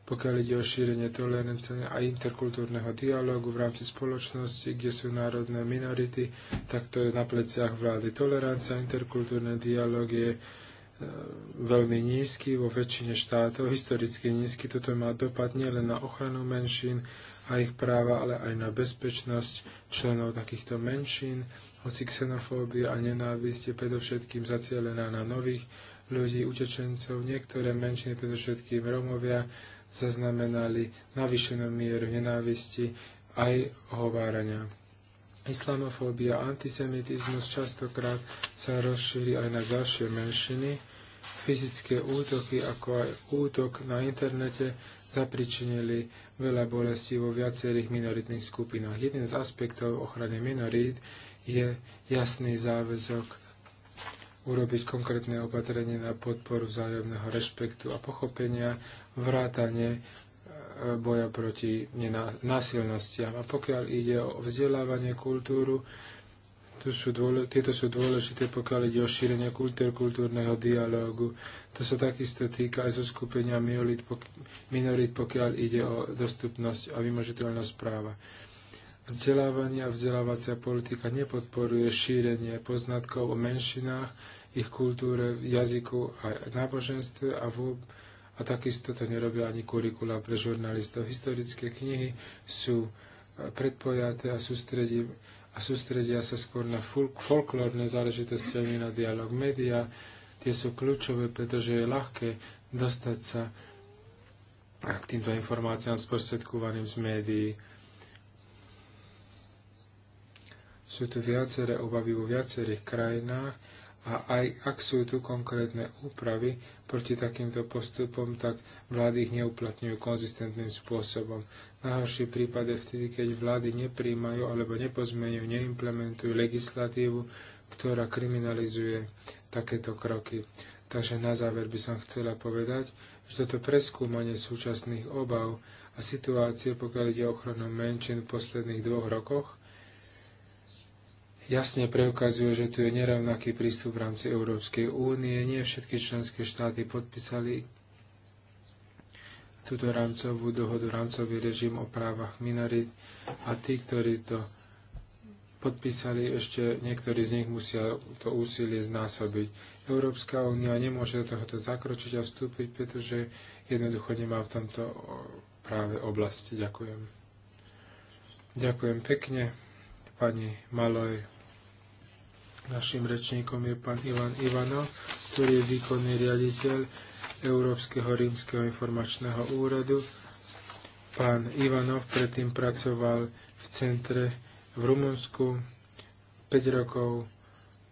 pokiaľ ide o šírenie tolerancie a interkultúrneho dialógu v rámci spoločnosti, kde sú národné minority, tak to je na pleciach vlády. Tolerancia a interkultúrny dialóg je e, veľmi nízky vo väčšine štátov, historicky nízky. Toto má dopad nielen na ochranu menšín a ich práva, ale aj na bezpečnosť členov takýchto menšín, hoci xenofóbia a nenávisť je predovšetkým zacielená na nových ľudí, utečencov, niektoré menšiny, predovšetkým Romovia, zaznamenali navýšenú mieru nenávisti aj hovárania. Islamofóbia a antisemitizmus častokrát sa rozšíri aj na ďalšie menšiny. Fyzické útoky, ako aj útok na internete, zapričinili veľa bolesti vo viacerých minoritných skupinách. Jeden z aspektov ochrany minorít je jasný záväzok urobiť konkrétne opatrenie na podporu vzájomného rešpektu a pochopenia vrátane e, boja proti násilnostiam. A pokiaľ ide o vzdelávanie kultúru, tu sú dôle, tieto sú dôležité, pokiaľ ide o šírenie kultúr, kultúrneho dialógu. To sa takisto týka aj zo skupenia minorít, minorít pokiaľ ide o dostupnosť a vymožiteľnosť práva. Vzdelávanie a vzdelávacia politika nepodporuje šírenie poznatkov o menšinách, ich kultúre, jazyku a náboženstve a vôbec a takisto to nerobia ani kurikula pre žurnalistov. Historické knihy sú eh, predpojaté a, sústredí, a sústredia sa skôr na folklórne záležitosti a nie na dialog. Média tie sú kľúčové, pretože je ľahké dostať sa k týmto informáciám sprostredkovaným z médií. Sú tu viaceré obavy vo viacerých krajinách, a aj ak sú tu konkrétne úpravy proti takýmto postupom, tak vlády ich neuplatňujú konzistentným spôsobom. Najhorší prípad je vtedy, keď vlády nepríjmajú alebo nepozmenujú, neimplementujú legislatívu, ktorá kriminalizuje takéto kroky. Takže na záver by som chcela povedať, že toto preskúmanie súčasných obav a situácie, pokiaľ ide o ochranu menšin v posledných dvoch rokoch, jasne preukazuje, že tu je nerovnaký prístup v rámci Európskej únie. Nie všetky členské štáty podpísali túto rámcovú dohodu, rámcový režim o právach minorít a tí, ktorí to podpísali, ešte niektorí z nich musia to úsilie znásobiť. Európska únia nemôže do tohoto zakročiť a vstúpiť, pretože jednoducho nemá v tomto práve oblasti. Ďakujem. Ďakujem pekne pani Maloj. Našim rečníkom je pán Ivan Ivanov, ktorý je výkonný riaditeľ Európskeho rímskeho informačného úradu. Pán Ivanov predtým pracoval v centre v Rumunsku, 5 rokov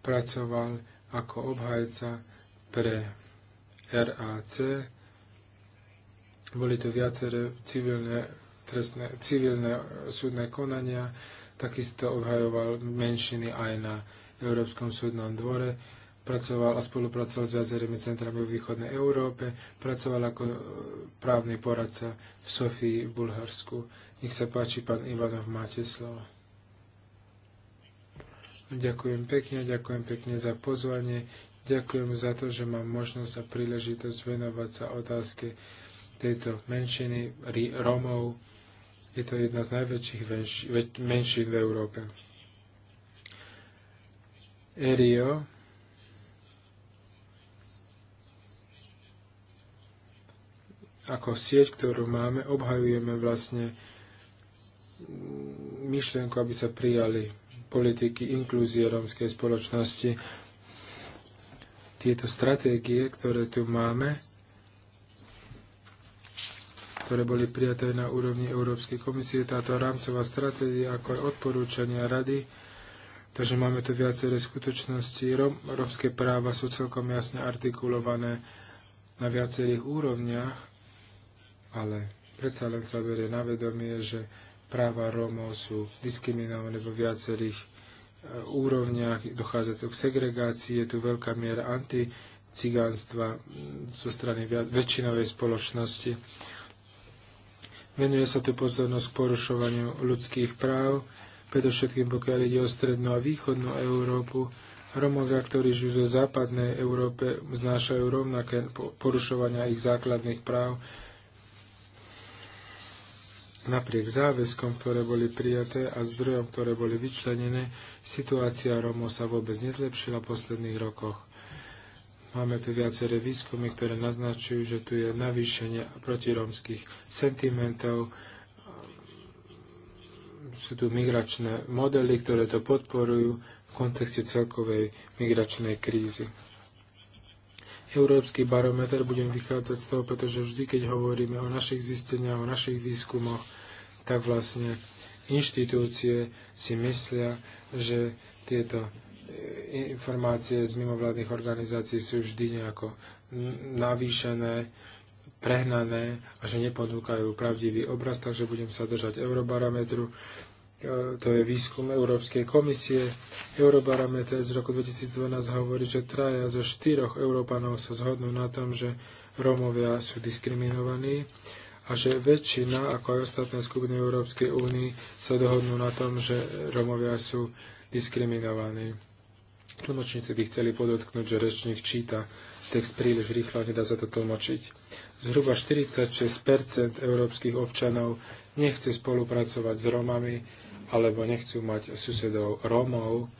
pracoval ako obhajca pre RAC. Boli tu viaceré civilné, trestné, civilné súdne konania, takisto obhajoval menšiny aj na Európskom súdnom dvore, pracoval a spolupracoval s viacerými centrami v východnej Európe, pracoval ako e, právny poradca v Sofii, v Bulharsku. Nech sa páči, pán Ivanov, máte slovo. Ďakujem pekne, ďakujem pekne za pozvanie, ďakujem za to, že mám možnosť a príležitosť venovať sa otázke tejto menšiny Rómov. Je to jedna z najväčších menšín v Európe. ERIO ako sieť, ktorú máme, obhajujeme vlastne myšlienku, aby sa prijali politiky inklúzie rómskej spoločnosti. Tieto stratégie, ktoré tu máme, ktoré boli prijaté na úrovni Európskej komisie, táto rámcová stratégia, ako aj odporúčania rady, Takže máme tu viaceré skutočnosti. Romské práva sú celkom jasne artikulované na viacerých úrovniach, ale predsa len sa verie na vedomie, že práva Rómov sú diskriminované vo viacerých e, úrovniach, dochádza tu k segregácii, je tu veľká miera anticigánstva zo strany väčšinovej spoločnosti. Venuje sa tu pozornosť k porušovaniu ľudských práv, predovšetkým pokiaľ ide o strednú a východnú Európu. Romovia, ktorí žijú zo západnej Európe, znášajú rovnaké porušovania ich základných práv, Napriek záväzkom, ktoré boli prijaté a zdrojom, ktoré boli vyčlenené, situácia Romov sa vôbec nezlepšila v posledných rokoch. Máme tu viaceré výskumy, ktoré naznačujú, že tu je navýšenie protiromských sentimentov, sú tu migračné modely, ktoré to podporujú v kontexte celkovej migračnej krízy. Európsky barometer budem vychádzať z toho, pretože vždy, keď hovoríme o našich zisteniach, o našich výskumoch, tak vlastne inštitúcie si myslia, že tieto e, informácie z mimovládnych organizácií sú vždy nejako navýšené, prehnané a že neponúkajú pravdivý obraz, takže budem sa držať Eurobarometru. E, to je výskum Európskej komisie. Eurobarometer z roku 2012 hovorí, že traja zo štyroch Európanov sa zhodnú na tom, že Rómovia sú diskriminovaní a že väčšina, ako aj ostatné skupiny Európskej únii, sa dohodnú na tom, že Rómovia sú diskriminovaní. Tlmočníci by chceli podotknúť, že rečník číta text príliš rýchlo a nedá sa to tlmočiť. Zhruba 46 európskych občanov nechce spolupracovať s Romami alebo nechcú mať susedov Rómov.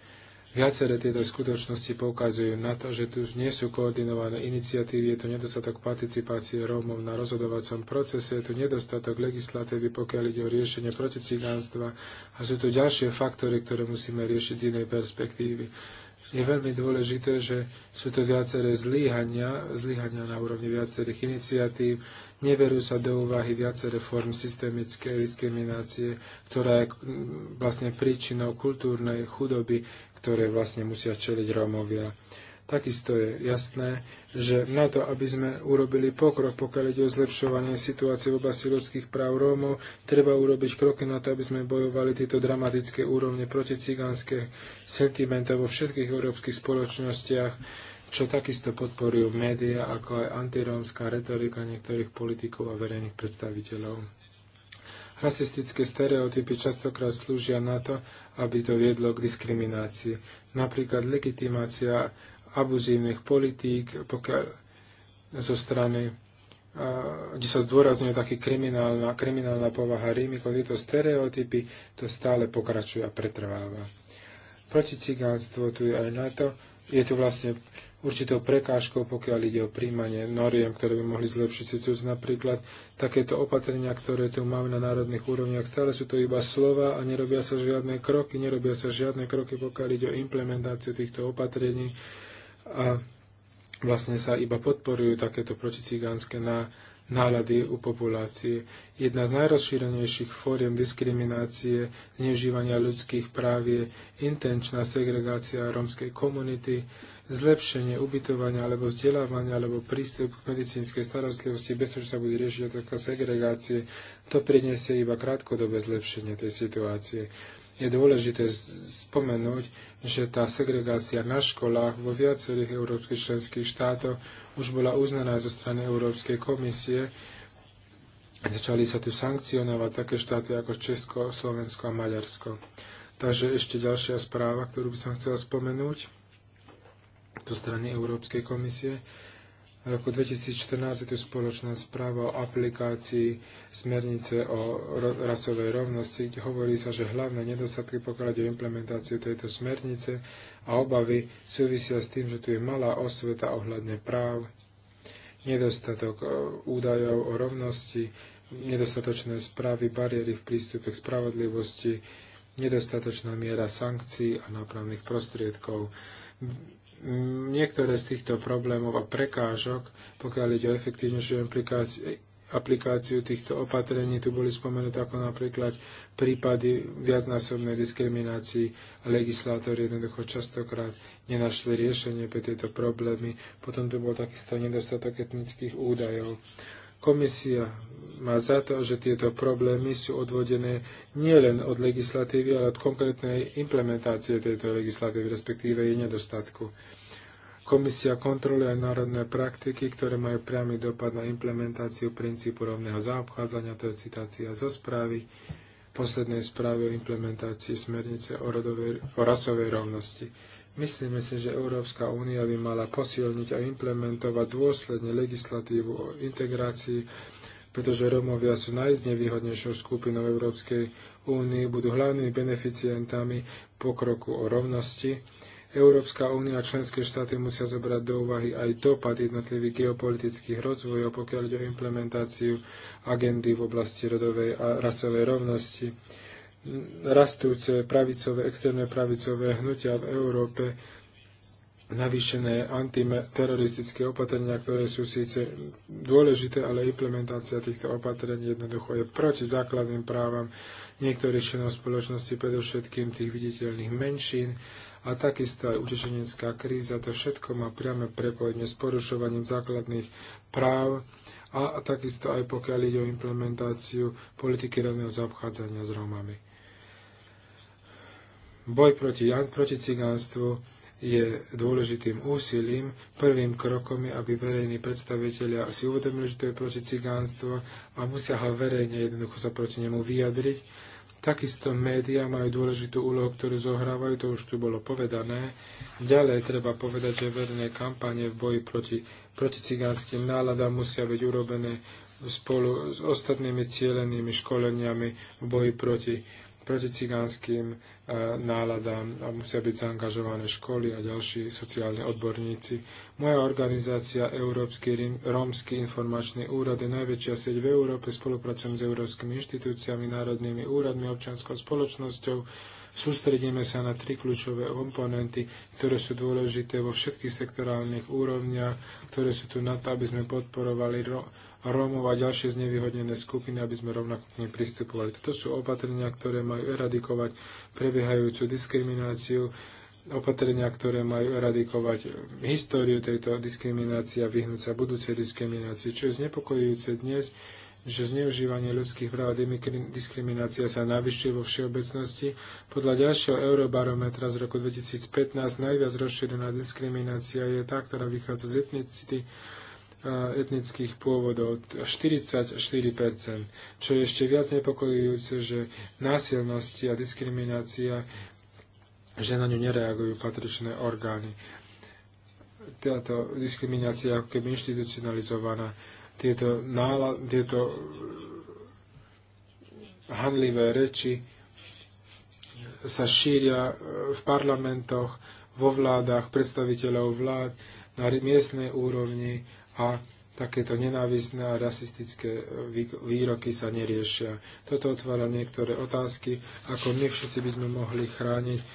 Viaceré tieto skutočnosti poukazujú na to, že tu nie sú koordinované iniciatívy, je tu nedostatok participácie Rómov na rozhodovacom procese, je tu nedostatok legislatívy, pokiaľ ide o riešenie proticigánstva a sú tu ďalšie faktory, ktoré musíme riešiť z inej perspektívy je veľmi dôležité, že sú to viaceré zlyhania, zlyhania na úrovni viacerých iniciatív, neverú sa do úvahy viaceré form systemické diskriminácie, ktorá je mm, vlastne príčinou kultúrnej chudoby, ktoré vlastne musia čeliť Rómovia. Takisto je jasné, že na to, aby sme urobili pokrok, pokiaľ ide o zlepšovanie situácie v oblasti ľudských práv Rómov, treba urobiť kroky na to, aby sme bojovali tieto dramatické úrovne proti cigánske sentimenta vo všetkých európskych spoločnostiach, čo takisto podporujú médiá, ako aj antirómska retorika niektorých politikov a verejných predstaviteľov. Rasistické stereotypy častokrát slúžia na to, aby to viedlo k diskriminácii. Napríklad legitimácia abuzívnych politík pokiaľ, zo strany, kde sa zdôrazňuje taký kriminálna, kriminálna povaha Rímikov. Tieto stereotypy to stále pokračuje a pretrváva. Proti cigánstvu tu je aj na to, je tu vlastne určitou prekážkou, pokiaľ ide o príjmanie noriem, ktoré by mohli zlepšiť CICUS. Napríklad takéto opatrenia, ktoré tu máme na národných úrovniach, stále sú to iba slova a nerobia sa žiadne kroky, nerobia sa žiadne kroky, pokiaľ ide o implementáciu týchto opatrení a vlastne sa iba podporujú takéto proticigánske nálady u populácie. Jedna z najrozšírenejších fóriem diskriminácie, zneužívania ľudských práv je intenčná segregácia rómskej komunity, zlepšenie ubytovania alebo vzdelávania alebo prístup k medicínskej starostlivosti bez toho, že sa bude riešiť taká segregácie, to priniesie iba krátkodobé zlepšenie tej situácie. Je dôležité spomenúť, že tá segregácia na školách vo viacerých európskych členských štátoch už bola uznaná zo strany Európskej komisie. Začali sa tu sankcionovať také štáty ako Česko, Slovensko a Maďarsko. Takže ešte ďalšia správa, ktorú by som chcel spomenúť zo strany Európskej komisie v roku 2014 je tu spoločná správa o aplikácii smernice o rasovej rovnosti, kde hovorí sa, že hlavné nedostatky pokiaľ o implementáciu tejto smernice a obavy súvisia s tým, že tu je malá osveta ohľadne práv, nedostatok e, údajov o rovnosti, nedostatočné správy, bariéry v prístupe k spravodlivosti, nedostatočná miera sankcií a nápravných prostriedkov niektoré z týchto problémov a prekážok, pokiaľ ide o efektívnejšiu aplikáciu týchto opatrení, tu boli spomenuté ako napríklad prípady viacnásobnej diskriminácii a legislátori jednoducho častokrát nenašli riešenie pre tieto problémy. Potom tu bol takisto nedostatok etnických údajov. Komisia má za to, že tieto problémy sú odvodené nielen od legislatívy, ale od konkrétnej implementácie tejto legislatívy, respektíve jej nedostatku. Komisia kontroluje národné praktiky, ktoré majú priamy dopad na implementáciu princípu rovného zaobchádzania, to je citácia zo správy, poslednej správy o implementácii smernice o, rodovej, o rasovej rovnosti. Myslíme si, že Európska únia by mala posilniť a implementovať dôsledne legislatívu o integrácii, pretože Rómovia sú najznevýhodnejšou skupinou Európskej únie, budú hlavnými beneficientami pokroku o rovnosti. Európska únia a členské štáty musia zobrať do úvahy aj dopad jednotlivých geopolitických rozvojov, pokiaľ ide o implementáciu agendy v oblasti rodovej a rasovej rovnosti rastúce pravicové, extrémne pravicové hnutia v Európe, navýšené antiteroristické opatrenia, ktoré sú síce dôležité, ale implementácia týchto opatrení jednoducho je proti základným právam niektorých členov spoločnosti, predovšetkým tých viditeľných menšín a takisto aj utečenecká kríza. To všetko má priame prepojenie s porušovaním základných práv a takisto aj pokiaľ ide o implementáciu politiky rovného zaobchádzania s Rómami. Boj proti, proti cigánstvu je dôležitým úsilím. Prvým krokom je, aby verejní predstavitelia si uvedomili, že to je proti cigánstvu a musia ho verejne jednoducho sa proti nemu vyjadriť. Takisto médiá majú dôležitú úlohu, ktorú zohrávajú, to už tu bolo povedané. Ďalej treba povedať, že verejné kampanie v boji proti, proti cigánskym náladám musia byť urobené spolu s ostatnými cieľenými školeniami v boji proti proti cigánskym e, náladám a musia byť zaangažované školy a ďalší sociálni odborníci. Moja organizácia Európsky rómsky informačný úrad je najväčšia sieť v Európe. Spolupracujem s európskymi inštitúciami, národnými úradmi, občianskou spoločnosťou. Sústredíme sa na tri kľúčové komponenty, ktoré sú dôležité vo všetkých sektorálnych úrovniach, ktoré sú tu na to, aby sme podporovali Rómov a ďalšie znevýhodnené skupiny, aby sme rovnako k nim pristupovali. Toto sú opatrenia, ktoré majú eradikovať prebiehajúcu diskrimináciu, opatrenia, ktoré majú eradikovať históriu tejto diskriminácie a vyhnúť sa budúcej diskriminácii. Čo je znepokojujúce dnes, že zneužívanie ľudských práv a diskriminácia sa navyšuje vo všeobecnosti. Podľa ďalšieho eurobarometra z roku 2015 najviac rozšírená diskriminácia je tá, ktorá vychádza z etnicity, etnických pôvodov, 44%, čo je ešte viac nepokojujúce, že násilnosti a diskriminácia, že na ňu nereagujú patričné orgány. Táto diskriminácia je ako keby inštitucionalizovaná. Tieto, nála, tieto hanlivé reči sa šíria e, v parlamentoch, vo vládach, predstaviteľov vlád, na miestnej úrovni a takéto nenávisné a rasistické e, výroky sa neriešia. Toto otvára niektoré otázky, ako my všetci by sme mohli chrániť e,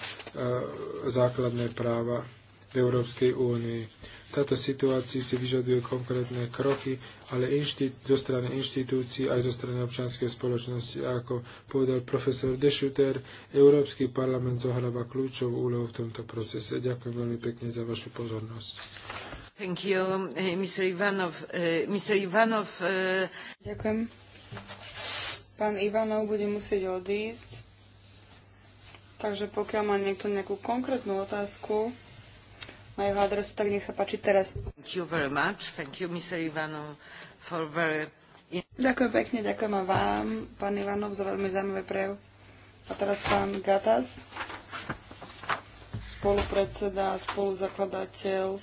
základné práva v Európskej únii. Táto situácii si vyžaduje konkrétne kroky, ale zo strany inštitúcií aj zo strany občianskej spoločnosti. Ako povedal profesor Dešuter, Európsky parlament zohráva kľúčovú úlohu v tomto procese. Ďakujem veľmi pekne za vašu pozornosť. Thank you, eh, Mr. Ivanov. Eh, Mr. Ivanov uh... Ďakujem. Pán Ivanov bude musieť odísť. Takže pokiaľ má niekto nejakú konkrétnu otázku na jeho adresu, tak nech sa páči teraz. Thank you very much. Thank you, Mr. Ivanov, for very... Ďakujem pekne, ďakujem a vám, pán Ivanov, za veľmi zaujímavé prejav. A teraz pán Gatas, spolupredseda, spoluzakladateľ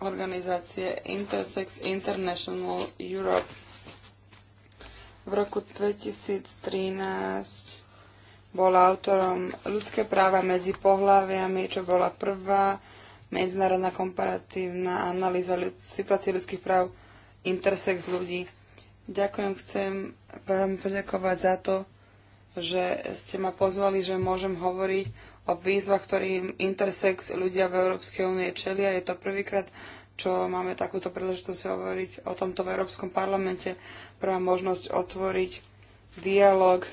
organizácie Intersex International Europe. V roku 2013 bol autorom Ľudské práva medzi pohľaviami, čo bola prvá medzinárodná komparatívna analýza ľud- situácie ľudských práv intersex ľudí. Ďakujem, chcem vám poďakovať za to, že ste ma pozvali, že môžem hovoriť o výzvach, ktorým intersex ľudia v Európskej únie čelia. Je to prvýkrát, čo máme takúto príležitosť hovoriť o tomto v Európskom parlamente. Prvá možnosť otvoriť dialog.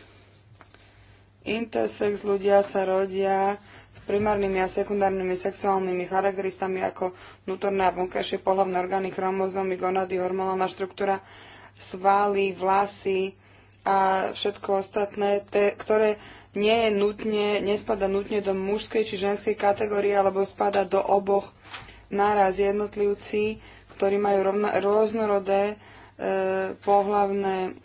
Intersex ľudia sa rodia s primárnymi a sekundárnymi sexuálnymi charakteristami ako vnútorné a vonkajšie pohľavné orgány, chromozómy, gonady, hormonálna štruktúra, svaly, vlasy a všetko ostatné, te, ktoré nie je nutne, nespada nutne do mužskej či ženskej kategórie, alebo spada do oboch naraz jednotlivci, ktorí majú rovna, rôznorodé e, pohlavné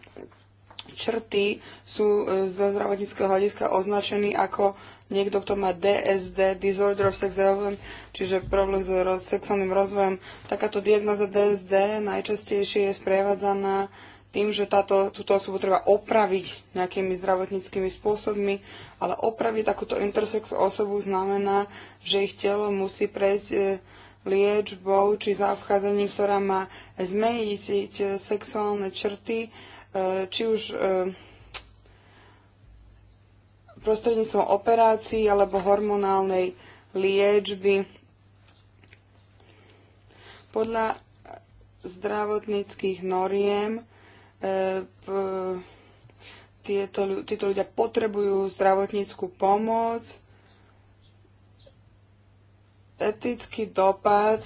črty, sú e, z zdravotníckého hľadiska označení ako niekto, kto má DSD, Disorder of Sex Development, čiže problém s sexuálnym rozvojom. Takáto diagnoza DSD najčastejšie je sprevádzaná tým, že táto, túto osobu treba opraviť nejakými zdravotníckými spôsobmi, ale opraviť takúto intersex osobu znamená, že ich telo musí prejsť e, liečbou či zaobchádzaním, ktorá má zmeniť sexuálne črty, e, či už e, prostredníctvom operácií alebo hormonálnej liečby. Podľa zdravotníckých noriem E, tieto, títo ľudia potrebujú zdravotníckú pomoc. Etický dopad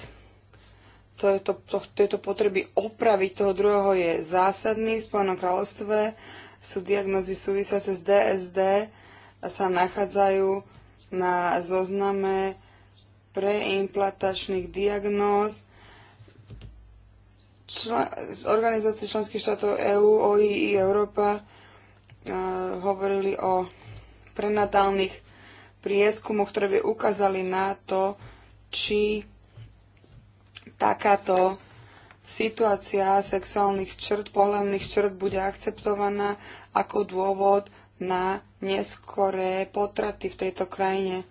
tejto, to, tejto potreby opraviť toho druhého je zásadný. V Spojenom kráľovstve sú diagnozy súvisiace s DSD a sa nachádzajú na zozname preimplantačných diagnóz z organizácie členských štátov EÚ, OII, Európa e, hovorili o prenatálnych prieskumoch, ktoré by ukázali na to, či takáto situácia sexuálnych črt, pohľavných črt bude akceptovaná ako dôvod na neskoré potraty v tejto krajine.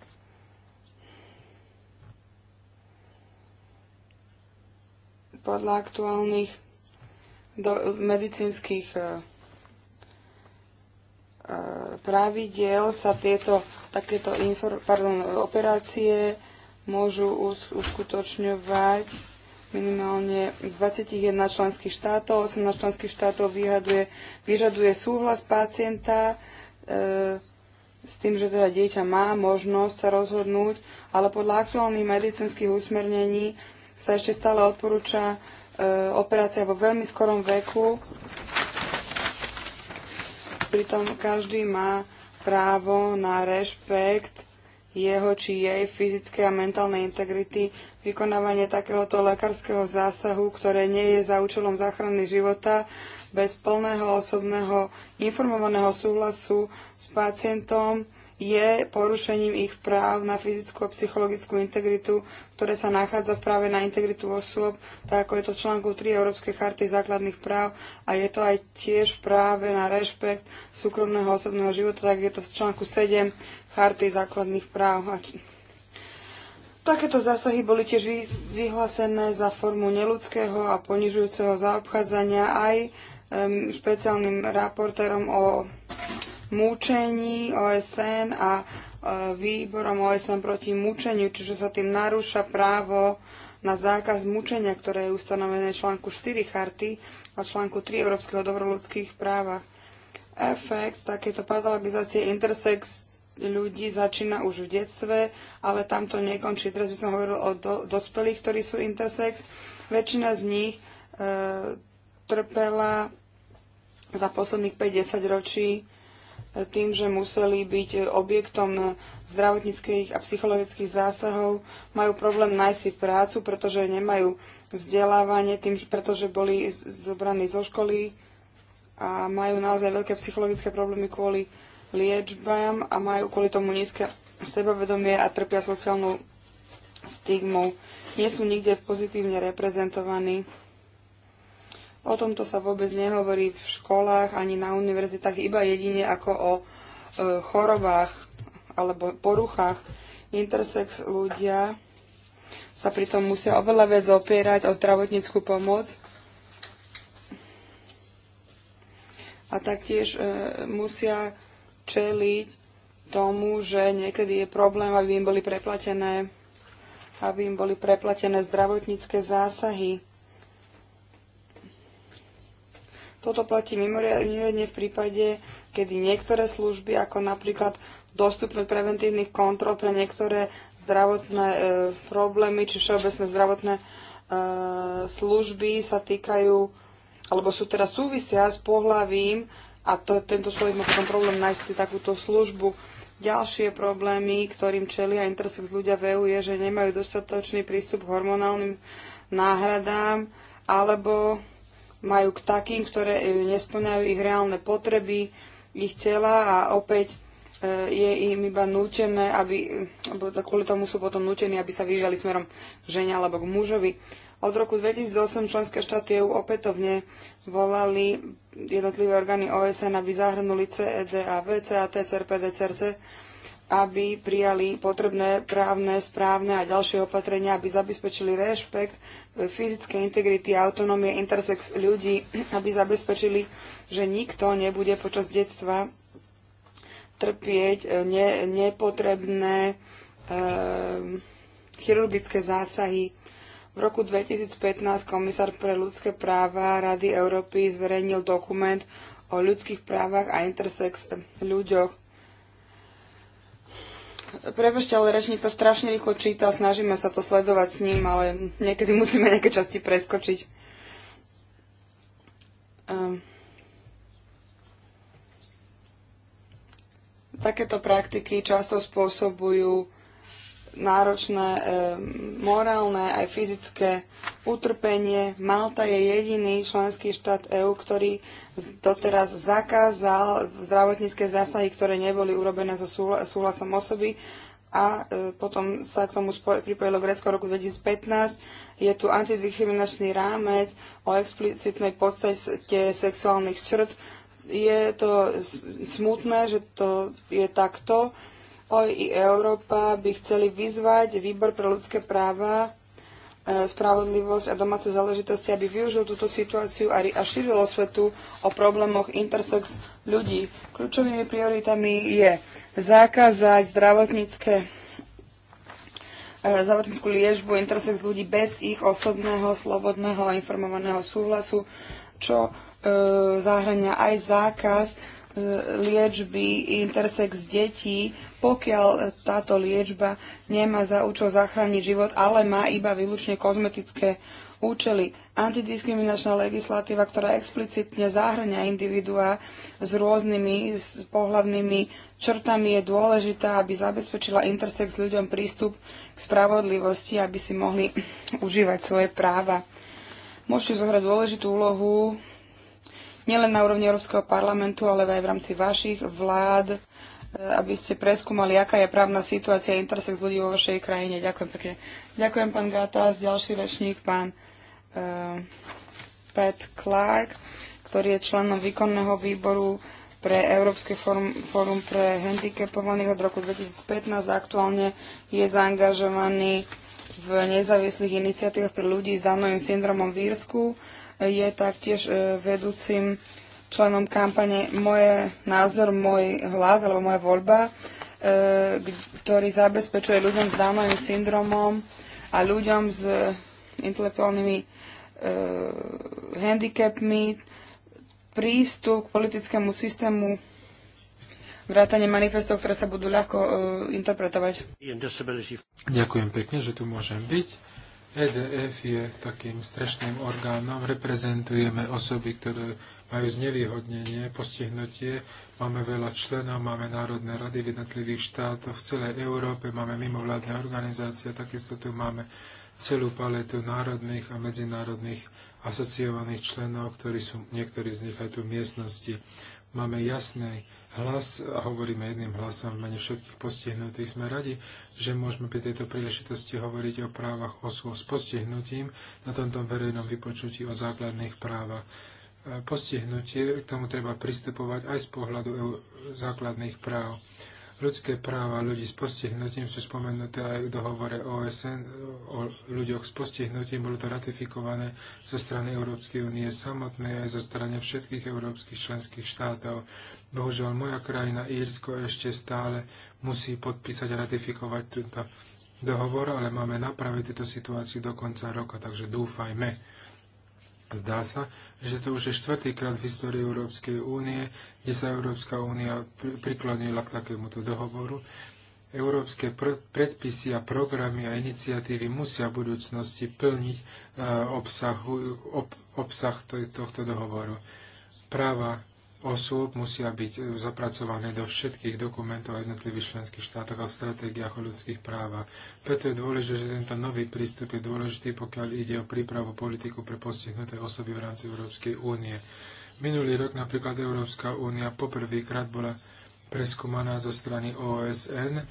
podľa aktuálnych do, medicínskych e, e, pravidiel sa tieto takéto infor, pardon, operácie môžu us, uskutočňovať minimálne z 21 členských štátov. 18 členských štátov vyhaduje, vyžaduje súhlas pacienta e, s tým, že teda dieťa má možnosť sa rozhodnúť, ale podľa aktuálnych medicínskych usmernení sa ešte stále odporúča e, operácia vo veľmi skorom veku. Pritom každý má právo na rešpekt jeho či jej fyzickej a mentálnej integrity, vykonávanie takéhoto lekárskeho zásahu, ktoré nie je za účelom záchrany života, bez plného osobného informovaného súhlasu s pacientom, je porušením ich práv na fyzickú a psychologickú integritu, ktoré sa nachádza v práve na integritu osôb, tak ako je to v článku 3 Európskej charty základných práv a je to aj tiež práve na rešpekt súkromného osobného života, tak je to v článku 7 charty základných práv. Takéto zásahy boli tiež vyhlásené za formu neludského a ponižujúceho zaobchádzania aj špeciálnym raportérom o mučení OSN a e, výborom OSN proti mučeniu, čiže sa tým narúša právo na zákaz mučenia, ktoré je ustanovené článku 4 charty a článku 3 Európskeho dobro ľudských právach. Efekt takéto patologizácie intersex ľudí začína už v detstve, ale tam to nekončí. Teraz by som hovoril o do, dospelých, ktorí sú intersex. Väčšina z nich e, trpela za posledných 5-10 ročí tým, že museli byť objektom zdravotníckých a psychologických zásahov, majú problém nájsť si prácu, pretože nemajú vzdelávanie, tým, pretože boli zobraní zo školy a majú naozaj veľké psychologické problémy kvôli liečbám a majú kvôli tomu nízke sebavedomie a trpia sociálnu stigmu. Nie sú nikde pozitívne reprezentovaní O tomto sa vôbec nehovorí v školách ani na univerzitách, iba jedine ako o e, chorobách alebo poruchách. Intersex ľudia sa pritom musia oveľa viac opierať o zdravotníckú pomoc a taktiež e, musia čeliť tomu, že niekedy je problém, aby im boli preplatené aby im boli preplatené zdravotnícke zásahy. Toto platí mimoriadne v prípade, kedy niektoré služby, ako napríklad dostupnosť preventívnych kontrol pre niektoré zdravotné e, problémy či všeobecné zdravotné e, služby sa týkajú alebo sú teda súvisia s pohlavím a to, tento človek má potom problém nájsť si takúto službu. Ďalšie problémy, ktorým čelia intersex ľudia v EU je, že nemajú dostatočný prístup k hormonálnym náhradám alebo majú k takým, ktoré e, nesplňajú ich reálne potreby, ich tela a opäť e, je im iba nútené, aby, kvôli tomu sú potom nútení, aby sa vyvíjali smerom k žene alebo k mužovi. Od roku 2008 členské štáty EU opätovne volali jednotlivé orgány OSN, aby zahrnuli e a CAT, CRP, DCRC aby prijali potrebné právne, správne a ďalšie opatrenia, aby zabezpečili rešpekt e, fyzickej integrity a autonómie intersex ľudí, aby zabezpečili, že nikto nebude počas detstva trpieť e, ne, nepotrebné e, chirurgické zásahy. V roku 2015 komisár pre ľudské práva Rady Európy zverejnil dokument o ľudských právach a intersex ľuďoch Prebežte, ale rečník to strašne rýchlo číta, snažíme sa to sledovať s ním, ale niekedy musíme nejaké časti preskočiť. Um, takéto praktiky často spôsobujú náročné e, morálne aj fyzické utrpenie. Malta je jediný členský štát EÚ, ktorý doteraz zakázal zdravotnícke zásahy, ktoré neboli urobené so súhlasom osoby a e, potom sa k tomu pripojilo Grécko roku 2015. Je tu antidiskriminačný rámec o explicitnej podstate sexuálnych črt. Je to smutné, že to je takto OI i Európa by chceli vyzvať Výbor pre ľudské práva, e, spravodlivosť a domáce záležitosti, aby využil túto situáciu a šíril osvetu o problémoch intersex ľudí. Kľúčovými prioritami je zakázať zdravotnícke e, zdravotníckú liežbu intersex ľudí bez ich osobného, slobodného a informovaného súhlasu, čo e, zahrania aj zákaz liečby intersex detí, pokiaľ táto liečba nemá za účel zachrániť život, ale má iba výlučne kozmetické účely. Antidiskriminačná legislatíva, ktorá explicitne zahrňa individuá s rôznymi s pohľavnými črtami, je dôležitá, aby zabezpečila intersex ľuďom prístup k spravodlivosti, aby si mohli užívať svoje práva. Môžete zohrať dôležitú úlohu nielen na úrovni Európskeho parlamentu, ale aj v rámci vašich vlád, e, aby ste preskúmali, aká je právna situácia intersex ľudí vo vašej krajine. Ďakujem pekne. Ďakujem, pán Gatas. Ďalší rečník, pán uh, Pat Clark, ktorý je členom výkonného výboru pre Európske fórum, fórum pre handicapovaných od roku 2015. Aktuálne je zaangažovaný v nezávislých iniciatívach pre ľudí s danovým syndromom v Írsku je taktiež e, vedúcim členom kampane Moje názor, môj hlas alebo moja voľba, e, ktorý zabezpečuje ľuďom s Downovým syndromom a ľuďom s intelektuálnymi e, handicapmi prístup k politickému systému vrátanie manifestov, ktoré sa budú ľahko interpretovať. Ďakujem pekne, že tu môžem byť EDF je takým strešným orgánom, reprezentujeme osoby, ktoré majú znevýhodnenie, postihnutie. Máme veľa členov, máme národné rady v jednotlivých štátoch, v celej Európe máme mimovládne organizácie, takisto tu máme celú paletu národných a medzinárodných asociovaných členov, ktorí sú, niektorí z nich aj tu v miestnosti. Máme jasné hlas a hovoríme jedným hlasom v mene všetkých postihnutých. Sme radi, že môžeme pri tejto príležitosti hovoriť o právach osôb s postihnutím na tomto verejnom vypočutí o základných právach. E, Postihnutie, k tomu treba pristupovať aj z pohľadu základných práv. Ľudské práva ľudí s postihnutím sú spomenuté aj v dohovore OSN o ľuďoch s postihnutím. Bolo to ratifikované zo strany Európskej únie samotnej aj zo strany všetkých európskych členských štátov. Bohužiaľ, moja krajina Írsko ešte stále musí podpísať a ratifikovať tento dohovor, ale máme napraviť túto situáciu do konca roka, takže dúfajme. Zdá sa, že to už je štvrtýkrát v histórii Európskej únie, kde sa Európska únia priklonila k takémuto dohovoru. Európske predpisy a programy a iniciatívy musia v budúcnosti plniť eh, obsah, ob, obsah tohto dohovoru. Práva osôb musia byť e, zapracované do všetkých dokumentov a jednotlivých členských štátoch a v stratégiách o ľudských právach. Preto je dôležité, že tento nový prístup je dôležitý, pokiaľ ide o prípravu politiku pre postihnuté osoby v rámci Európskej únie. Minulý rok napríklad Európska únia poprvýkrát bola preskúmaná zo strany OSN,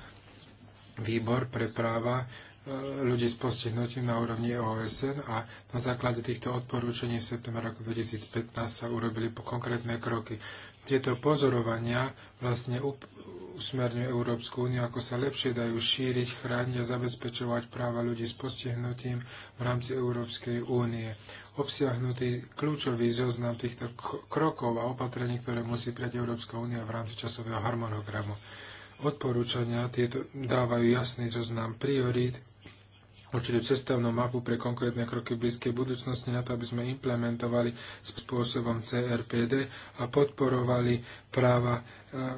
výbor pre práva ľudí s postihnutím na úrovni OSN a na základe týchto odporúčaní v septembra roku 2015 sa urobili konkrétne kroky. Tieto pozorovania vlastne usmerňujú Európsku úniu, ako sa lepšie dajú šíriť, chrániť a zabezpečovať práva ľudí s postihnutím v rámci Európskej únie. Obsiahnutý kľúčový zoznam týchto krokov a opatrení, ktoré musí prijať Európska únia v rámci časového harmonogramu. Odporúčania tieto dávajú jasný zoznam priorít, určite cestovnú mapu pre konkrétne kroky v blízkej budúcnosti na to, aby sme implementovali spôsobom CRPD a podporovali práva e,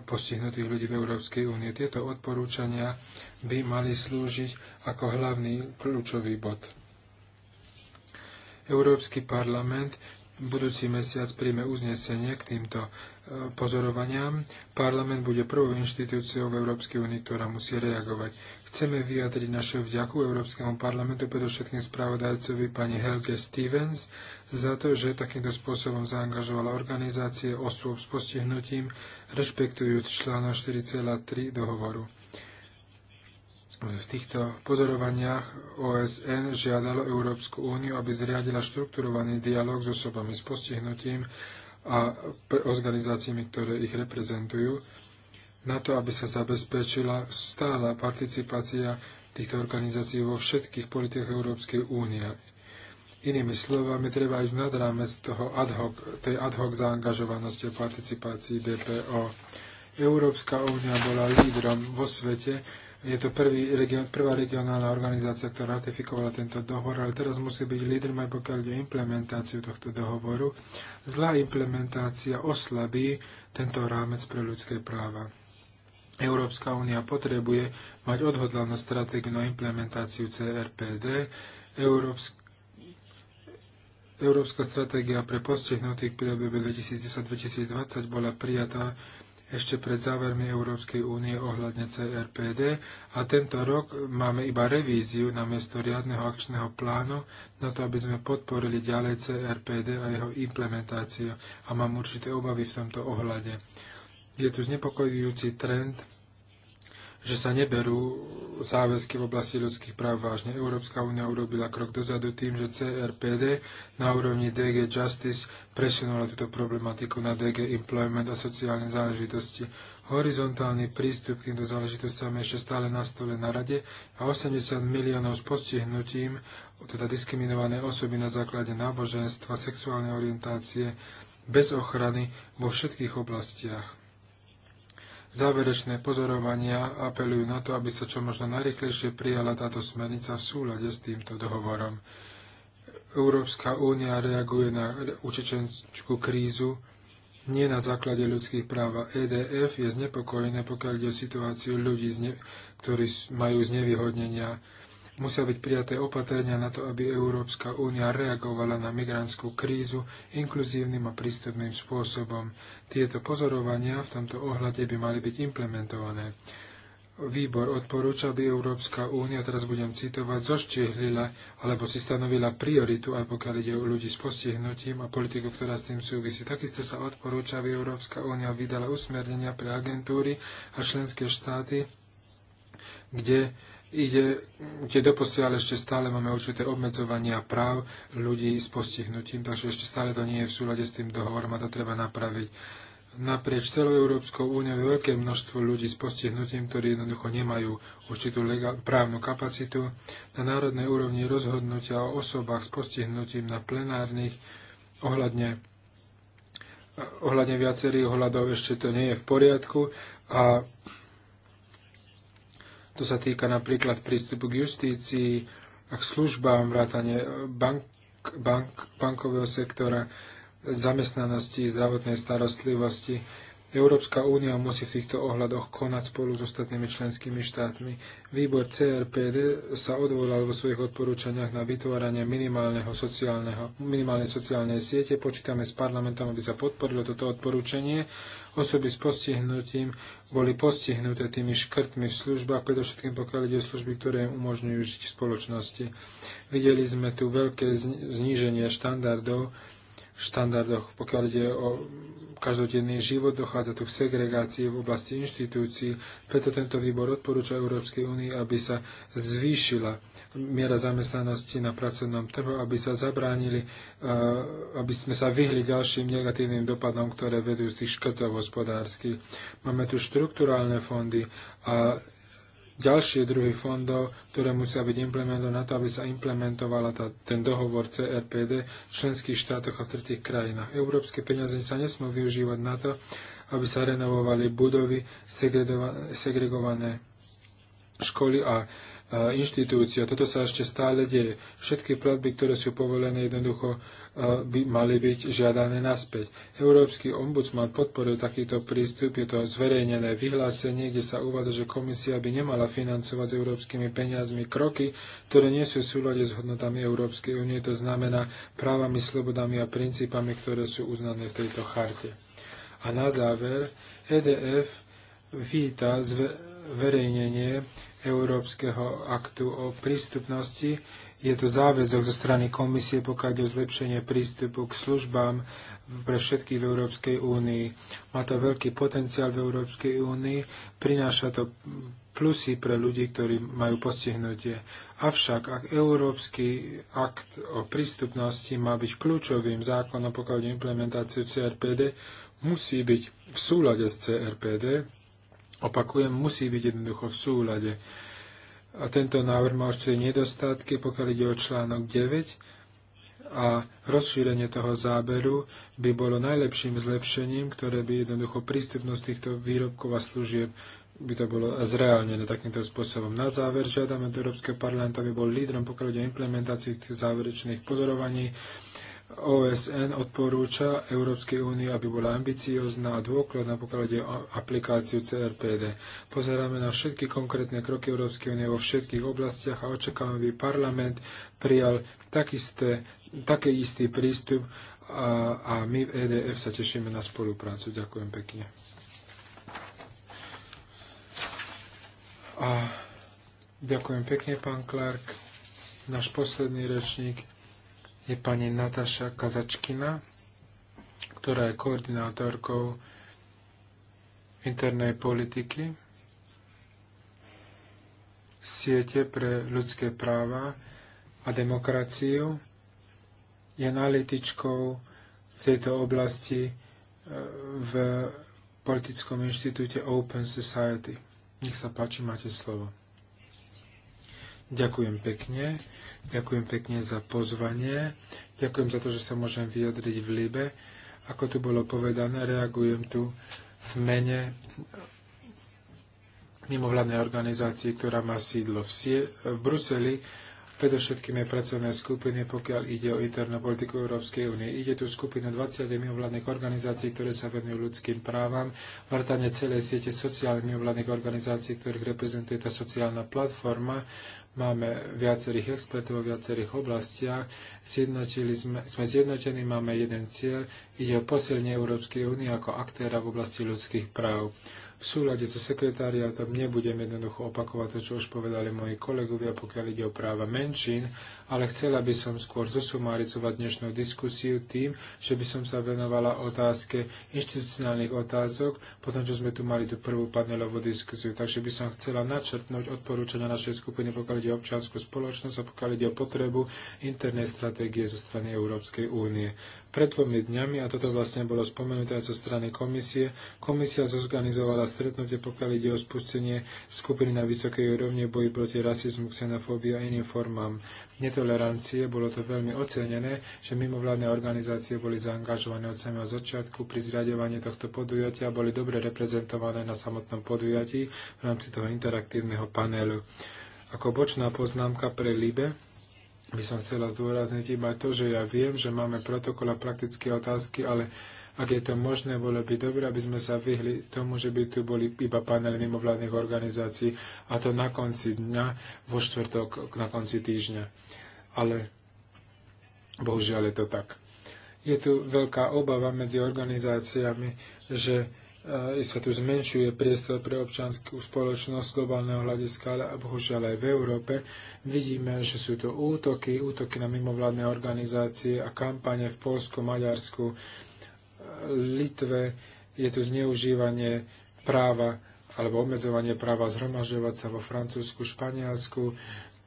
postihnutých ľudí v Európskej únie. Tieto odporúčania by mali slúžiť ako hlavný kľúčový bod. Európsky parlament budúci mesiac príjme uznesenie k týmto e, pozorovaniam. Parlament bude prvou inštitúciou v Európskej únii, ktorá musí reagovať. Chceme vyjadriť našu vďaku Európskemu parlamentu, predovšetkým spravodajcovi pani Helge Stevens, za to, že takýmto spôsobom zaangažovala organizácie osôb s postihnutím, rešpektujúc článok 4,3 dohovoru. V týchto pozorovaniach OSN žiadalo Európsku úniu, aby zriadila štrukturovaný dialog s osobami s postihnutím a organizáciami, ktoré ich reprezentujú, na to, aby sa zabezpečila stála participácia týchto organizácií vo všetkých politikách Európskej únie. Inými slovami, treba ísť nad rámec toho ad hoc, tej ad hoc zaangažovanosti a participácii DPO. Európska únia bola lídrom vo svete, je to prvý region, prvá regionálna organizácia, ktorá ratifikovala tento dohovor, ale teraz musí byť lídrom aj pokiaľ ide implementáciu tohto dohovoru. Zlá implementácia oslabí tento rámec pre ľudské práva. Európska únia potrebuje mať odhodlanú stratégiu na implementáciu CRPD. Európska stratégia pre postihnutých pri obdobie 2010-2020 bola prijatá ešte pred závermi Európskej únie ohľadne CRPD a tento rok máme iba revíziu na miesto riadneho akčného plánu na to, aby sme podporili ďalej CRPD a jeho implementáciu a mám určité obavy v tomto ohľade je tu znepokojujúci trend, že sa neberú záväzky v oblasti ľudských práv vážne. Európska únia urobila krok dozadu tým, že CRPD na úrovni DG Justice presunula túto problematiku na DG Employment a sociálne záležitosti. Horizontálny prístup k týmto záležitostiam je ešte stále na stole na rade a 80 miliónov s postihnutím, teda diskriminované osoby na základe náboženstva, sexuálnej orientácie, bez ochrany vo všetkých oblastiach. Záverečné pozorovania apelujú na to, aby sa čo možno najrychlejšie prijala táto smernica v súlade s týmto dohovorom. Európska únia reaguje na učečenskú krízu nie na základe ľudských práv. EDF je znepokojené, pokiaľ ide o situáciu ľudí, ktorí majú znevýhodnenia Musia byť prijaté opatrenia na to, aby Európska únia reagovala na migrantskú krízu inkluzívnym a prístupným spôsobom. Tieto pozorovania v tomto ohľade by mali byť implementované. Výbor odporúča, aby Európska únia, teraz budem citovať, zoštiehlila alebo si stanovila prioritu, aj pokiaľ ide o ľudí s postihnutím a politiku, ktorá s tým súvisí. Takisto sa odporúča, aby Európska únia vydala usmernenia pre agentúry a členské štáty, kde ide, kde doposiaľ ešte stále máme určité obmedzovania práv ľudí s postihnutím, takže ešte stále to nie je v súlade s tým dohovorom a to treba napraviť. Naprieč celou Európskou úniou je veľké množstvo ľudí s postihnutím, ktorí jednoducho nemajú určitú legál, právnu kapacitu. Na národnej úrovni rozhodnutia o osobách s postihnutím na plenárnych ohľadne, eh, ohľadne viacerých ohľadov ešte to nie je v poriadku a to sa týka napríklad prístupu k justícii a k službám, vrátane bank, bank, bankového sektora, zamestnanosti, zdravotnej starostlivosti. Európska únia musí v týchto ohľadoch konať spolu s ostatnými členskými štátmi. Výbor CRPD sa odvolal vo svojich odporúčaniach na vytváranie minimálneho sociálneho, minimálnej sociálnej siete. Počítame s parlamentom, aby sa podporilo toto odporúčanie. Osoby s postihnutím boli postihnuté tými škrtmi v službách, predovšetkým pokiaľ ide o služby, ktoré im umožňujú žiť v spoločnosti. Videli sme tu veľké zníženie štandardov, štandardoch, pokiaľ ide o každodenný život, dochádza tu k segregácii v oblasti inštitúcií, preto tento výbor odporúča Európskej únii, aby sa zvýšila miera zamestnanosti na pracovnom trhu, aby sa zabránili, eh, aby sme sa vyhli ďalším negatívnym dopadom, ktoré vedú z tých škrtov hospodárskych. Máme tu štrukturálne fondy a ďalšie druhy fondov, ktoré musia byť implementované na to, aby sa implementovala tá, ten dohovor CRPD v členských štátoch a v tretich krajinách. Európske peniaze sa nesmú využívať na to, aby sa renovovali budovy, segregované školy a inštitúcia. Toto sa ešte stále deje. Všetky platby, ktoré sú povolené, jednoducho by mali byť žiadané naspäť. Európsky ombudsman podporil takýto prístup, je to zverejnené vyhlásenie, kde sa uvádza, že komisia by nemala financovať s európskymi peniazmi kroky, ktoré nie sú v súlade s hodnotami Európskej únie, to znamená právami, slobodami a princípami, ktoré sú uznané v tejto charte. A na záver, EDF víta zverejnenie Európskeho aktu o prístupnosti je to záväzok zo strany komisie, pokiaľ o zlepšenie prístupu k službám pre všetkých v Európskej únii. Má to veľký potenciál v Európskej únii, prináša to plusy pre ľudí, ktorí majú postihnutie. Avšak, ak Európsky akt o prístupnosti má byť kľúčovým zákonom, pokiaľ implementáciu CRPD, musí byť v súlade s CRPD, opakujem, musí byť jednoducho v súlade. A tento návrh má ešte nedostatky, pokiaľ ide o článok 9 a rozšírenie toho záberu by bolo najlepším zlepšením, ktoré by jednoducho prístupnosť týchto výrobkov a služieb by to bolo zreálnené takýmto spôsobom. Na záver žiadame od Európskeho parlamentu, aby bol lídrom, pokiaľ ide o implementáciu tých záverečných pozorovaní OSN odporúča Európskej únii, aby bola ambiciozná a dôkladná, pokiaľ ide o aplikáciu CRPD. Pozeráme na všetky konkrétne kroky Európskej únie vo všetkých oblastiach a očakávame, aby parlament prijal takisté, taký istý prístup a, a my v EDF sa tešíme na spoluprácu. Ďakujem pekne. A ďakujem pekne, pán Clark, náš posledný rečník je pani Nataša Kazačkina, ktorá je koordinátorkou internej politiky siete pre ľudské práva a demokraciu. Je analytičkou v tejto oblasti e, v politickom inštitúte Open Society. Nech sa páči, máte slovo. Ďakujem pekne. Ďakujem pekne za pozvanie. Ďakujem za to, že sa môžem vyjadriť v Libe. Ako tu bolo povedané, reagujem tu v mene mimovládnej organizácie, ktorá má sídlo v, Sie- v Bruseli, predovšetkým je pracovné skupiny, pokiaľ ide o internú politiku Európskej únie. Ide tu skupina 20 mimovládnych organizácií, ktoré sa venujú ľudským právam, vrtane celej siete sociálnych mimovládnych organizácií, ktorých reprezentuje tá sociálna platforma, máme viacerých expertov v viacerých oblastiach, zjednotili sme, sme zjednotení, máme jeden cieľ, ide o posilnenie Európskej únie ako aktéra v oblasti ľudských práv v súlade so sekretariátom nebudem jednoducho opakovať to, čo už povedali moji kolegovia, pokiaľ ide o práva menšín, ale chcela by som skôr zosumaricovať dnešnú diskusiu tým, že by som sa venovala otázke inštitucionálnych otázok, potom čo sme tu mali tú prvú panelovú diskusiu. Takže by som chcela načrtnúť odporúčania našej skupiny, pokiaľ ide o občianskú spoločnosť a pokiaľ ide o potrebu internej stratégie zo strany Európskej únie. Pred dvomi dňami, a toto vlastne bolo spomenuté aj zo strany komisie, komisia zorganizovala stretnutie, pokiaľ ide o spustenie skupiny na vysokej úrovni boji proti rasizmu, xenofóbii a iným formám netolerancie. Bolo to veľmi ocenené, že mimovládne organizácie boli zaangažované od samého začiatku pri zriadovaní tohto podujatia a boli dobre reprezentované na samotnom podujatí v rámci toho interaktívneho panelu. Ako bočná poznámka pre LIBE, by som chcela zdôrazniť iba to, že ja viem, že máme protokol a praktické otázky, ale ak je to možné, bolo by dobre, aby sme sa vyhli tomu, že by tu boli iba panely mimovládnych organizácií a to na konci dňa, vo štvrtok, na konci týždňa. Ale bohužiaľ je to tak. Je tu veľká obava medzi organizáciami, že Eh, sa tu zmenšuje priestor pre občanskú spoločnosť globálneho hľadiska, ale bohužiaľ aj v Európe vidíme, že sú to útoky, útoky na mimovládne organizácie a kampane v Polsku, Maďarsku, eh, Litve. Je tu zneužívanie práva alebo obmedzovanie práva zhromažďovať sa vo Francúzsku, Španielsku.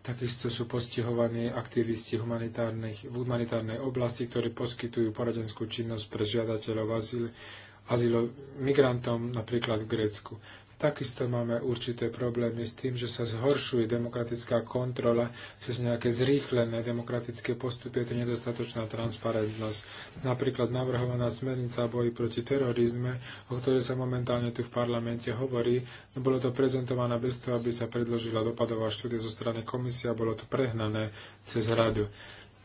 Takisto sú postihovaní aktivisti humanitárnych, v humanitárnej oblasti, ktorí poskytujú poradenskú činnosť pre žiadateľov azyl azylov, migrantom napríklad v Grécku. Takisto máme určité problémy s tým, že sa zhoršuje demokratická kontrola cez nejaké zrýchlené demokratické postupy, je to nedostatočná transparentnosť. Napríklad navrhovaná smernica boji proti terorizme, o ktorej sa momentálne tu v parlamente hovorí, no bolo to prezentované bez toho, aby sa predložila dopadová štúdia zo strany komisia, bolo to prehnané cez radu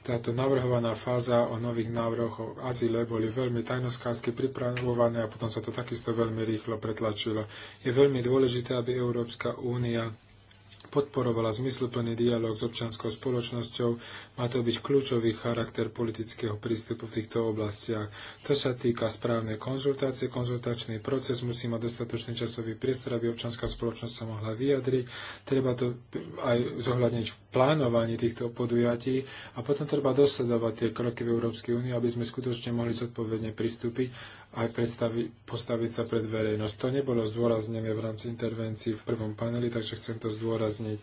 táto navrhovaná fáza o nových návrhoch o azile boli veľmi tajnoskársky pripravované a potom sa to takisto veľmi rýchlo pretlačilo. Je veľmi dôležité, aby Európska únia podporovala zmysluplný dialog s občanskou spoločnosťou, má to byť kľúčový charakter politického prístupu v týchto oblastiach. To sa týka správnej konzultácie. Konzultačný proces musí mať dostatočný časový priestor, aby občanská spoločnosť sa mohla vyjadriť. Treba to aj zohľadniť v plánovaní týchto podujatí a potom treba dosledovať tie kroky v Európskej únii, aby sme skutočne mohli zodpovedne pristúpiť aj predstavi, postaviť sa pred verejnosť. To nebolo zdôraznené v rámci intervencií v prvom paneli, takže chcem to zdôrazniť.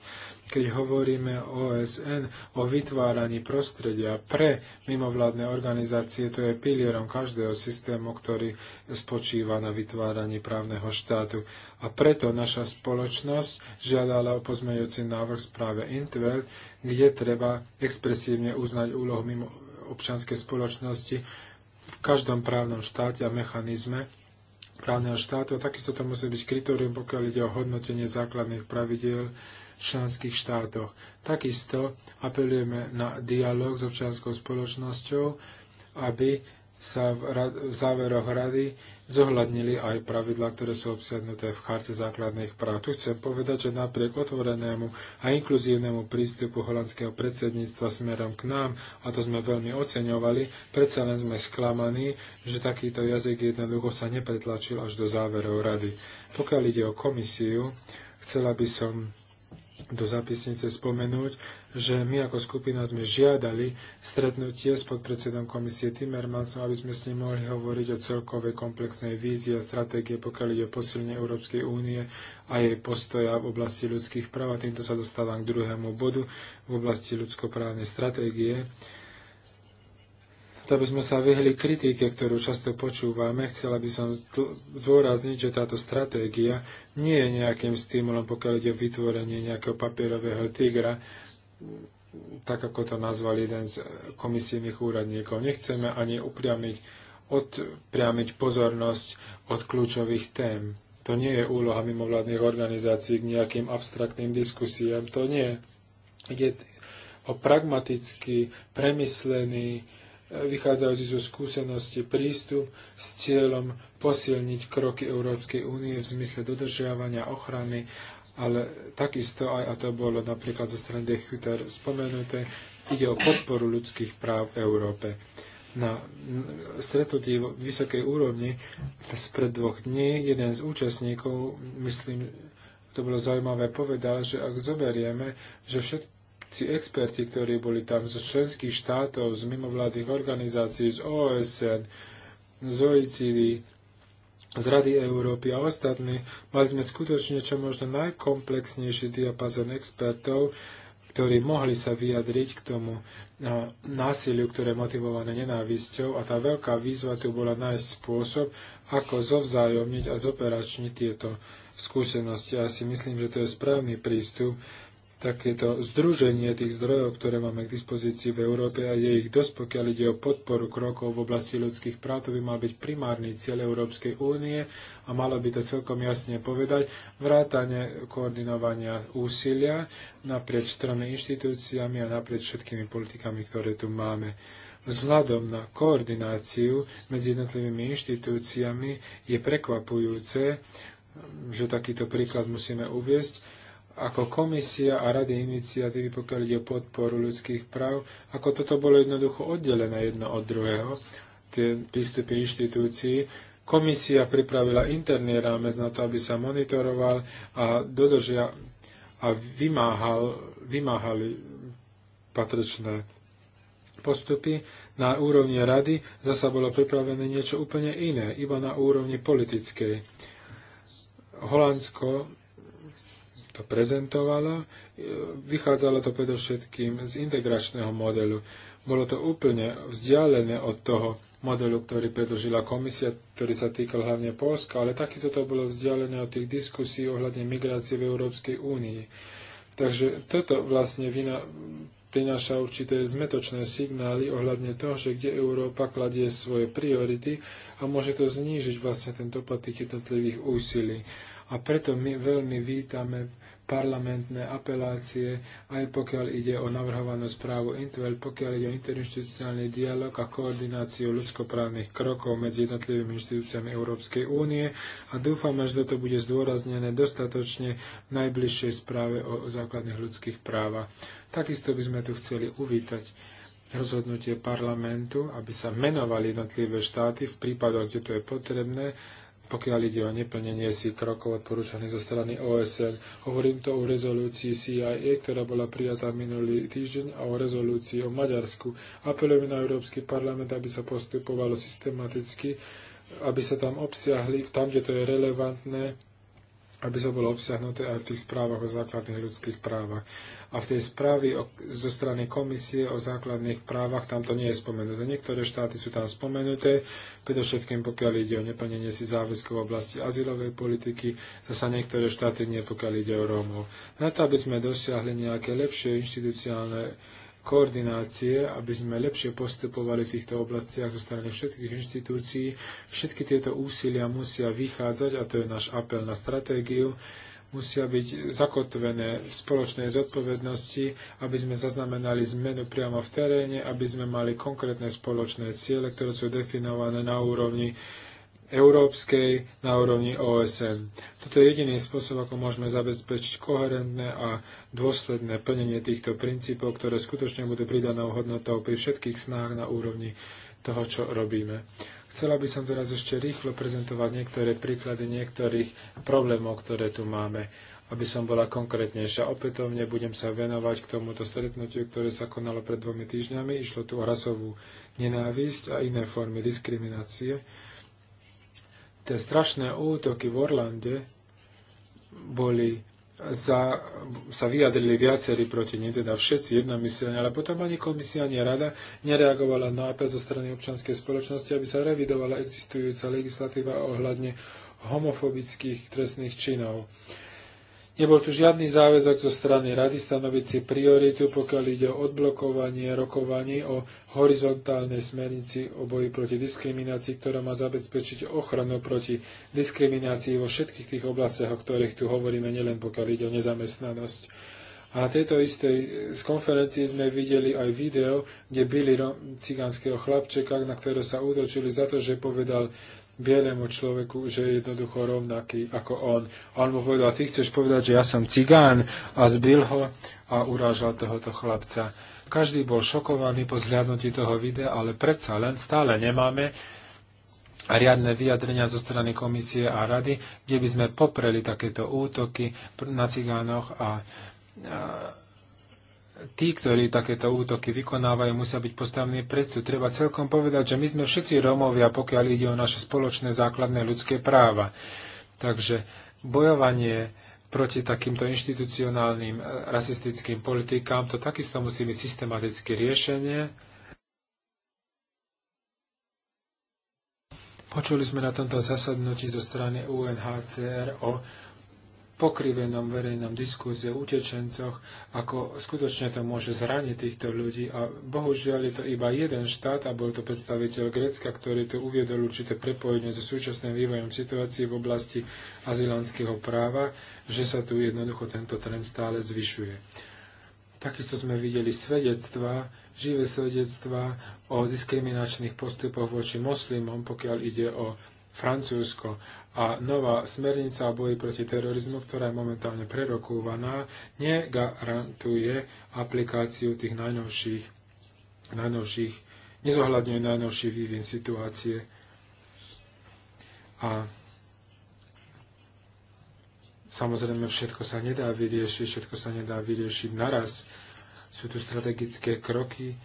Keď hovoríme o OSN, o vytváraní prostredia pre mimovládne organizácie, to je pilierom každého systému, ktorý spočíva na vytváraní právneho štátu. A preto naša spoločnosť žiadala o pozmeňujúci návrh správe Intvel, kde treba expresívne uznať úlohu mimo občanskej spoločnosti každom právnom štáte a mechanizme právneho štátu. A takisto to musí byť kritérium, pokiaľ ide o hodnotenie základných pravidiel v členských štátoch. Takisto apelujeme na dialog s občianskou spoločnosťou, aby sa v, záveroch rady zohľadnili aj pravidlá, ktoré sú obsiadnuté v charte základných práv. Tu chcem povedať, že napriek otvorenému a inkluzívnemu prístupu holandského predsedníctva smerom k nám, a to sme veľmi oceňovali, predsa len sme sklamaní, že takýto jazyk jednoducho sa nepretlačil až do záverov rady. Pokiaľ ide o komisiu, chcela by som do zapisnice spomenúť, že my ako skupina sme žiadali stretnutie s podpredsedom komisie Timmermansom, aby sme s ním mohli hovoriť o celkovej komplexnej vízii a stratégie, pokiaľ ide o posilnenie Európskej únie a jej postoja v oblasti ľudských práv. A týmto sa dostávam k druhému bodu v oblasti ľudskoprávnej stratégie. Aby sme sa vyhli kritike, ktorú často počúvame, chcela by som zdôrazniť, že táto stratégia nie je nejakým stimulom, pokiaľ ide o vytvorenie nejakého papierového tigra, tak ako to nazval jeden z komisijných úradníkov. Nechceme ani upriamiť, odpriamiť pozornosť od kľúčových tém. To nie je úloha mimovládnych organizácií k nejakým abstraktným diskusiám. To nie. Ide o pragmatický, premyslený, vychádzajúci zo skúsenosti prístup s cieľom posilniť kroky Európskej únie v zmysle dodržiavania ochrany ale takisto aj, a to bolo napríklad zo strany De spomenuté, ide o podporu ľudských práv v Európe. Na stretnutí vysokej úrovni spred dvoch dní jeden z účastníkov, myslím, to bolo zaujímavé, povedal, že ak zoberieme, že všetci experti, ktorí boli tam zo členských štátov, z mimovládnych organizácií, z OSN, z OECD, z Rady Európy a ostatní. Mali sme skutočne čo možno najkomplexnejší diapazon expertov, ktorí mohli sa vyjadriť k tomu násiliu, ktoré je motivované nenávisťou a tá veľká výzva tu bola nájsť spôsob, ako zovzájomniť a zoperačniť tieto skúsenosti. Ja si myslím, že to je správny prístup, takéto združenie tých zdrojov, ktoré máme k dispozícii v Európe a je ich dosť, pokiaľ ide o podporu krokov v oblasti ľudských práv, to by mal byť primárny cieľ Európskej únie a malo by to celkom jasne povedať vrátane koordinovania úsilia naprieč tromi inštitúciami a naprieč všetkými politikami, ktoré tu máme. Vzhľadom na koordináciu medzi jednotlivými inštitúciami je prekvapujúce, že takýto príklad musíme uviesť, ako komisia a rady iniciatívy, pokiaľ ide o podporu ľudských práv, ako toto bolo jednoducho oddelené jedno od druhého, tie prístupy inštitúcií. Komisia pripravila interný rámec na to, aby sa monitoroval a dodržia a vymáhal, vymáhali patričné postupy. Na úrovni rady zasa bolo pripravené niečo úplne iné, iba na úrovni politickej. Holandsko to prezentovala. E, vychádzalo to predovšetkým z integračného modelu. Bolo to úplne vzdialené od toho modelu, ktorý predložila komisia, ktorý sa týkal hlavne Polska, ale takisto to bolo vzdialené od tých diskusí ohľadne migrácie v Európskej únii. Takže toto vlastne vina, prináša určité zmetočné signály ohľadne toho, že kde Európa kladie svoje priority a môže to znížiť vlastne ten dopad tých jednotlivých úsilí. A preto my veľmi vítame parlamentné apelácie, aj pokiaľ ide o navrhovanú správu Intel, pokiaľ ide o interinstitucionálny dialog a koordináciu ľudskoprávnych krokov medzi jednotlivými inštitúciami Európskej únie a dúfam, že toto bude zdôraznené dostatočne v najbližšej správe o základných ľudských právach. Takisto by sme tu chceli uvítať rozhodnutie parlamentu, aby sa menovali jednotlivé štáty v prípadoch, kde to je potrebné, pokiaľ ide o neplnenie si krokov odporúčaných zo strany OSN. Hovorím to o rezolúcii CIA, ktorá bola prijatá minulý týždeň a o rezolúcii o Maďarsku. Apelujem na Európsky parlament, aby sa postupovalo systematicky, aby sa tam obsiahli, tam, kde to je relevantné, aby to bolo obsiahnuté aj v tých správach o základných ľudských právach. A v tej správy o, zo strany komisie o základných právach tam to nie je spomenuté. Niektoré štáty sú tam spomenuté, predovšetkým pokiaľ ide o neplnenie si záväzkov v oblasti azylovej politiky, zasa niektoré štáty nie, pokiaľ ide o Rómov. Na to, aby sme dosiahli nejaké lepšie inštitucionálne koordinácie, aby sme lepšie postupovali v týchto oblastiach zo strany všetkých inštitúcií. Všetky tieto úsilia musia vychádzať, a to je náš apel na stratégiu, musia byť zakotvené v spoločnej zodpovednosti, aby sme zaznamenali zmenu priamo v teréne, aby sme mali konkrétne spoločné ciele, ktoré sú definované na úrovni európskej na úrovni OSN. Toto je jediný spôsob, ako môžeme zabezpečiť koherentné a dôsledné plnenie týchto princípov, ktoré skutočne budú pridanou hodnotou pri všetkých snách na úrovni toho, čo robíme. Chcela by som teraz ešte rýchlo prezentovať niektoré príklady niektorých problémov, ktoré tu máme aby som bola konkrétnejšia. Opätovne budem sa venovať k tomuto stretnutiu, ktoré sa konalo pred dvomi týždňami. Išlo tu o rasovú nenávisť a iné formy diskriminácie tie strašné útoky v Orlande boli za, sa vyjadrili viacerí proti nim, teda všetci jednomyselne, ale potom ani komisia, ani rada nereagovala na apel zo strany občanskej spoločnosti, aby sa revidovala existujúca legislatíva ohľadne homofobických trestných činov. Nebol tu žiadny záväzok zo strany rady stanoviť si prioritu, pokiaľ ide o odblokovanie rokovaní o horizontálnej smernici o boji proti diskriminácii, ktorá má zabezpečiť ochranu proti diskriminácii vo všetkých tých oblastiach, o ktorých tu hovoríme, nielen pokiaľ ide o nezamestnanosť. A na tejto istej z konferencie sme videli aj video, kde byli cigánskeho chlapčeka, na ktorého sa útočili za to, že povedal Bielému človeku, že je jednoducho rovnaký ako on. A on mu povedal, ty chceš povedať, že ja som cigán a zbil ho a urážal tohoto chlapca. Každý bol šokovaný po zhľadnutí toho videa, ale predsa len stále nemáme riadne vyjadrenia zo strany komisie a rady, kde by sme popreli takéto útoky na cigánoch a, a tí, ktorí takéto útoky vykonávajú, musia byť postavení súd. Treba celkom povedať, že my sme všetci Rómovia, pokiaľ ide o naše spoločné základné ľudské práva. Takže bojovanie proti takýmto inštitucionálnym e, rasistickým politikám, to takisto musí byť systematické riešenie. Počuli sme na tomto zasadnutí zo strany UNHCR o pokrivenom verejnom diskúzie o utečencoch, ako skutočne to môže zraniť týchto ľudí. A bohužiaľ je to iba jeden štát, a bol to predstaviteľ Grécka, ktorý tu uviedol určité prepojenie so súčasným vývojom situácií v oblasti azylantského práva, že sa tu jednoducho tento trend stále zvyšuje. Takisto sme videli svedectva, živé svedectva o diskriminačných postupoch voči moslimom, pokiaľ ide o Francúzsko. A nová smernica o boji proti terorizmu, ktorá je momentálne prerokúvaná, negarantuje aplikáciu tých najnovších, najnovších nezohľadňuje najnovší vývin situácie. A samozrejme všetko sa nedá vyriešiť, všetko sa nedá vyriešiť naraz. Sú tu strategické kroky,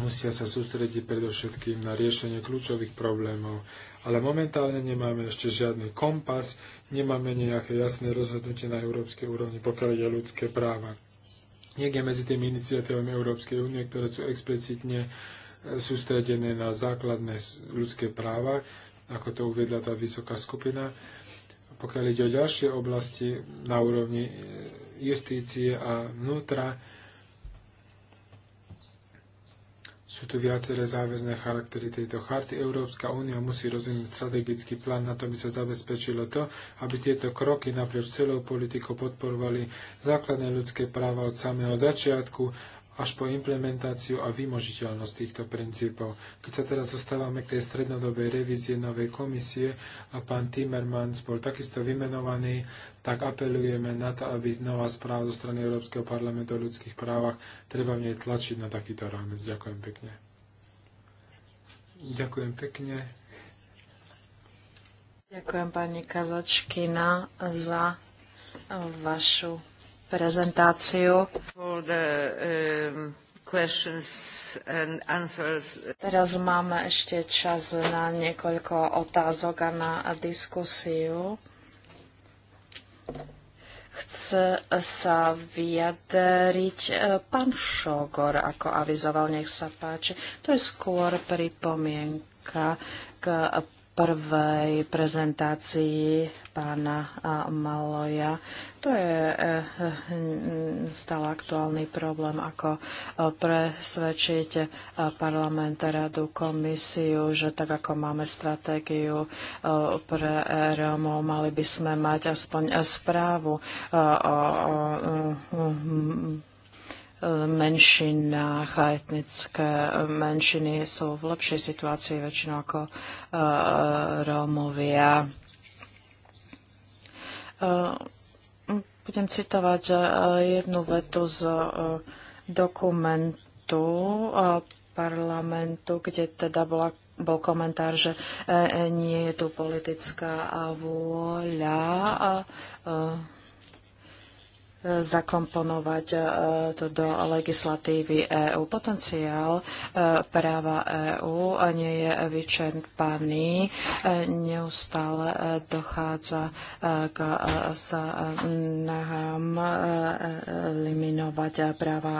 musia sa sústrediť predovšetkým na riešenie kľúčových problémov ale momentálne nemáme ešte žiadny kompas, nemáme nejaké jasné rozhodnutie na európskej úrovni, pokiaľ ide ľudské práva. Niekde medzi tými iniciatívami Európskej únie, ktoré sú explicitne e, sústredené na základné ľudské práva, ako to uviedla tá vysoká skupina. Pokiaľ ide o ďalšie oblasti na úrovni e, justície a vnútra, Sú tu viaceré záväzné charaktery tejto charty. Európska únia musí rozvinúť strategický plán na to, aby sa zabezpečilo to, aby tieto kroky naprieč celou politikou podporovali základné ľudské práva od samého začiatku až po implementáciu a vymožiteľnosť týchto princípov. Keď sa teraz zostávame k tej strednodobej revízie novej komisie a pán Timmermans bol takisto vymenovaný, tak apelujeme na to, aby nová správa zo strany Európskeho parlamentu o ľudských právach treba v nej tlačiť na takýto rámec. Ďakujem pekne. Ďakujem pekne. Ďakujem pani Kazačkina za vašu prezentáciu. Um, Teraz máme ešte čas na niekoľko otázok a na diskusiu. Chce sa vyjadriť eh, pán Šogor, ako avizoval, nech sa páči. To je skôr pripomienka k prvej prezentácii pána eh, Maloja. To je eh, stále aktuálny problém, ako eh, presvedčiť eh, parlament, radu, komisiu, že tak ako máme stratégiu pre Rómov, mali by sme mať aspoň správu o menšinách a etnické menšiny sú v lepšej situácii väčšinou ako Rómovia. Budem citovať e, jednu vetu z e, dokumentu e, parlamentu, kde teda bola, bol komentár, že nie je tu politická vôľa zakomponovať e, to do legislatívy EÚ. Potenciál e, práva EÚ nie je vyčerpaný. E, neustále dochádza k snahám eliminovať práva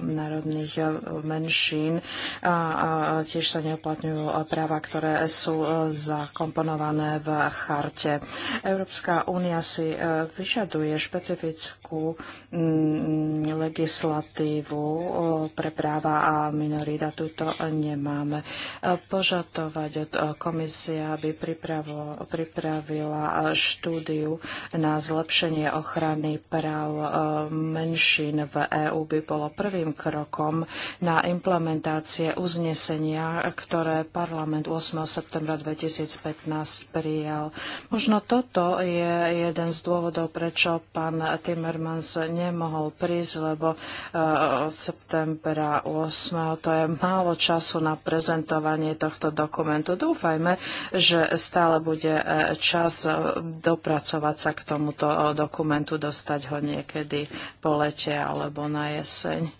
národných menšín a tiež sa neuplatňujú práva, ktoré sú zakomponované v charte. Európska únia si vyžaduje špecifickú ku mm, legislatívu pre práva a minorita. Tuto nemáme. Požadovať od e, komisia, aby pripravila e, štúdiu na zlepšenie ochrany práv e, menšín v EÚ by bolo prvým krokom na implementácie uznesenia, ktoré parlament 8. septembra 2015 prijal. Možno toto je jeden z dôvodov, prečo pán Timmer Timmermans nemohol prísť, lebo e, od septembra 8. to je málo času na prezentovanie tohto dokumentu. Dúfajme, že stále bude e, čas e, dopracovať sa k tomuto dokumentu, dostať ho niekedy po lete alebo na jeseň.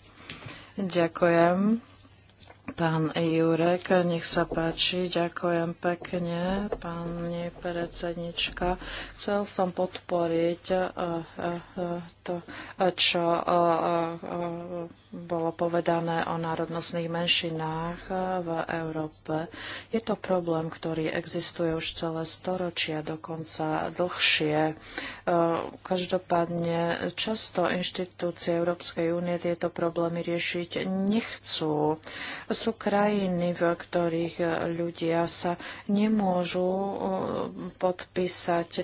Ďakujem. Pán Jurek, nech sa páči, ďakujem pekne, pani predsednička. Chcel som podporiť eh, eh, to, eh, čo bolo povedané o národnostných menšinách e, v Európe. Je to problém, ktorý existuje už celé storočia, dokonca dlhšie. E, každopádne často inštitúcie Európskej únie tieto problémy riešiť nechcú. Sú krajiny, v ktorých ľudia sa nemôžu e, podpísať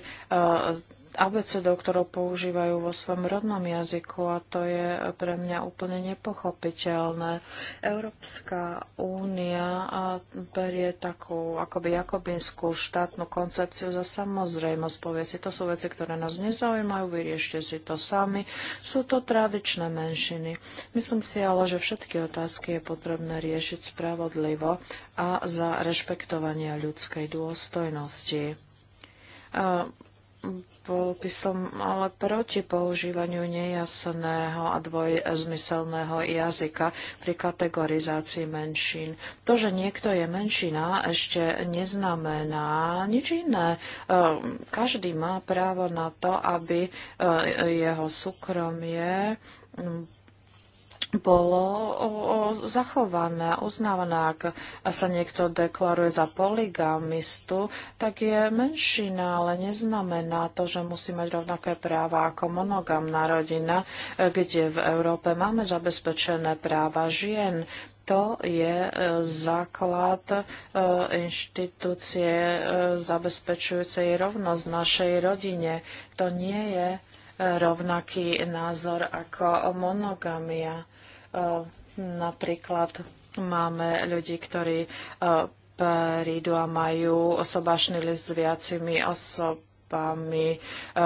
abecedou, ktorú používajú vo svojom rodnom jazyku a to je pre mňa úplne nepochopiteľné. Európska únia berie takú akoby jakobinskú štátnu koncepciu za samozrejmosť. Povie si, to sú veci, ktoré nás nezaujímajú, vyriešte si to sami. Sú to tradičné menšiny. Myslím si ale, že všetky otázky je potrebné riešiť spravodlivo a za rešpektovanie ľudskej dôstojnosti bol by som ale proti používaniu nejasného a dvojzmyselného jazyka pri kategorizácii menšín. To, že niekto je menšina, ešte neznamená nič iné. E, každý má právo na to, aby e, jeho súkromie bolo zachované, uznávané. Ak sa niekto deklaruje za polygamistu, tak je menšina, ale neznamená to, že musí mať rovnaké práva ako monogamná rodina, kde v Európe máme zabezpečené práva žien. To je e, základ e, inštitúcie e, zabezpečujúcej rovnosť našej rodine. To nie je rovnaký názor ako monogamia Eh, napríklad máme ľudí, ktorí eh, prídu a majú osobašný list s viacimi osobami Európami. E, e,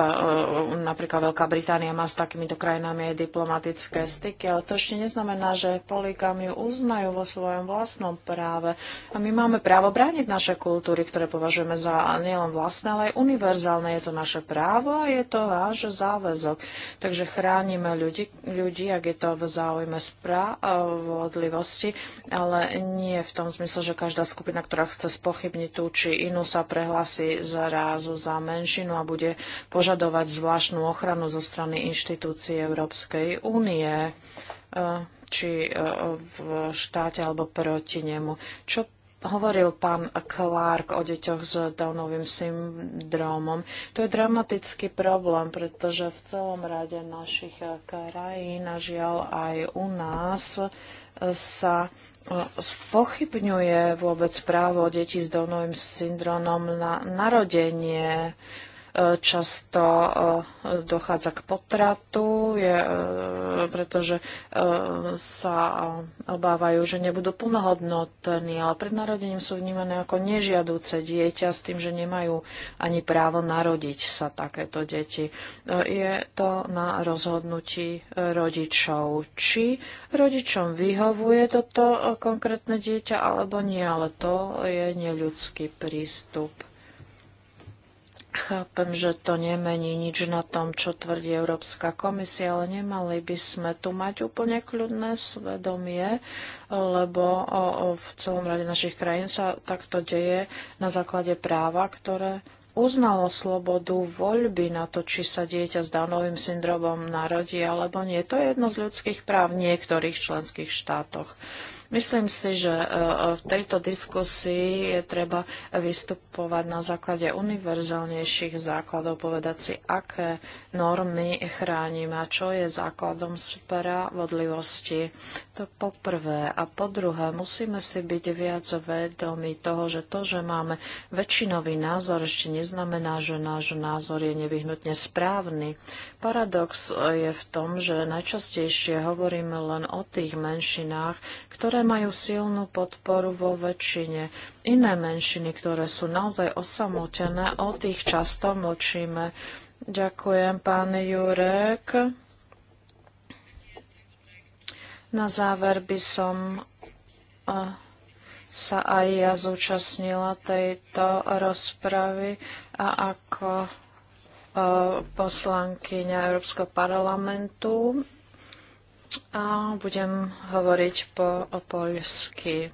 napríklad Veľká Británia má s takýmito krajinami aj diplomatické styky, ale to ešte neznamená, že poligamiu uznajú vo svojom vlastnom práve. A my máme právo brániť naše kultúry, ktoré považujeme za nielen vlastné, ale aj univerzálne. Je to naše právo a je to náš záväzok. Takže chránime ľudí, ľudí ak je to v záujme spravodlivosti, ale nie v tom zmysle, že každá skupina, ktorá chce spochybniť tú či inú, sa prehlasí zrazu za menšie menšinu a bude požadovať zvláštnu ochranu zo strany inštitúcií Európskej únie e, či e, v štáte alebo proti nemu. Čo hovoril pán Clark o deťoch s Downovým syndrómom. To je dramatický problém, pretože v celom rade našich krajín a žiaľ aj u nás sa spochybňuje vôbec právo detí s Downovým syndromom na narodenie často eh, dochádza k potratu, je, eh, pretože eh, sa obávajú, že nebudú plnohodnotní, ale pred narodením sú vnímané ako nežiadúce dieťa s tým, že nemajú ani právo narodiť sa takéto deti. Je to na rozhodnutí rodičov, či rodičom vyhovuje toto konkrétne dieťa alebo nie, ale to je neľudský prístup. Chápem, že to nemení nič na tom, čo tvrdí Európska komisia, ale nemali by sme tu mať úplne kľudné svedomie, lebo v celom rade našich krajín sa takto deje na základe práva, ktoré uznalo slobodu voľby na to, či sa dieťa s Danovým syndromom narodí alebo nie. To je jedno z ľudských práv v niektorých členských štátoch. Myslím si, že e, v tejto diskusii je treba vystupovať na základe univerzálnejších základov, povedať si, aké normy chránime a čo je základom spravodlivosti. To poprvé. A po druhé, musíme si byť viac vedomi toho, že to, že máme väčšinový názor, ešte neznamená, že náš názor je nevyhnutne správny. Paradox e, je v tom, že najčastejšie hovoríme len o tých menšinách, ktoré majú silnú podporu vo väčšine. Iné menšiny, ktoré sú naozaj osamotené, o tých často mlčíme. Ďakujem, pán Jurek. Na záver by som eh, sa aj ja zúčastnila tejto rozpravy a ako eh, poslankyňa Európskeho parlamentu a budem hovoriť po, o poľsky.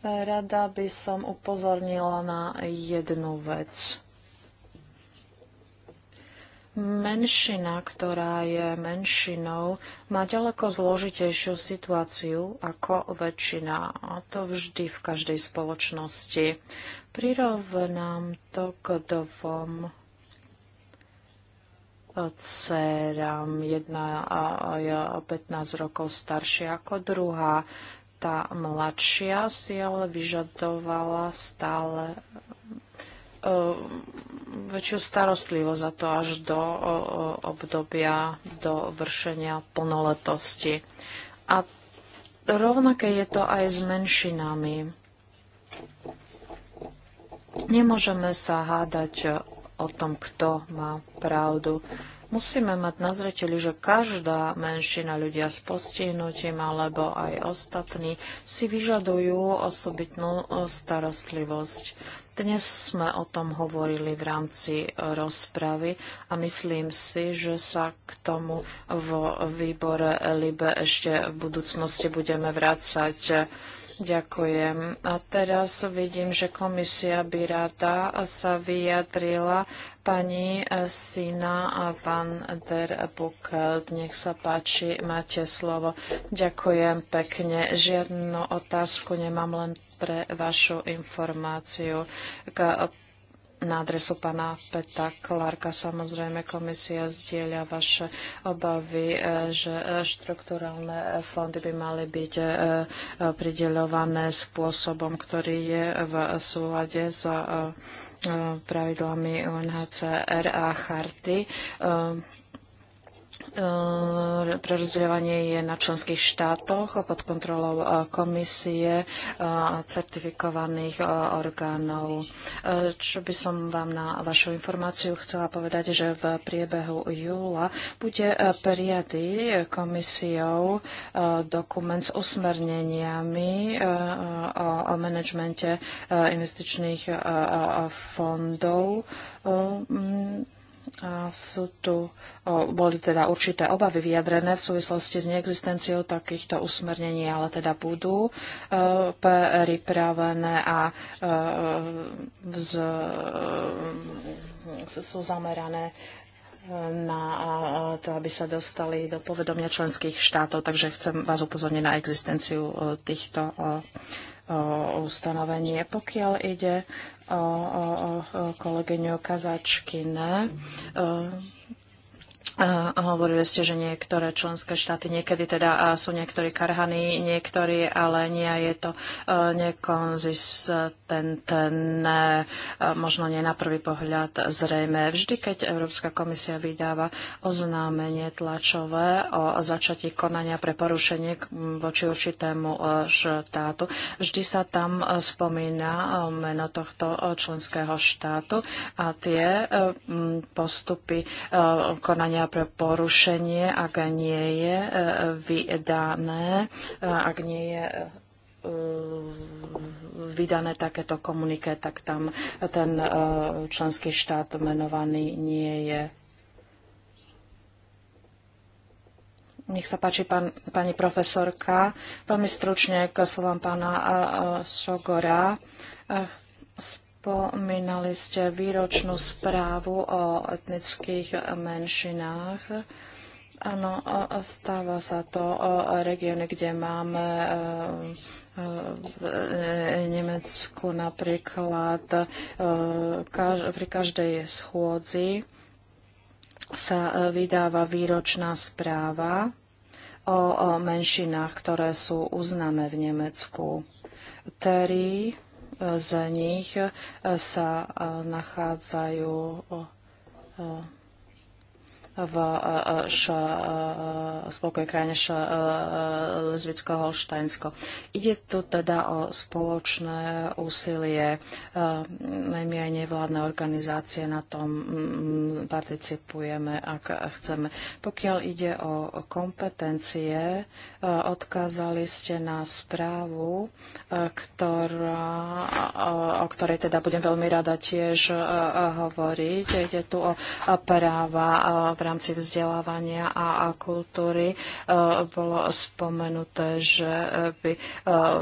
Rada by som upozornila na jednu vec. Menšina, ktorá je menšinou, má ďaleko zložitejšiu situáciu ako väčšina. A to vždy v každej spoločnosti. Prirovnám to k dvom dcera, Jedna je 15 rokov staršia ako druhá. Tá mladšia si ale vyžadovala stále e, väčšiu starostlivosť za to až do obdobia do vršenia plnoletosti. A rovnaké je to aj s menšinami. Nemôžeme sa hádať o tom, kto má pravdu. Musíme mať na zreteli, že každá menšina ľudia s postihnutím alebo aj ostatní si vyžadujú osobitnú e, starostlivosť. Dnes sme o tom hovorili v rámci e, rozpravy a myslím si, že sa k tomu v výbore LIBE ešte v budúcnosti budeme vrácať Ďakujem. A teraz vidím, že komisia by rada sa vyjadrila pani Sina a pán Der Buk. Nech sa páči, máte slovo. Ďakujem pekne. Žiadnu otázku nemám len pre vašu informáciu k na adresu pana Peta Klarka samozrejme komisia zdieľa vaše obavy, e, že e, štrukturálne fondy by mali byť e, prideľované spôsobom, ktorý je v súlade s pravidlami UNHCR a charty E, prerozdeľovanie je na členských štátoch pod kontrolou e, komisie a e, certifikovaných orgánov. Čo by som vám na vašu informáciu chcela povedať, že v priebehu júla bude prijatý komisiou dokument s usmerneniami o manažmente investičných fondov sú tu, boli teda určité obavy vyjadrené v súvislosti s neexistenciou takýchto usmernení, ale teda budú e, pripravené a e, e, sú zamerané na to, aby sa dostali do povedomia členských štátov. Takže chcem vás upozorniť na existenciu týchto ustanovenie. Pokiaľ ide o, o, Kazačkine hovorili ste, že niektoré členské štáty niekedy teda sú niektorí karhaní, niektorí ale nie je to e, nekonzistentné, e, možno nie na prvý pohľad zrejme. Vždy, keď Európska komisia vydáva oznámenie tlačové o začatí konania pre porušenie voči určitému e, štátu, vždy sa tam spomína meno tohto členského štátu a tie postupy konania konania pre porušenie, ak nie je e, vydané, e, ak nie je e, vydané takéto komuniké, tak tam ten členský štát menovaný nie je. Nech sa páči, pán, pani profesorka. Veľmi stručne k slovám pána Sogora Pomínali ste výročnú správu o etnických menšinách. Áno, stáva sa to o regióne, kde máme v e, e, Nemecku napríklad e, pri každej schôdzi sa vydáva výročná správa o menšinách, ktoré sú uznané v Nemecku. Terry z nich sa nachádzajú v e, e, š, e, spolkovej krajine š, Lesbicko-Holštajnsko. Ide tu teda o spoločné úsilie, najmä aj nevládne organizácie na tom participujeme, ak chceme. Pokiaľ ide o kompetencie, odkázali ste na správu, ktorá, o ktorej teda budem veľmi rada tiež hovoriť. Ide tu o práva v rámci vzdelávania a kultúry. E, bolo spomenuté, že e, by e,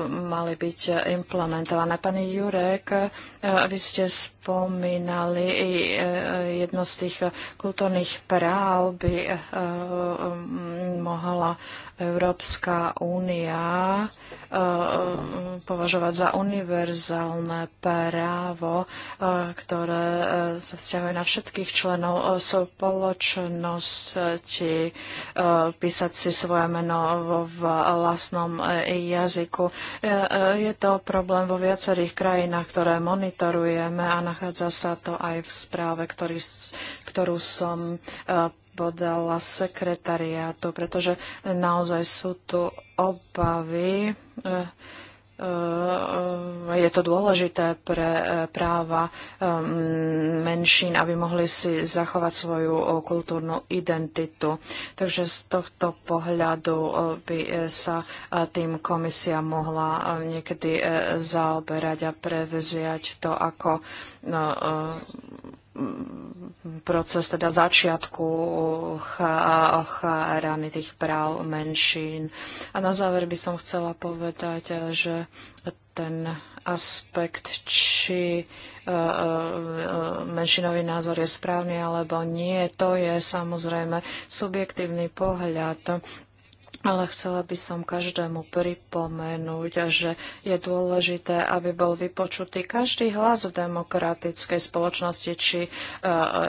mali byť implementované. Pani Jurek, vy ste spomínali jedno z tých kultúrnych práv by mohla Európska únia e, e, považovať za univerzálne právo, e, ktoré sa vzťahuje na všetkých členov spoločnosti, písať si svoje meno vo vlastnom jazyku. Je to problém vo viacerých krajinách, ktoré monitorujeme a nachádza sa to aj v správe, ktorý, ktorú som podala sekretariátu, pretože naozaj sú tu obavy. E, e, e, je to dôležité pre práva menšín, aby mohli si zachovať svoju kultúrnu identitu. Takže z tohto pohľadu by sa tým komisia mohla niekedy zaoberať a prevziať to ako no, proces teda začiatku ochrany tých práv menšín. A na záver by som chcela povedať, že ten aspekt, či e, e, e, menšinový názor je správny alebo nie, to je samozrejme subjektívny pohľad. Ale chcela by som každému pripomenúť, že je dôležité, aby bol vypočutý každý hlas v demokratickej spoločnosti, či e,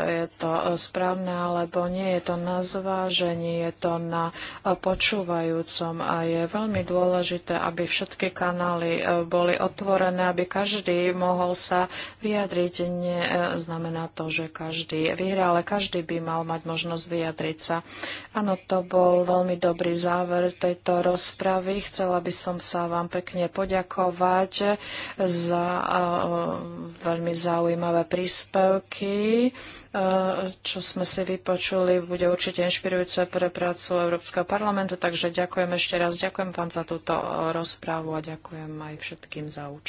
je to správne alebo nie. Je to na zvážení, je to na e, počúvajúcom a je veľmi dôležité, aby všetky kanály e, boli otvorené, aby každý mohol sa vyjadriť. Nie znamená to, že každý vyhrá, ale každý by mal mať možnosť vyjadriť sa. Áno, to bol veľmi dobrý záujem záver tejto rozpravy. Chcela by som sa vám pekne poďakovať za eh, veľmi zaujímavé príspevky eh, čo sme si vypočuli, bude určite inšpirujúce pre prácu Európskeho parlamentu. Takže ďakujem ešte raz, ďakujem vám za túto eh, rozprávu a ďakujem aj všetkým za účasť.